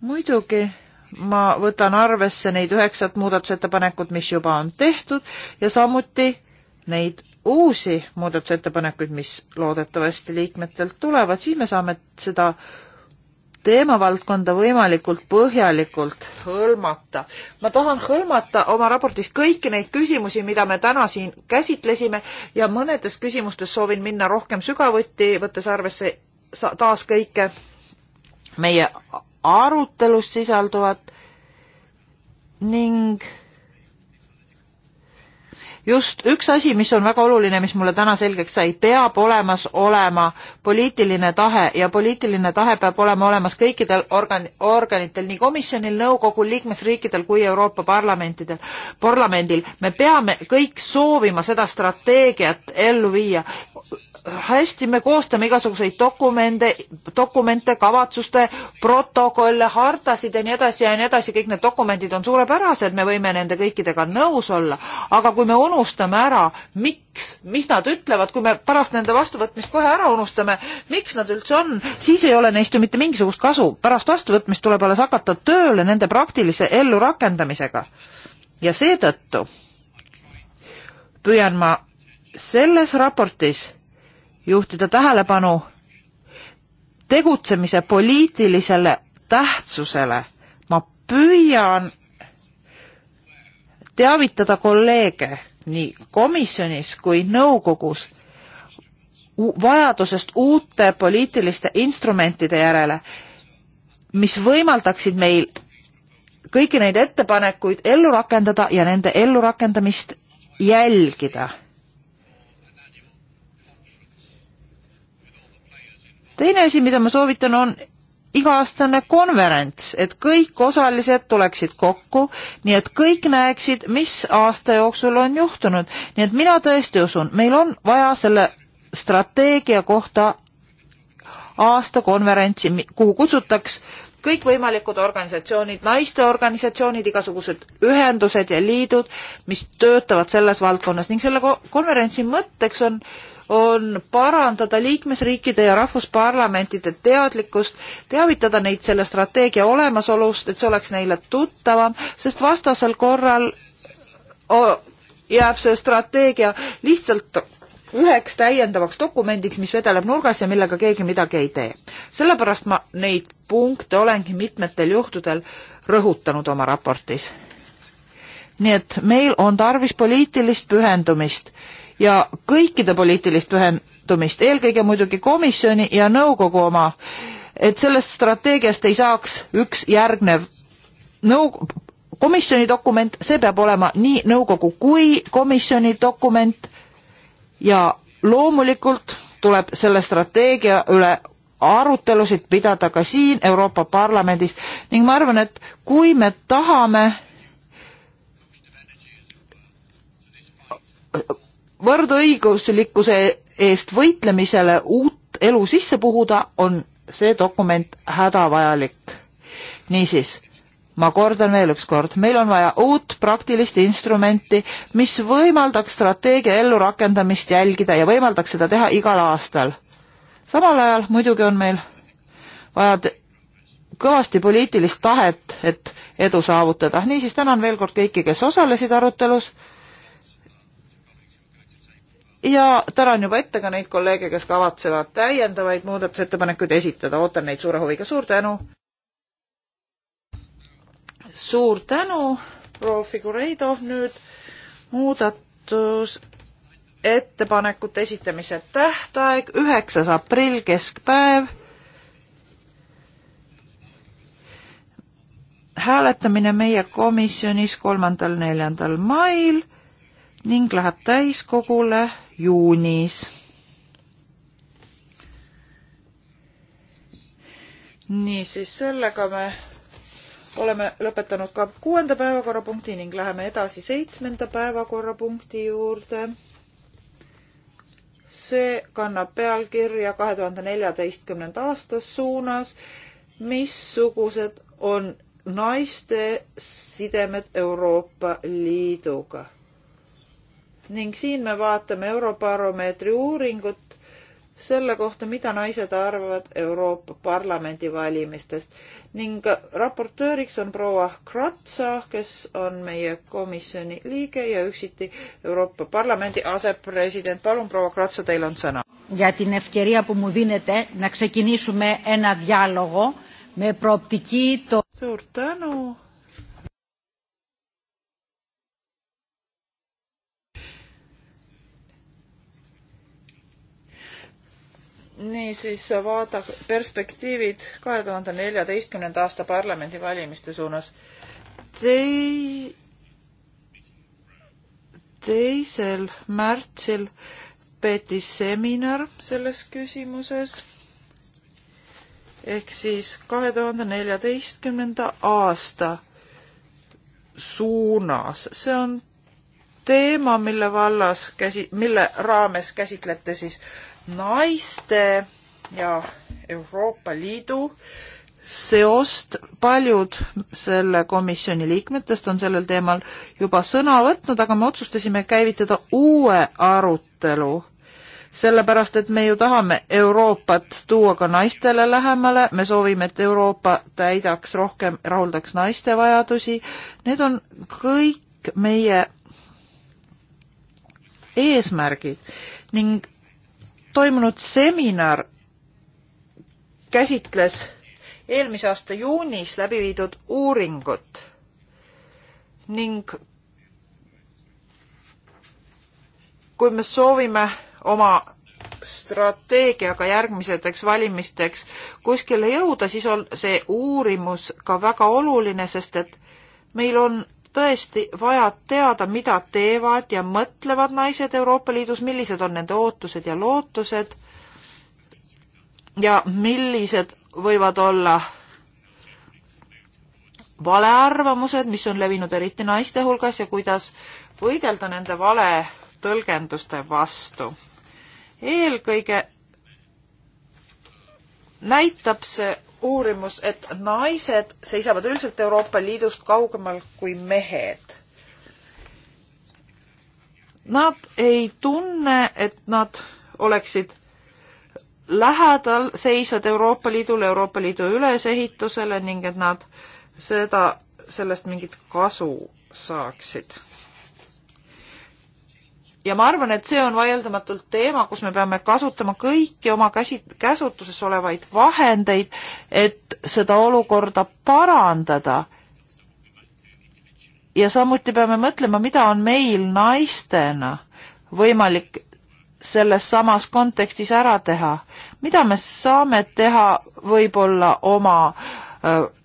muidugi ma võtan arvesse neid üheksat muudatusettepanekut, mis juba on tehtud ja samuti neid uusi muudatusettepanekuid, mis loodetavasti liikmetelt tulevad, siis me saame seda teemavaldkonda võimalikult põhjalikult hõlmata. ma tahan hõlmata oma raportis kõiki neid küsimusi, mida me täna siin käsitlesime ja mõnedes küsimustes soovin minna rohkem sügavuti, võttes arvesse taas kõike meie arutelus sisalduvat ning just üks asi, mis on väga oluline, mis mulle täna selgeks sai, peab olemas olema poliitiline tahe ja poliitiline tahe peab olema olemas kõikidel organ-, organitel, nii komisjonil, nõukogul, liikmesriikidel kui Euroopa parlamentidel, parlamendil. me peame kõik soovima seda strateegiat ellu viia hästi me koostame igasuguseid dokumente, dokumente, kavatsuste, protokolle, hartasid ja nii edasi ja nii edasi, kõik need dokumendid on suurepärased, me võime nende kõikidega nõus olla, aga kui me unustame ära, miks, mis nad ütlevad, kui me pärast nende vastuvõtmist kohe ära unustame, miks nad üldse on, siis ei ole neist ju mitte mingisugust kasu. pärast vastuvõtmist tuleb alles hakata tööle nende praktilise ellurakendamisega. ja seetõttu püüan ma selles raportis juhtida tähelepanu tegutsemise poliitilisele tähtsusele. ma püüan teavitada kolleege nii komisjonis kui nõukogus vajadusest uute poliitiliste instrumentide järele, mis võimaldaksid meil kõiki neid ettepanekuid ellu rakendada ja nende ellurakendamist jälgida teine asi, mida ma soovitan, on iga-aastane konverents, et kõik osalised tuleksid kokku, nii et kõik näeksid, mis aasta jooksul on juhtunud. nii et mina tõesti usun, meil on vaja selle strateegia kohta aastakonverentsi, kuhu kutsutaks kõikvõimalikud organisatsioonid, naisteorganisatsioonid, igasugused ühendused ja liidud, mis töötavad selles valdkonnas ning selle konverentsi mõtteks on äh, on parandada liikmesriikide ja rahvusparlamentide teadlikkust, teavitada neid selle strateegia olemasolust, et see oleks neile tuttavam, sest vastasel korral jääb see strateegia lihtsalt üheks täiendavaks dokumendiks, mis vedeleb nurgas ja millega keegi midagi ei tee. sellepärast ma neid punkte olengi mitmetel juhtudel rõhutanud oma raportis. nii et meil on tarvis poliitilist pühendumist ja kõikide poliitilist pühendumist, eelkõige muidugi komisjoni ja nõukogu oma, et sellest strateegiast ei saaks üks järgnev nõu-, komisjoni dokument, see peab olema nii nõukogu kui komisjoni dokument ja loomulikult tuleb selle strateegia üle arutelusid pidada ka siin Euroopa Parlamendis ning ma arvan, et kui me tahame võrdõiguslikkuse eest võitlemisele uut elu sisse puhuda, on see dokument hädavajalik. niisiis, ma kordan veel ükskord, meil on vaja uut praktilist instrumenti, mis võimaldaks strateegia ellurakendamist jälgida ja võimaldaks seda teha igal aastal. samal ajal muidugi on meil vaja kõvasti poliitilist tahet, et edu saavutada. niisiis tänan veel kord kõiki, kes osalesid arutelus ja tänan juba ette ka neid kolleege, kes kavatsevad täiendavaid muudatusettepanekuid esitada, ootan neid suure huviga, suur tänu! suur tänu, proua Figureido, nüüd muudatusettepanekute esitamise tähtaeg, üheksas aprill, keskpäev. hääletamine meie komisjonis kolmandal-neljandal mail ning läheb täiskogule juunis. niisiis, sellega me oleme lõpetanud ka kuuenda päevakorrapunkti ning läheme edasi seitsmenda päevakorrapunkti juurde. see kannab pealkirja kahe tuhande neljateistkümnenda aasta suunas, missugused on naiste sidemed Euroopa Liiduga ning siin me vaatame Eurobaromeetri uuringut selle kohta, mida naised arvavad Euroopa Parlamendi valimistest ning raportööriks on proua Kratsa, kes on meie komisjoni liige ja üksiti Euroopa Parlamendi asepresident. palun, proua Kratsa, teil on sõna. ja την ευκαιρία που μου δίνετε να ξεκινήσουμε ένα διάλογο με προοπτική το... Suur tänu niisiis vaada perspektiivid kahe tuhande neljateistkümnenda aasta parlamendivalimiste suunas. Tei-, teisel märtsil peeti seminar selles küsimuses ehk siis kahe tuhande neljateistkümnenda aasta suunas. see on teema, mille vallas käsi, mille raames käsitlete siis naiste ja Euroopa Liidu seost. paljud selle komisjoni liikmetest on sellel teemal juba sõna võtnud, aga me otsustasime käivitada uue arutelu sellepärast et me ju tahame Euroopat tuua ka naistele lähemale, me soovime, et Euroopa täidaks rohkem, rahuldaks naiste vajadusi. Need on kõik meie eesmärgid ning toimunud seminar käsitles eelmise aasta juunis läbi viidud uuringut ning kui me soovime oma strateegiaga järgmiseteks valimisteks kuskile jõuda, siis on see uurimus ka väga oluline, sest et meil on tõesti vaja teada, mida teevad ja mõtlevad naised Euroopa Liidus, millised on nende ootused ja lootused ja millised võivad olla valearvamused, mis on levinud eriti naiste hulgas ja kuidas võidelda nende vale tõlgenduste vastu. eelkõige näitab see uurimus, et naised seisavad üldiselt Euroopa Liidust kaugemal kui mehed. Nad ei tunne, et nad oleksid lähedal seisvad Euroopa Liidule, Euroopa Liidu ülesehitusele ning et nad seda, sellest mingit kasu saaksid ja ma arvan, et see on vaieldamatult teema, kus me peame kasutama kõiki oma käsi, käsutuses olevaid vahendeid, et seda olukorda parandada. ja samuti peame mõtlema, mida on meil naistena võimalik selles samas kontekstis ära teha. mida me saame teha võib-olla oma öö, äh,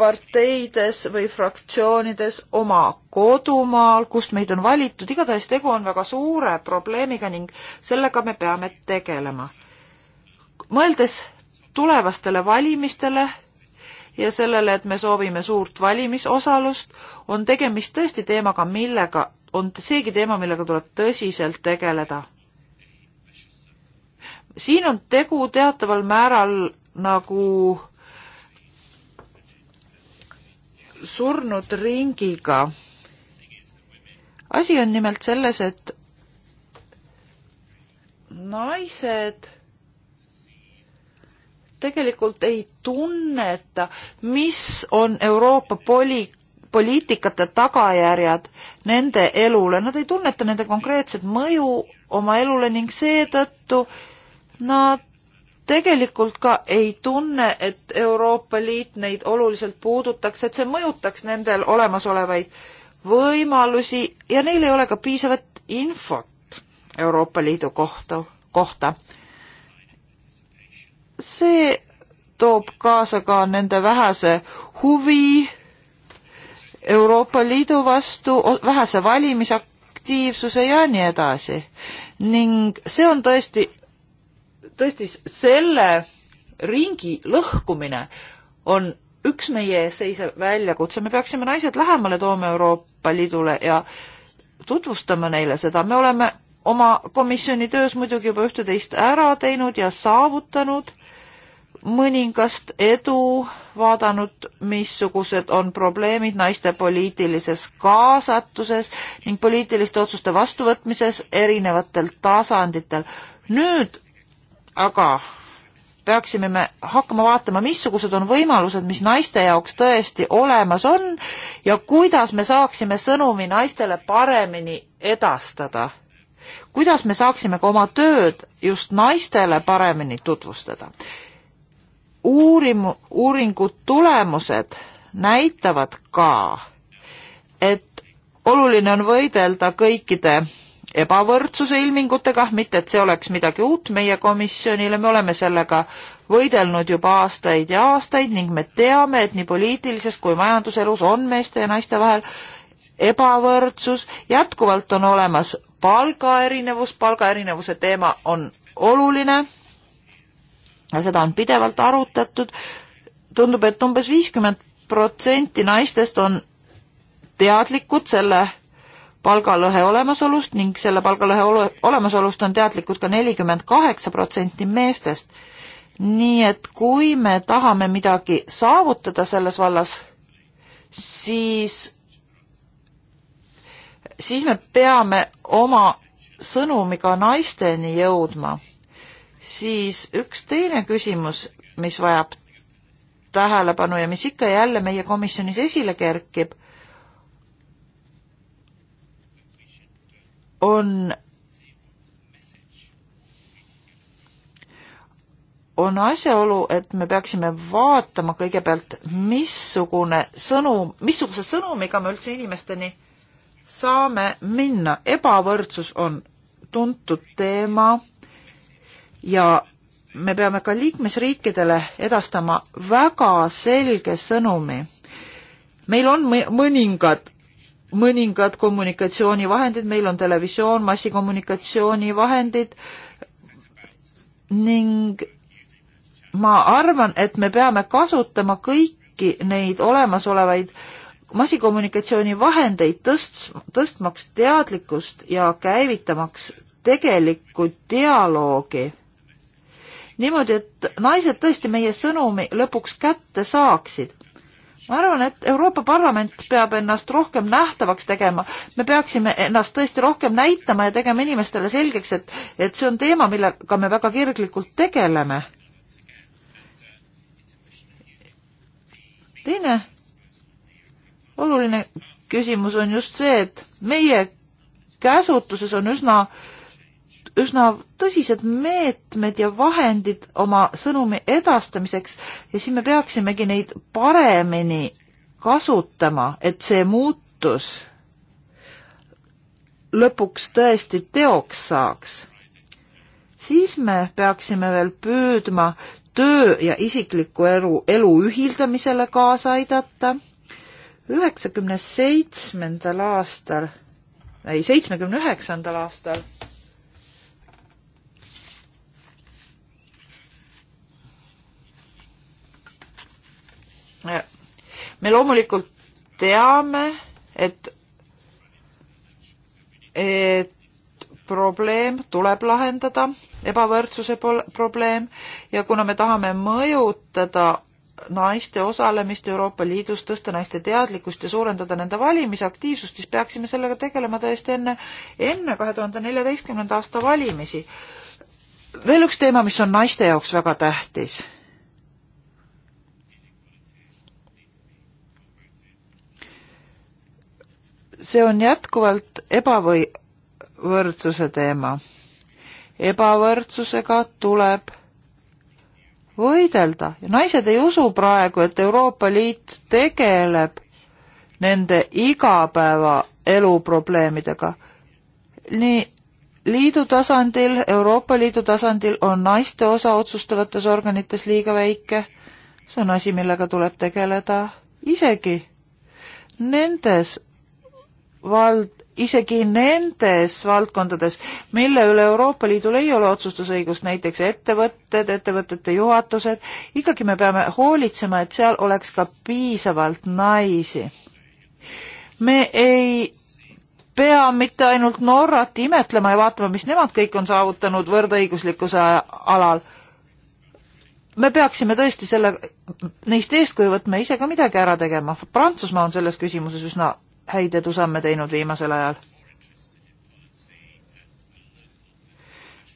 parteides või fraktsioonides oma kodumaal, kust meid on valitud, igatahes tegu on väga suure probleemiga ning sellega me peame tegelema. mõeldes tulevastele valimistele ja sellele, et me soovime suurt valimisosalust, on tegemist tõesti teemaga, millega, on seegi teema, millega tuleb tõsiselt tegeleda. siin on tegu teataval määral nagu surnud ringiga. asi on nimelt selles, et naised tegelikult ei tunneta, mis on Euroopa poli-, poliitikate tagajärjed nende elule, nad ei tunneta nende konkreetset mõju oma elule ning seetõttu nad tegelikult ka ei tunne, et Euroopa Liit neid oluliselt puudutaks, et see mõjutaks nendel olemasolevaid võimalusi ja neil ei ole ka piisavat infot Euroopa Liidu kohta, kohta. see toob kaasa ka nende vähese huvi Euroopa Liidu vastu, vähese valimisaktiivsuse ja nii edasi. ning see on tõesti tõesti selle ringi lõhkumine on üks meie ees seisev väljakutse, me peaksime naised lähemale tooma Euroopa Liidule ja tutvustama neile seda, me oleme oma komisjoni töös muidugi juba üht-teist ära teinud ja saavutanud mõningast edu, vaadanud, missugused on probleemid naiste poliitilises kaasatuses ning poliitiliste otsuste vastuvõtmises erinevatel tasanditel. nüüd aga peaksime me hakkama vaatama, missugused on võimalused, mis naiste jaoks tõesti olemas on ja kuidas me saaksime sõnumi naistele paremini edastada. kuidas me saaksime ka oma tööd just naistele paremini tutvustada. uurim-, uuringu tulemused näitavad ka, et oluline on võidelda kõikide ebavõrdsuse ilmingutega, mitte et see oleks midagi uut meie komisjonile, me oleme sellega võidelnud juba aastaid ja aastaid ning me teame, et nii poliitilises kui majanduselus on meeste ja naiste vahel ebavõrdsus, jätkuvalt on olemas palgaerinevus, palgaerinevuse teema on oluline ja seda on pidevalt arutatud. tundub, et umbes viiskümmend protsenti naistest on teadlikud selle palgalõhe olemasolust ning selle palgalõhe olemasolust on teadlikud ka nelikümmend kaheksa protsenti meestest. nii et kui me tahame midagi saavutada selles vallas, siis, siis me peame oma sõnumiga naisteni jõudma. siis üks teine küsimus, mis vajab tähelepanu ja mis ikka ja jälle meie komisjonis esile kerkib, on, on asjaolu, et me peaksime vaatama kõigepealt, missugune sõnum, missuguse sõnumiga me üldse inimesteni saame minna. ebavõrdsus on tuntud teema ja me peame ka liikmesriikidele edastama väga selge sõnumi. meil on mõningad mõningad kommunikatsioonivahendid, meil on televisioon, massikommunikatsioonivahendid ning ma arvan, et me peame kasutama kõiki neid olemasolevaid massikommunikatsioonivahendeid tõst-, tõstmaks teadlikkust ja käivitamaks tegelikku dialoogi. niimoodi, et naised tõesti meie sõnumi lõpuks kätte saaksid ma arvan, et Euroopa Parlament peab ennast rohkem nähtavaks tegema. me peaksime ennast tõesti rohkem näitama ja tegema inimestele selgeks, et, et see on teema, millega me väga kirglikult tegeleme. teine oluline küsimus on just see, et meie käsutuses on üsna äh, üsna tõsised meetmed ja vahendid oma sõnumi edastamiseks ja siin me peaksimegi neid paremini kasutama, et see muutus lõpuks tõesti teoks saaks. siis me peaksime veel püüdma töö ja isikliku elu, elu ühildamisele kaasa aidata. üheksakümne seitsmendal aastal, ei, seitsmekümne üheksandal aastal me loomulikult teame, et, et probleem tuleb lahendada, ebavõrdsuse probleem ja kuna me tahame mõjutada naiste osalemist Euroopa Liidus, tõsta naiste teadlikkust ja suurendada nende valimisaktiivsust, siis peaksime sellega tegelema täiesti enne, enne kahe tuhande neljateistkümnenda aasta valimisi. veel üks teema, mis on naiste jaoks väga tähtis see on jätkuvalt ebavõrdsuse teema. ebavõrdsusega tuleb võidelda ja naised ei usu praegu, et Euroopa Liit tegeleb nende igapäevaelu probleemidega. nii liidu tasandil, Euroopa Liidu tasandil on naiste osa otsustavates organites liiga väike. see on asi, millega tuleb tegeleda isegi nendes vald, isegi nendes valdkondades, mille üle Euroopa Liidul ei ole otsustusõigust, näiteks ettevõtted, ettevõtete juhatused, ikkagi me peame hoolitsema, et seal oleks ka piisavalt naisi. me ei pea mitte ainult Norrat imetlema ja vaatama, mis nemad kõik on saavutanud võrdõiguslikkuse alal. me peaksime tõesti selle, neist eeskuju võtma ja ise ka midagi ära tegema. Prantsusmaa on selles küsimuses üsna häid edusamme teinud viimasel ajal.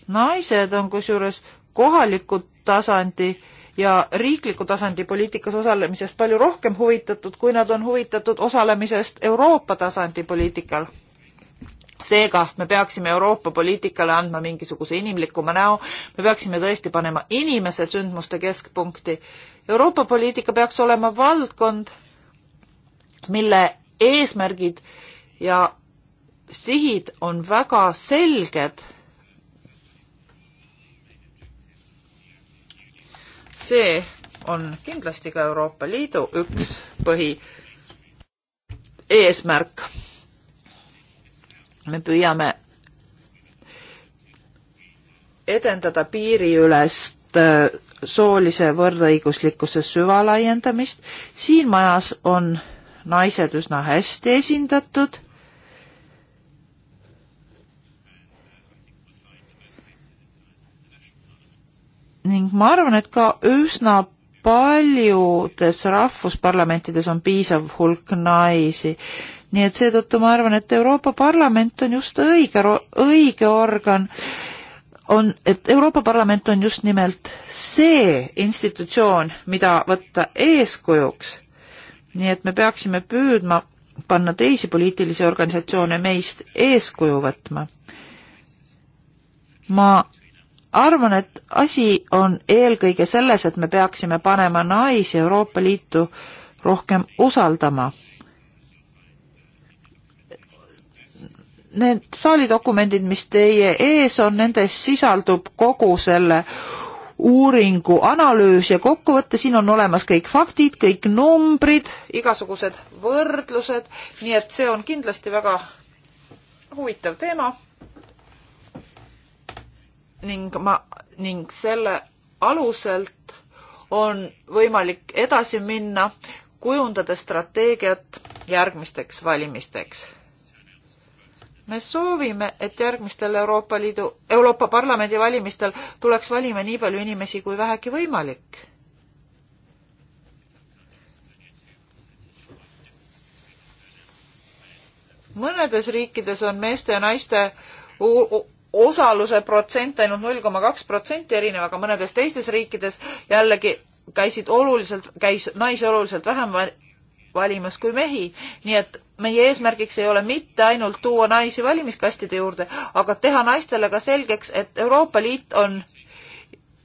naised on kusjuures kohaliku tasandi ja riikliku tasandi poliitikas osalemisest palju rohkem huvitatud, kui nad on huvitatud osalemisest Euroopa tasandi poliitikal. seega me peaksime Euroopa poliitikale andma mingisuguse inimlikuma näo, me peaksime tõesti panema inimesed sündmuste keskpunkti. Euroopa poliitika peaks olema valdkond, mille eesmärgid ja sihid on väga selged. see on kindlasti ka Euroopa Liidu üks põhi eesmärk. me püüame edendada piiriülest äh, soolise võrdõiguslikkuse süvalaiendamist. siin majas on naised üsna hästi esindatud. ning ma arvan, et ka üsna paljudes rahvusparlamentides on piisav hulk naisi. nii et seetõttu ma arvan, et Euroopa Parlament on just õige, õige organ on, et Euroopa Parlament on just nimelt see institutsioon, mida võtta eeskujuks nii et me peaksime püüdma panna teisi poliitilisi organisatsioone meist eeskuju võtma. ma arvan, et asi on eelkõige selles, et me peaksime panema naisi Euroopa Liitu rohkem usaldama. Need saalidokumendid, mis teie ees on, nendes sisaldub kogu selle uuringu analüüs ja kokkuvõte, siin on olemas kõik faktid, kõik numbrid, igasugused võrdlused, nii et see on kindlasti väga huvitav teema. ning ma, ning selle aluselt on võimalik edasi minna, kujundades strateegiat järgmisteks valimisteks me soovime, et järgmistel Euroopa Liidu, Euroopa Parlamendi valimistel tuleks valima nii palju inimesi kui vähegi võimalik. mõnedes riikides on meeste ja naiste osaluse protsent ainult null koma kaks protsenti erinev, aga mõnedes teistes riikides jällegi käisid oluliselt, käis naisi oluliselt vähem valimas kui mehi, nii et meie eesmärgiks ei ole mitte ainult tuua naisi valimiskastide juurde, aga teha naistele ka selgeks, et Euroopa Liit on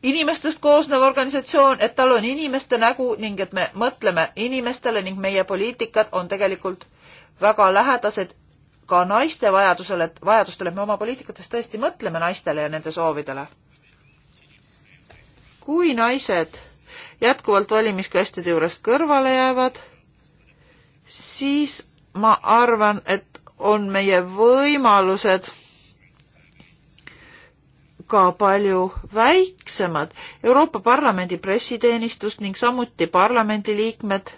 inimestest koosnev organisatsioon, et tal on inimeste nägu ning et me mõtleme inimestele ning meie poliitikad on tegelikult väga lähedased ka naiste vajadusele, et vajadustele, et me oma poliitikates tõesti mõtleme naistele ja nende soovidele. kui naised jätkuvalt valimiskastide juurest kõrvale jäävad, siis ma arvan, et on meie võimalused ka palju väiksemad. Euroopa Parlamendi pressiteenistus ning samuti parlamendiliikmed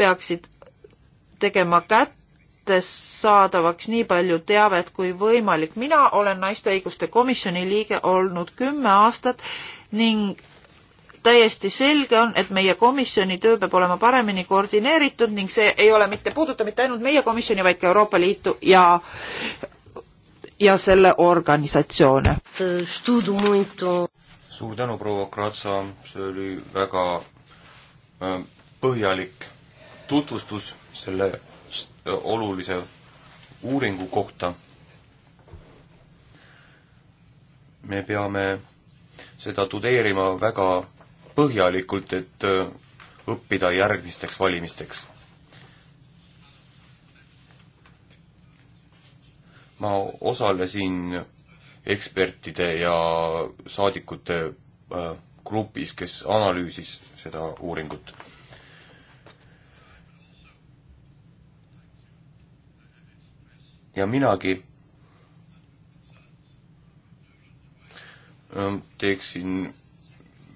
peaksid tegema kättesaadavaks nii palju teavet kui võimalik. mina olen naiste õiguste komisjoni liige olnud kümme aastat ning täiesti selge on, et meie komisjoni töö peab olema paremini koordineeritud ning see ei ole mitte, puuduta mitte ainult meie komisjoni, vaid ka Euroopa Liitu ja ja selle organisatsioone. suur tänu, proua Kratsa, see oli väga äh, põhjalik tutvustus selle äh, olulise uuringu kohta. me peame seda tudeerima väga põhjalikult, et äh, õppida järgmisteks valimisteks. ma osalesin ekspertide ja saadikute äh, grupis, kes analüüsis seda uuringut ja minagi äh, teeksin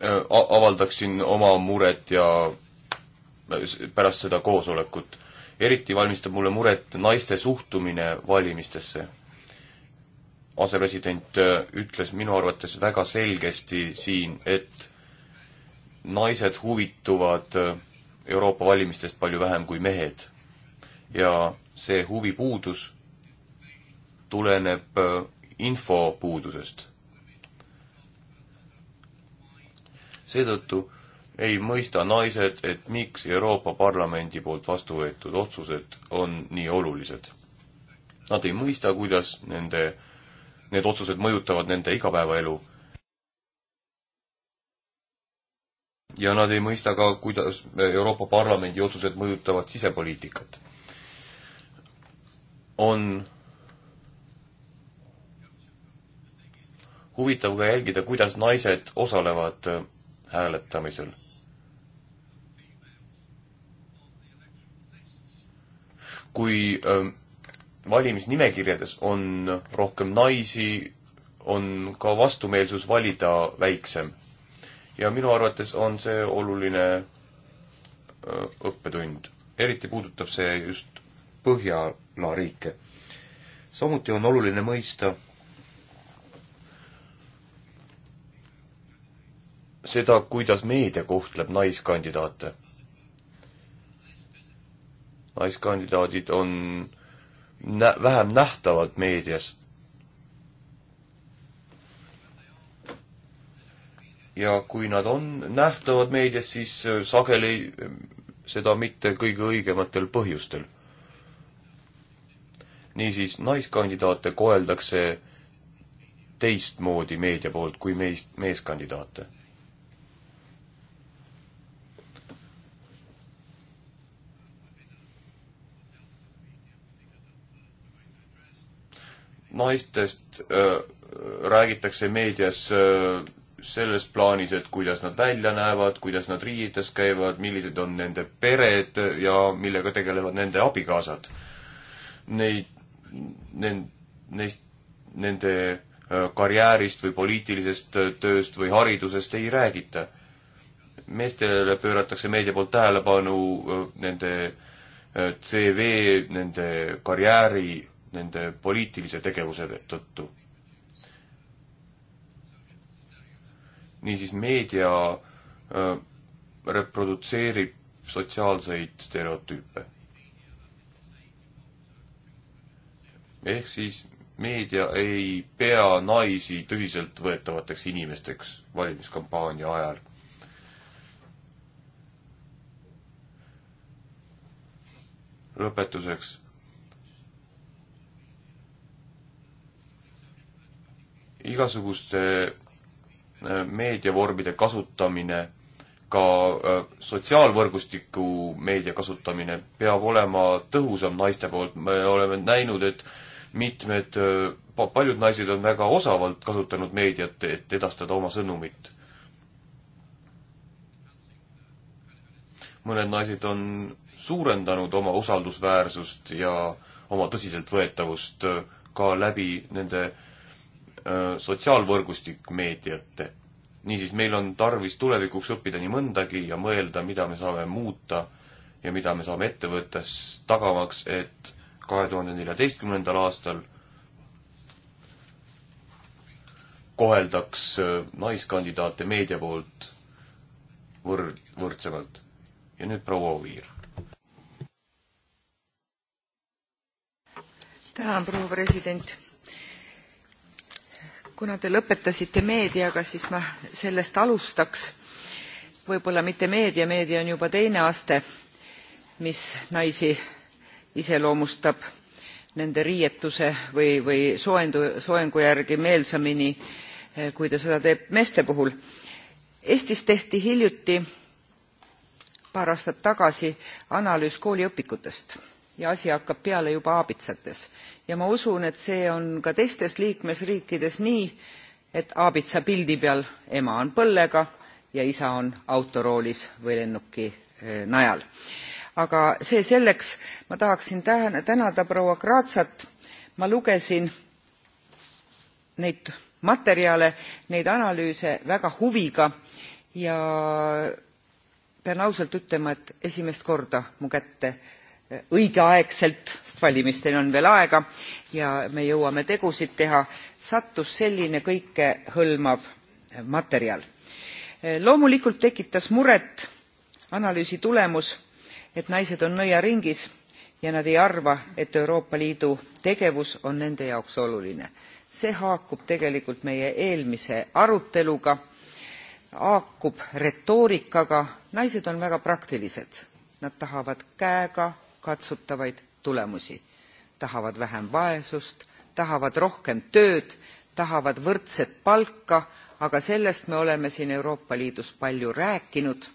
Äh, avaldaksin oma muret ja pärast seda koosolekut. eriti valmistab mulle muret naiste suhtumine valimistesse. asepresident äh, ütles minu arvates väga selgesti siin, et naised huvituvad äh, Euroopa valimistest palju vähem kui mehed. ja see huvipuudus tuleneb info puudusest seetõttu ei mõista naised, et miks Euroopa Parlamendi poolt vastu võetud otsused on nii olulised. Nad ei mõista, kuidas nende, need otsused mõjutavad nende igapäevaelu. ja nad ei mõista ka, kuidas Euroopa Parlamendi otsused mõjutavad sisepoliitikat. on huvitav ka jälgida, kuidas naised osalevad hääletamisel. kui ähm, valimisnimekirjades on rohkem naisi, on ka vastumeelsus valida väiksem. ja minu arvates on see oluline äh, õppetund. eriti puudutab see just Põhjala riike. samuti on oluline mõista, seda, kuidas meedia kohtleb naiskandidaate. naiskandidaadid on nä-, vähem nähtavad meedias. ja kui nad on nähtavad meedias, siis äh, sageli ähm, seda mitte kõige õigematel põhjustel. niisiis, naiskandidaate koheldakse teistmoodi meedia poolt kui meist, meeskandidaate naistest äh, räägitakse meedias äh, selles plaanis, et kuidas nad välja näevad, kuidas nad riietes käivad, millised on nende pered ja millega tegelevad nende abikaasad. Neid, nend-, neist, nende karjäärist või poliitilisest tööst või haridusest ei räägita. meestele pööratakse meedia poolt tähelepanu nende CV, nende karjääri nende poliitilise tegevuse tõttu. niisiis, meedia öö, reprodutseerib sotsiaalseid stereotüüpe. ehk siis meedia ei pea naisi tõsiseltvõetavateks inimesteks valimiskampaania ajal. lõpetuseks igasuguste äh, meediavormide kasutamine, ka äh, sotsiaalvõrgustiku meedia kasutamine peab olema tõhusam naiste poolt, me oleme näinud, et mitmed, äh, paljud naised on väga osavalt kasutanud meediat, et edastada oma sõnumit. mõned naised on suurendanud oma usaldusväärsust ja oma tõsiseltvõetavust ka läbi nende äh, Äh, sotsiaalvõrgustik meediate. niisiis, meil on tarvis tulevikuks õppida nii mõndagi ja mõelda, mida me saame muuta ja mida me saame ette võttes tagamaks, et kahe tuhande neljateistkümnendal aastal koheldaks äh, naiskandidaate meedia poolt võrd, võrdsemalt. ja nüüd proua Oviir. tänan, proua president kuna te lõpetasite meediaga siis ma sellest alustaks võib-olla mitte meedia meedia on juba teine aste mis naisi iseloomustab nende riietuse või või soengu soengu järgi meelsamini kui ta seda teeb meeste puhul eestis tehti hiljuti paar aastat tagasi analüüs kooliõpikutest ja asi hakkab peale juba aabitsates ja ma usun et see on ka teistes liikmesriikides nii et aabitsa pildi peal ema on põllega ja isa on autoroolis või lennuki eh, najal. aga see selleks ma tahaksin tänada proua kratsat ma lugesin neid materjale neid analüüse väga huviga ja pean ausalt ütlema et esimest korda mu kätte õigeaegselt sest valimisteni on veel aega ja me jõuame tegusid teha sattus selline kõikehõlmav materjal. loomulikult tekitas muret analüüsi tulemus et naised on nõiaringis ja nad ei arva et euroopa liidu tegevus on nende jaoks oluline. see haakub tegelikult meie eelmise aruteluga haakub retoorikaga naised on väga praktilised nad tahavad käega katsutavaid tulemusi tahavad vähem vaesust tahavad rohkem tööd tahavad võrdset palka aga sellest me oleme siin euroopa liidus palju rääkinud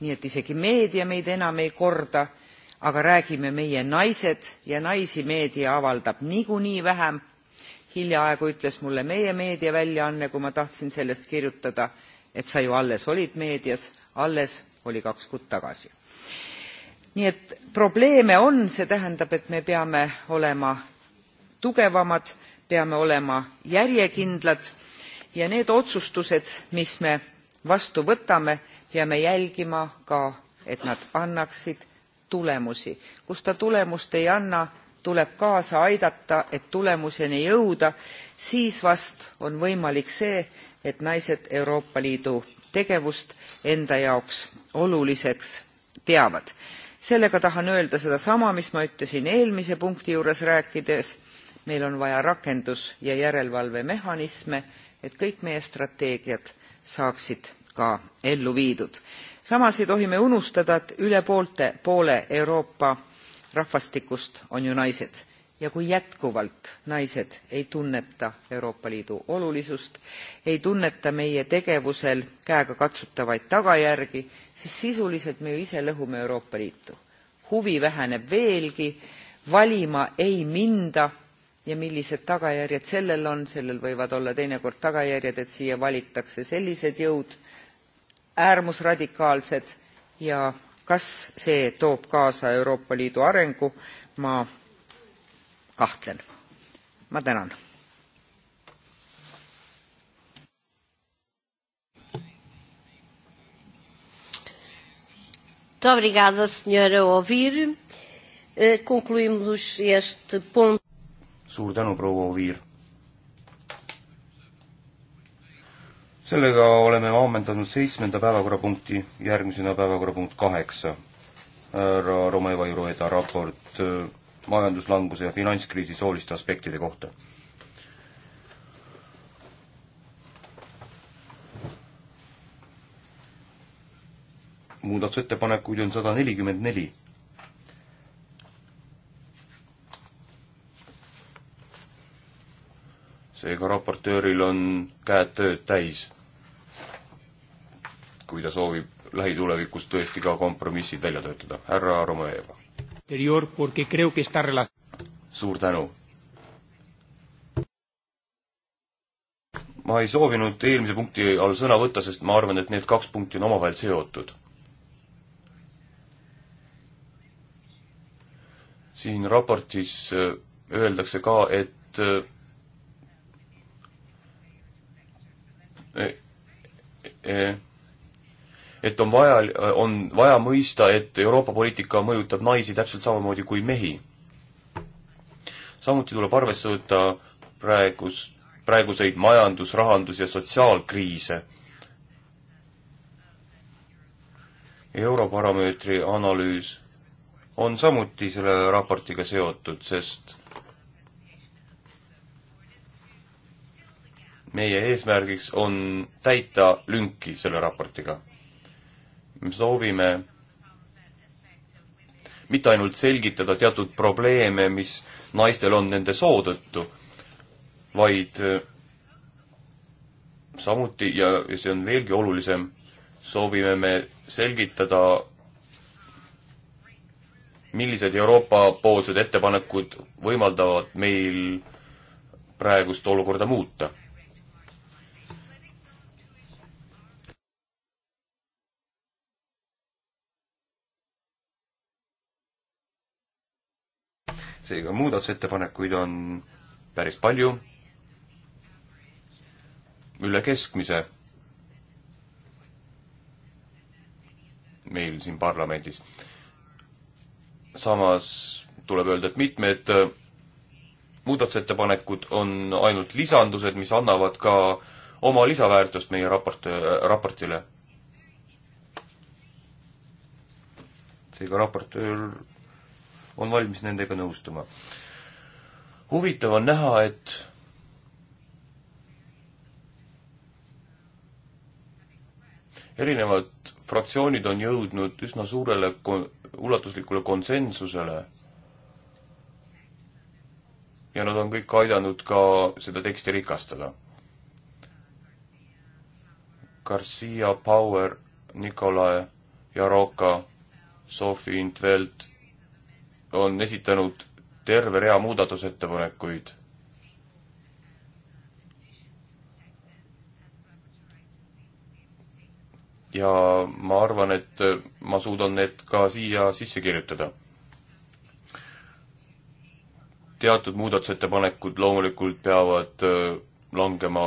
nii et isegi meedia meid enam ei korda aga räägime meie naised ja naisi meedia avaldab niikuinii vähem hiljaaegu ütles mulle meie meediaväljaanne kui ma tahtsin sellest kirjutada et sa ju alles olid meedias alles oli kaks kuud tagasi nii et probleeme on see tähendab et me peame olema tugevamad peame olema järjekindlad ja need otsustused mis me vastu võtame peame jälgima ka et nad annaksid tulemusi kus ta tulemust ei anna tuleb kaasa aidata et tulemuseni jõuda siis vast on võimalik see et naised euroopa liidu tegevust enda jaoks oluliseks peavad sellega tahan öelda sedasama mis ma ütlesin eelmise punkti juures rääkides meil on vaja rakendus ja järelevalvemehhanisme et kõik meie strateegiad saaksid ka ellu viidud. samas ei tohi me unustada et üle poolte poole euroopa rahvastikust on ju naised ja kui jätkuvalt naised ei tunneta euroopa liidu olulisust ei tunneta meie tegevusel käegakatsutavaid tagajärgi siis sisuliselt me ju ise lõhume euroopa liitu huvi väheneb veelgi valima ei minda ja millised tagajärjed sellel on sellel võivad olla teinekord tagajärjed et siia valitakse sellised jõud äärmusradikaalsed ja kas see toob kaasa euroopa liidu arengu ma kahtlen. ma tänan. Muito obrigada, senhora, a ouvir. Eh, concluímos este ponto. Suur tänu, proua Oviir. sellega oleme ammendanud seitsmenda päevakorrapunkti, järgmisena päevakorrapunkt kaheksa. härra Romeva Jurueda raport eh, majanduslanguse ja finantskriisi sooliste aspektide kohta. muudatusettepanekuid on sada nelikümmend neli. seega raportööril on käed tööd täis, kui ta soovib lähitulevikus tõesti ka kompromissid välja töötada. härra Romajeva anterior porque creo que está relacionado. suur tänu. ma ei soovinud eelmise punkti all sõna võtta, sest ma arvan, et need kaks punkti on omavahel seotud. siin raportis äh, öeldakse ka, et e, e, et on vaja, on vaja mõista, et Euroopa poliitika mõjutab naisi täpselt samamoodi kui mehi. samuti tuleb arvesse võtta praegus, praeguseid majandus, rahandus ja sotsiaalkriise. Europarameetri analüüs on samuti selle raportiga seotud, sest meie eesmärgiks on täita lünki selle raportiga me soovime mitte ainult selgitada teatud probleeme, mis naistel on nende soo tõttu, vaid äh, samuti, ja see on veelgi olulisem, soovime me selgitada, millised Euroopa-poolsed ettepanekud võimaldavad meil praegust olukorda muuta. seega muudatusettepanekuid on päris palju, üle keskmise meil siin parlamendis. samas tuleb öelda, et mitmed muudatusettepanekud on ainult lisandused, mis annavad ka oma lisaväärtust meie raport, raportile. seega raportöör on valmis nendega nõustuma. huvitav on näha, et erinevad fraktsioonid on jõudnud üsna suurele kon-, ulatuslikule konsensusele ja nad on kõik aidanud ka seda teksti rikastada. Garcia, Power, Nikolai, Jaroka, Sophie Intvelt on esitanud terve rea muudatusettepanekuid. ja ma arvan, et ma suudan need ka siia sisse kirjutada. teatud muudatusettepanekud loomulikult peavad langema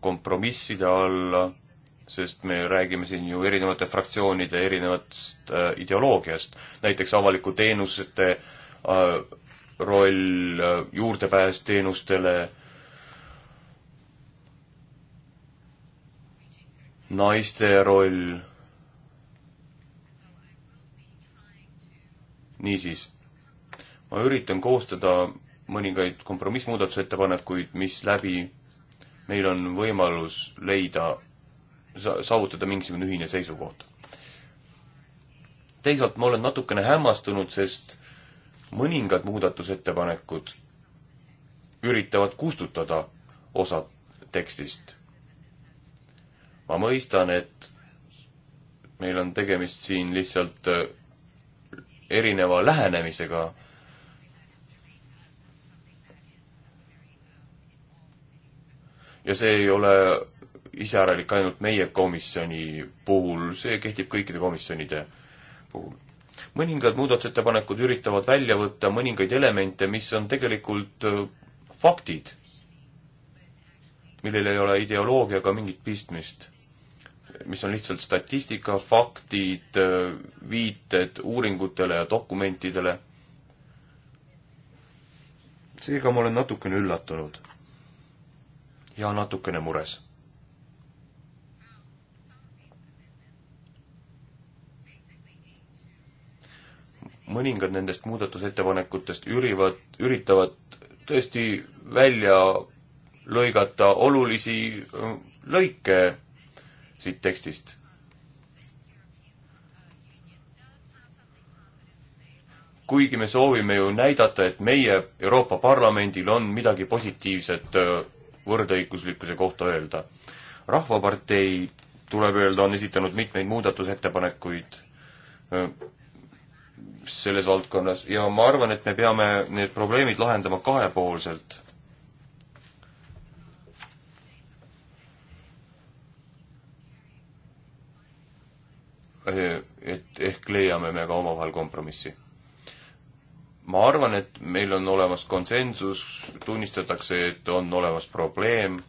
kompromisside alla sest me räägime siin ju erinevate fraktsioonide erinevast äh, ideoloogiast. näiteks avaliku teenusete äh, roll äh,, juurdepääs teenustele, naiste roll, niisiis, ma üritan koostada mõningaid kompromissmuudatusettepanekuid, mis läbi meil on võimalus leida sa-, saavutada mingisugune ühine seisukoht. teisalt ma olen natukene hämmastunud, sest mõningad muudatusettepanekud üritavad kustutada osa tekstist. ma mõistan, et meil on tegemist siin lihtsalt äh, erineva lähenemisega ja see ei ole iseäralik ainult meie komisjoni puhul, see kehtib kõikide komisjonide puhul. mõningad muudatusettepanekud üritavad välja võtta mõningaid elemente, mis on tegelikult äh, faktid, millel ei ole ideoloogiaga mingit pistmist, mis on lihtsalt statistika, faktid, äh, viited uuringutele ja dokumentidele. seega ma olen natukene üllatunud ja natukene mures mõningad nendest muudatusettepanekutest ürivad, üritavad tõesti välja lõigata olulisi lõike siit tekstist. kuigi me soovime ju näidata, et meie Euroopa Parlamendil on midagi positiivset võrdõiguslikkuse kohta öelda. rahvapartei, tuleb öelda, on esitanud mitmeid muudatusettepanekuid selles valdkonnas ja ma arvan, et me peame need probleemid lahendama kahepoolselt. et ehk leiame me ka omavahel kompromissi. ma arvan, et meil on olemas konsensus, tunnistatakse, et on olemas probleem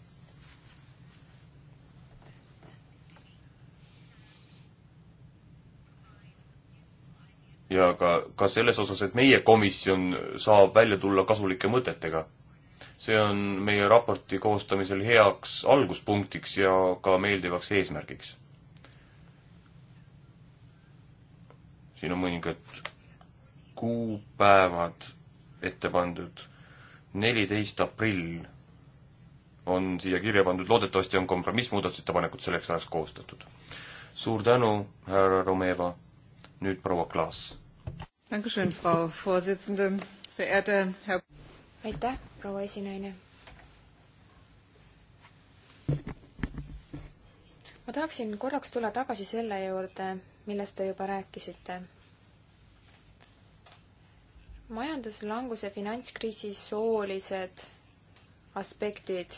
ja ka, ka selles osas, et meie komisjon saab välja tulla kasulike mõtetega. see on meie raporti koostamisel heaks alguspunktiks ja ka meeldivaks eesmärgiks. siin on mõningad kuupäevad ette pandud. neliteist aprill on siia kirja pandud, loodetavasti on kompromissmuudatusettepanekud selleks ajaks koostatud. suur tänu, härra Romeva nüüd proua Klaas. aitäh, proua esinaine. ma tahaksin korraks tulla tagasi selle juurde, millest te juba rääkisite majanduslanguse finantskriisi soolised aspektid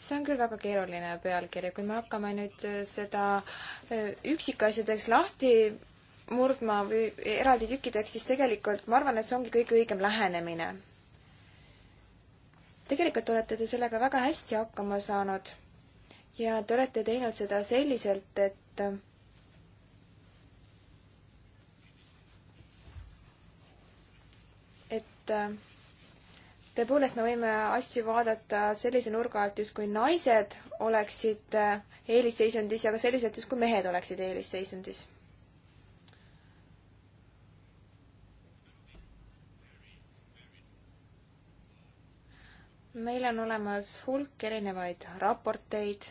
see on küll väga keeruline pealkiri, kui me hakkame nüüd äh, seda äh, üksikasjadeks lahti murdma või eraldi tükkideks, siis tegelikult ma arvan, et see ongi kõige õigem lähenemine. tegelikult olete te sellega väga hästi hakkama saanud ja te olete teinud seda selliselt, et et äh, tõepoolest, me võime asju vaadata sellise nurga alt, justkui naised oleksid äh, eelisseisundis ja ka selliselt, justkui mehed oleksid eelisseisundis. meil on olemas hulk erinevaid raporteid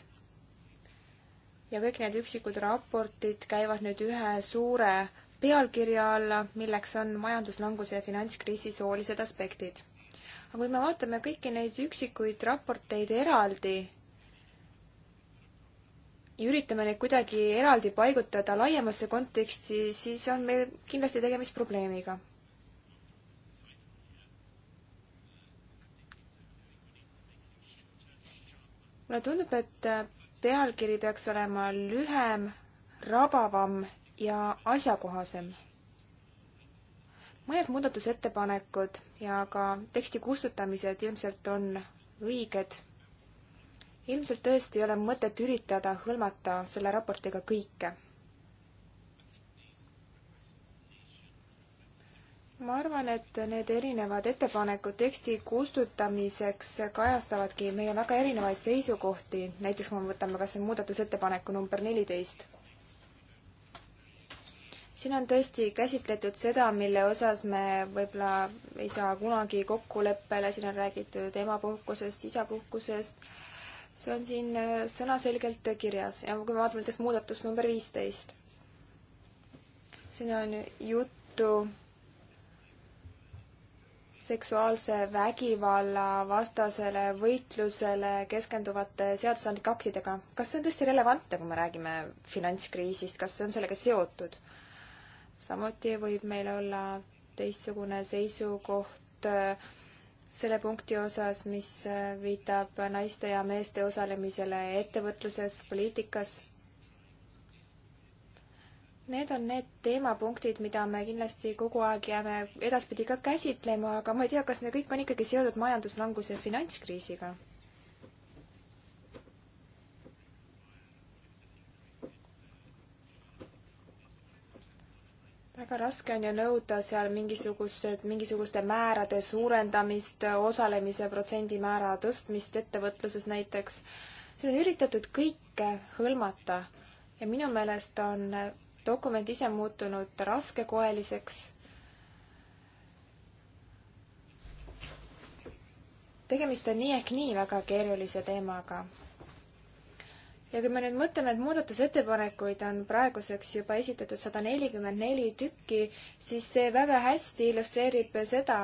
ja kõik need üksikud raportid käivad nüüd ühe suure pealkirja alla, milleks on majanduslanguse ja finantskriisi soolised aspektid aga kui me vaatame kõiki neid üksikuid raporteid eraldi ja üritame neid kuidagi eraldi paigutada laiemasse konteksti, siis on meil kindlasti tegemist probleemiga mulle tundub, et pealkiri peaks olema lühem, rabavam ja asjakohasem mõned muudatusettepanekud ja ka teksti kustutamised ilmselt on õiged. ilmselt tõesti ei ole mõtet üritada hõlmata selle raportiga kõike ma arvan, et need erinevad ettepanekud teksti kustutamiseks kajastavadki meie väga erinevaid seisukohti, näiteks kui me võtame kas või muudatusettepaneku number neliteist siin on tõesti käsitletud seda, mille osas me võib-olla ei saa kunagi kokkuleppele, siin on räägitud emapuhkusest, isapuhkusest, see on siin äh, sõnaselgelt kirjas ja kui me vaatame näiteks muudatust number viisteist, siin on juttu seksuaalse vägivalla vastasele võitlusele keskenduvate seadusandlike aktidega. kas see on tõesti relevantne, kui me räägime finantskriisist, kas see on sellega seotud? samuti võib meil olla teistsugune seisukoht äh, selle punkti osas, mis äh, viitab naiste ja meeste osalemisele ettevõtluses, poliitikas. Need on need teemapunktid, mida me kindlasti kogu aeg jääme edaspidi ka käsitlema, aga ma ei tea, kas need kõik on ikkagi seotud majanduslanguse ja finantskriisiga väga raske on ju nõuda seal mingisugused, mingisuguste määrade suurendamist, osalemise protsendimäära tõstmist ettevõtluses näiteks. siin on üritatud kõike hõlmata ja minu meelest on dokument ise muutunud raskekoeliseks. tegemist on nii ehk nii väga keerulise teemaga ja kui me nüüd mõtleme, et muudatusettepanekuid on praeguseks juba esitatud sada nelikümmend neli tükki, siis see väga hästi illustreerib seda,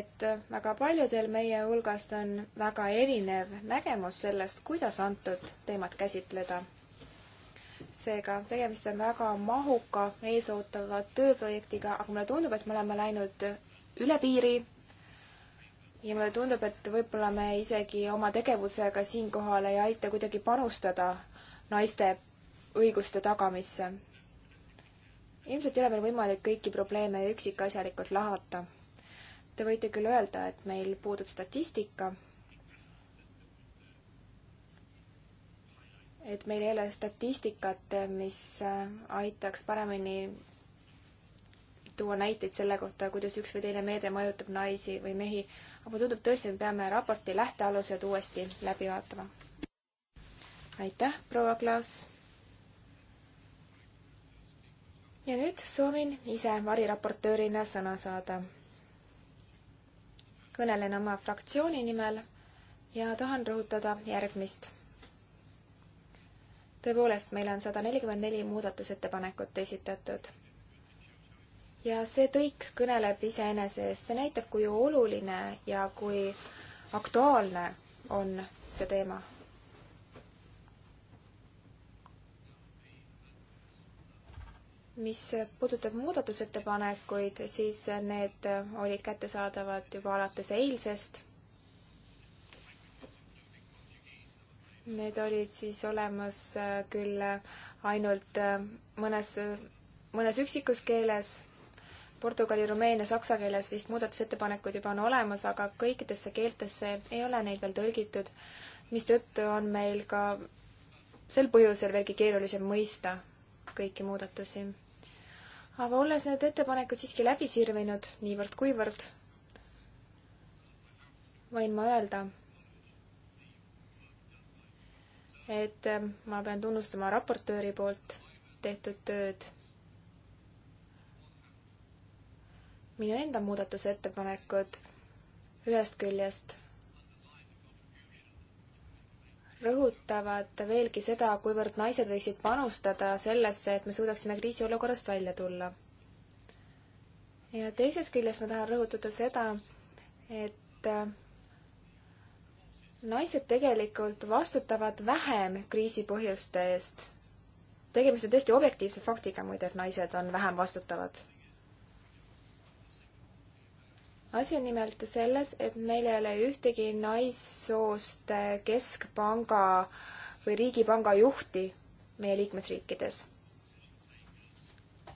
et väga paljudel meie hulgast on väga erinev nägemus sellest, kuidas antud teemat käsitleda. seega tegemist on väga mahuka eesootava tööprojektiga, aga mulle tundub, et me oleme läinud üle piiri ja mulle tundub, et võib-olla me isegi oma tegevusega siinkohal ei aita kuidagi panustada naiste õiguste tagamisse. ilmselt ei ole meil võimalik kõiki probleeme üksikasjalikult lahata. Te võite küll öelda, et meil puudub statistika, et meil ei ole statistikat, mis aitaks paremini tuua näiteid selle kohta, kuidas üks või teine meede mõjutab naisi või mehi aga tundub tõesti, et me peame raporti lähtealused uuesti läbi vaatama. aitäh, proua Klaas. ja nüüd soovin ise variraportöörina sõna saada. kõnelen oma fraktsiooni nimel ja tahan rõhutada järgmist tõepoolest, meil on sada nelikümmend neli muudatusettepanekut esitatud ja see kõik kõneleb iseenese eest, see näitab, kui oluline ja kui aktuaalne on see teema. mis puudutab muudatusettepanekuid, siis need olid kättesaadavad juba alates eilsest. Need olid siis olemas küll ainult mõnes, mõnes üksikus keeles portugali, rumeenia, saksa keeles vist muudatusettepanekud juba on olemas, aga kõikidesse keeltesse ei ole neid veel tõlgitud, mistõttu on meil ka sel põhjusel veelgi keerulisem mõista kõiki muudatusi. aga olles need ettepanekud siiski läbi sirvinud niivõrd-kuivõrd, võin ma öelda, et ma pean tunnustama raportööri poolt tehtud tööd minu enda muudatusettepanekud ühest küljest rõhutavad veelgi seda, kuivõrd naised võiksid panustada sellesse, et me suudaksime kriisiolukorrast välja tulla. ja teisest küljest ma tahan rõhutada seda, et naised tegelikult vastutavad vähem kriisi põhjuste eest. tegemist on tõesti objektiivse faktiga muide, et naised on vähem vastutavad asi on nimelt selles, et meil ei ole ühtegi naissoost äh, keskpanga või riigipanga juhti meie liikmesriikides ja.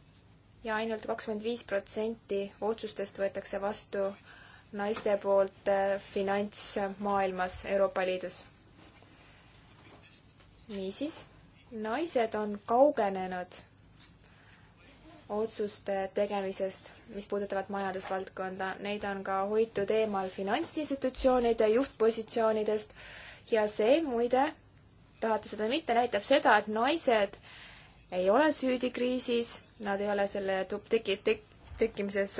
ja ainult kakskümmend viis protsenti otsustest võetakse vastu naiste poolt äh, finantsmaailmas Euroopa Liidus. niisiis, naised on kaugenenud otsuste tegemisest, mis puudutavad majandusvaldkonda. Neid on ka hoitud eemal finantsinstitutsioonide juhtpositsioonidest ja see muide, tahate seda mitte, näitab seda, et naised ei ole süüdi kriisis, nad ei ole selle teki-, tek-, tekkimises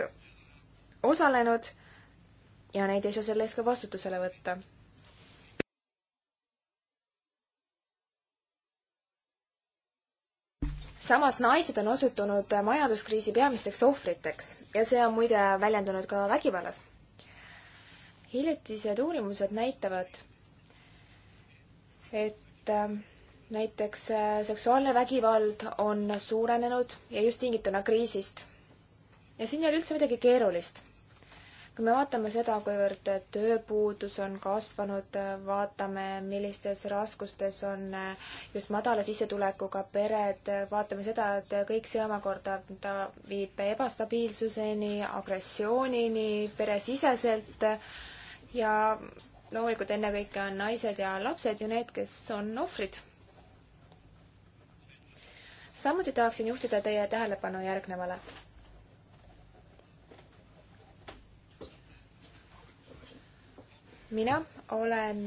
osalenud ja neid ei saa selle eest ka vastutusele võtta samas naised on osutunud majanduskriisi peamisteks ohvriteks ja see on muide väljendunud ka vägivallas. hiljutised uurimused näitavad, et äh, näiteks äh, seksuaalne vägivald on suurenenud ja just tingituna kriisist. ja siin ei ole üldse midagi keerulist kui me vaatame seda, kuivõrd tööpuudus on kasvanud, vaatame, millistes raskustes on just madala sissetulekuga pered, vaatame seda, et kõik see omakorda ta viib ebastabiilsuseni, agressioonini peresiseselt ja loomulikult ennekõike on naised ja lapsed ju need, kes on ohvrid. samuti tahaksin juhtida teie tähelepanu järgnevale. mina olen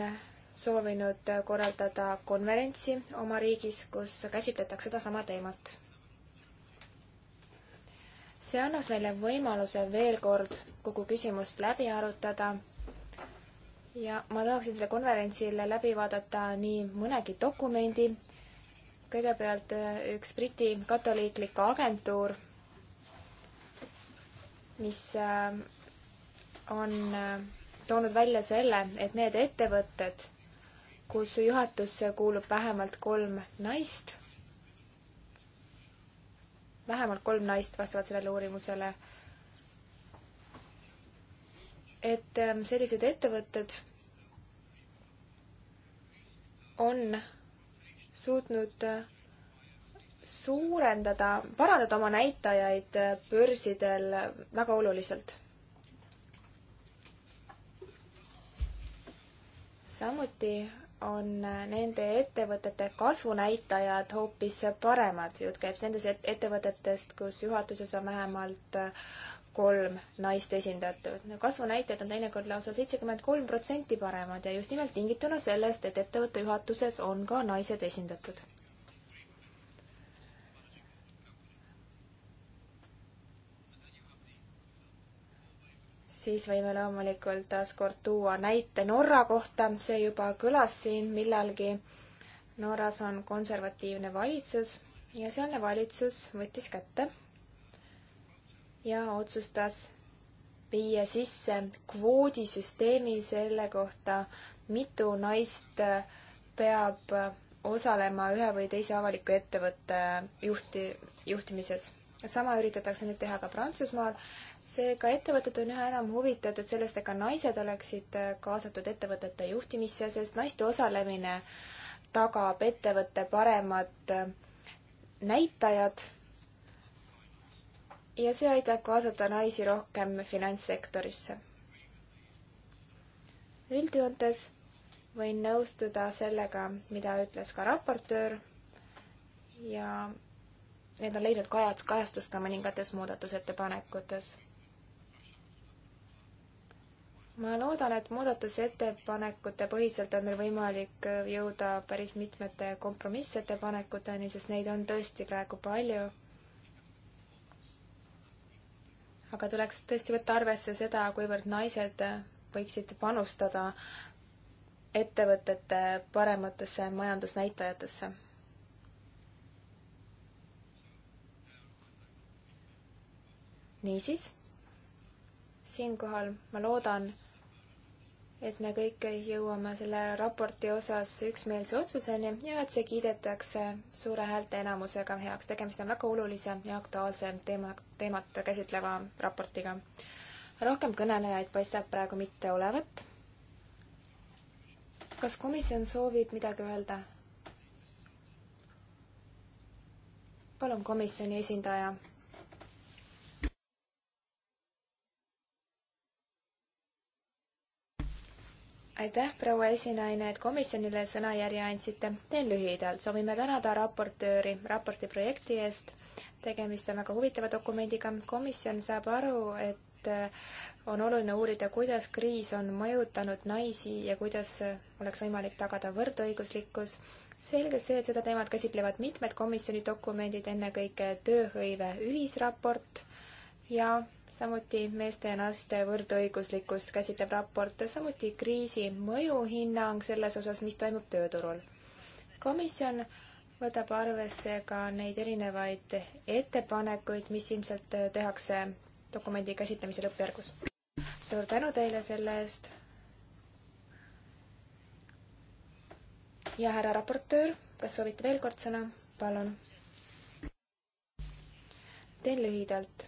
soovinud korraldada konverentsi oma riigis, kus käsitletakse sedasama teemat. see annaks meile võimaluse veel kord kogu küsimust läbi arutada ja ma tahaksin selle konverentsil läbi vaadata nii mõnegi dokumendi, kõigepealt äh, üks Briti katoliiklik agentuur, mis äh, on äh, toonud välja selle, et need ettevõtted, kus juhatusse kuulub vähemalt kolm naist, vähemalt kolm naist vastavalt sellele uurimusele, et ähm, sellised ettevõtted on suutnud äh, suurendada, parandada oma näitajaid äh, börsidel väga oluliselt. samuti on nende ettevõtete kasvunäitajad hoopis paremad. jutt käib nendest ettevõtetest, kus juhatuses on vähemalt äh, kolm naist esindatud. kasvunäitajad on teinekord lausa seitsekümmend kolm protsenti paremad ja just nimelt tingituna sellest, et ettevõtte juhatuses on ka naised esindatud. siis võime loomulikult taaskord tuua näite Norra kohta, see juba kõlas siin millalgi. Norras on konservatiivne valitsus ja sealne valitsus võttis kätte ja otsustas viia sisse kvoodisüsteemi selle kohta, mitu naist peab osalema ühe või teise avaliku ettevõtte juhti, juhtimises sama üritatakse nüüd teha ka Prantsusmaal. seega ettevõtted on üha enam huvitatud sellest, et ka naised oleksid äh, kaasatud ettevõtete juhtimisse, sest naiste osalemine tagab ettevõtte paremad äh, näitajad. ja see aitab kaasata naisi rohkem finantssektorisse. üldjoontes võin nõustuda sellega, mida ütles ka raportöör ja need on leidnud kajad, kajastust ka mõningates muudatusettepanekutes. ma loodan, et muudatusettepanekute põhiselt on meil võimalik jõuda päris mitmete kompromissettepanekuteni, sest neid on tõesti praegu palju. aga tuleks tõesti võtta arvesse seda, kuivõrd naised võiksid panustada ettevõtete parematesse majandusnäitajatesse niisiis, siinkohal ma loodan, et me kõik jõuame selle raporti osas üksmeelse otsuseni ja et see kiidetakse suure häälte enamusega heaks. tegemist on väga olulise ja aktuaalse teema, teemat käsitleva raportiga. rohkem kõnelejaid paistab praegu mitte olevat. kas komisjon soovib midagi öelda? palun, komisjoni esindaja aitäh, proua esinaine, et komisjonile sõnajärje andsite. teen lühidalt, soovime tänada raportööri raporti projekti eest. tegemist on väga huvitava dokumendiga. komisjon saab aru, et äh, on oluline uurida, kuidas kriis on mõjutanud naisi ja kuidas äh, oleks võimalik tagada võrdõiguslikkus. selge see, et seda teemat käsitlevad mitmed komisjoni dokumendid, ennekõike tööhõive ühisraport ja samuti meeste ja naiste võrdõiguslikkust käsitleb raport, samuti kriisi mõjuhinnang selles osas, mis toimub tööturul. komisjon võtab arvesse ka neid erinevaid ettepanekuid, mis ilmselt tehakse dokumendi käsitlemise lõppjärgus. suur tänu teile selle eest. ja härra raportöör, kas soovite veel kord sõna? palun. teen lühidalt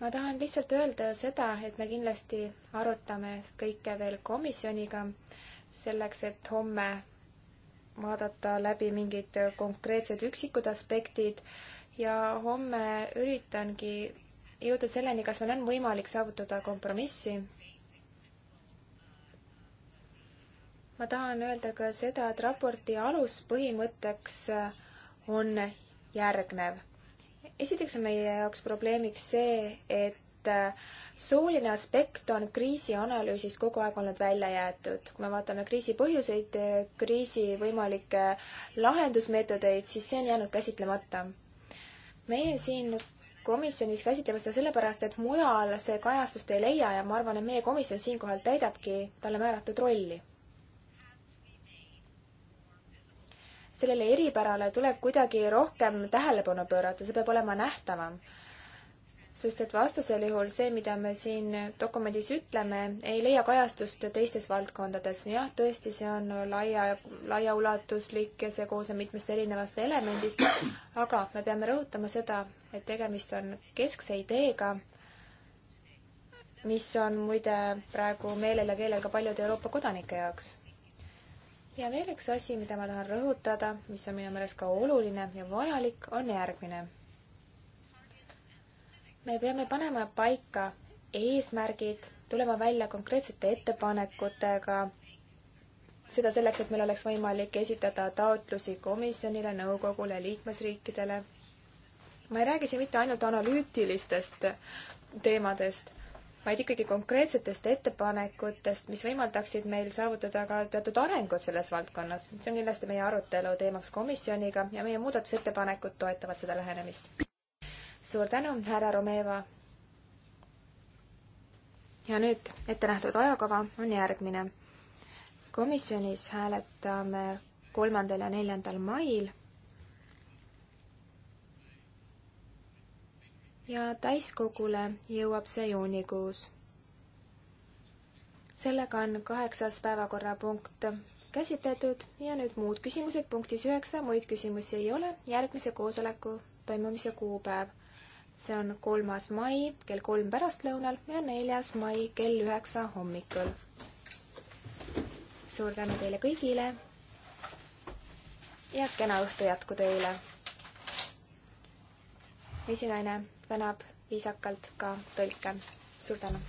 ma tahan lihtsalt öelda seda, et me kindlasti arutame kõike veel komisjoniga, selleks et homme vaadata läbi mingid konkreetsed üksikud aspektid ja homme üritangi jõuda selleni, kas meil on võimalik saavutada kompromissi. ma tahan öelda ka seda, et raporti aluspõhimõtteks on järgnev esiteks on meie jaoks probleemiks see, et äh, sooline aspekt on kriisianalüüsis kogu aeg olnud välja jäetud. kui me vaatame kriisi põhjuseid, kriisi võimalikke lahendusmeetodeid, siis see on jäänud käsitlemata. meie siin komisjonis käsitleme seda sellepärast, et mujal see kajastust ei leia ja ma arvan, et meie komisjon siinkohal täidabki talle määratud rolli sellele eripärale tuleb kuidagi rohkem tähelepanu pöörata, see peab olema nähtavam. sest et vastasel juhul see, mida me siin dokumendis ütleme, ei leia kajastust teistes valdkondades. jah, tõesti, see on laia, laiaulatuslik ja see koosneb mitmest erinevast elemendist, aga me peame rõhutama seda, et tegemist on keskse ideega, mis on muide praegu meelel ja keelel ka paljude Euroopa kodanike jaoks ja veel üks asi, mida ma tahan rõhutada, mis on minu meelest ka oluline ja vajalik, on järgmine. me peame panema paika eesmärgid, tulema välja konkreetsete ettepanekutega, seda selleks, et meil oleks võimalik esitada taotlusi komisjonile, nõukogule, liikmesriikidele. ma ei räägi siin mitte ainult analüütilistest teemadest, vaid ikkagi konkreetsetest ettepanekutest, mis võimaldaksid meil saavutada ka teatud arengut selles valdkonnas. see on kindlasti meie arutelu teemaks komisjoniga ja meie muudatusettepanekud toetavad seda lähenemist. suur tänu, härra Romeva. ja nüüd ettenähtud ajakava on järgmine. komisjonis hääletame kolmandal ja neljandal mail ja täiskogule jõuab see juunikuus. sellega on kaheksas päevakorrapunkt käsitletud ja nüüd muud küsimused punktis üheksa, muid küsimusi ei ole, järgmise koosoleku toimumise kuupäev. see on kolmas mai kell kolm pärastlõunal ja neljas mai kell üheksa hommikul. suur tänu teile kõigile ja kena õhtu jätku teile. esinaine tänab viisakalt ka tõlke. suur tänu!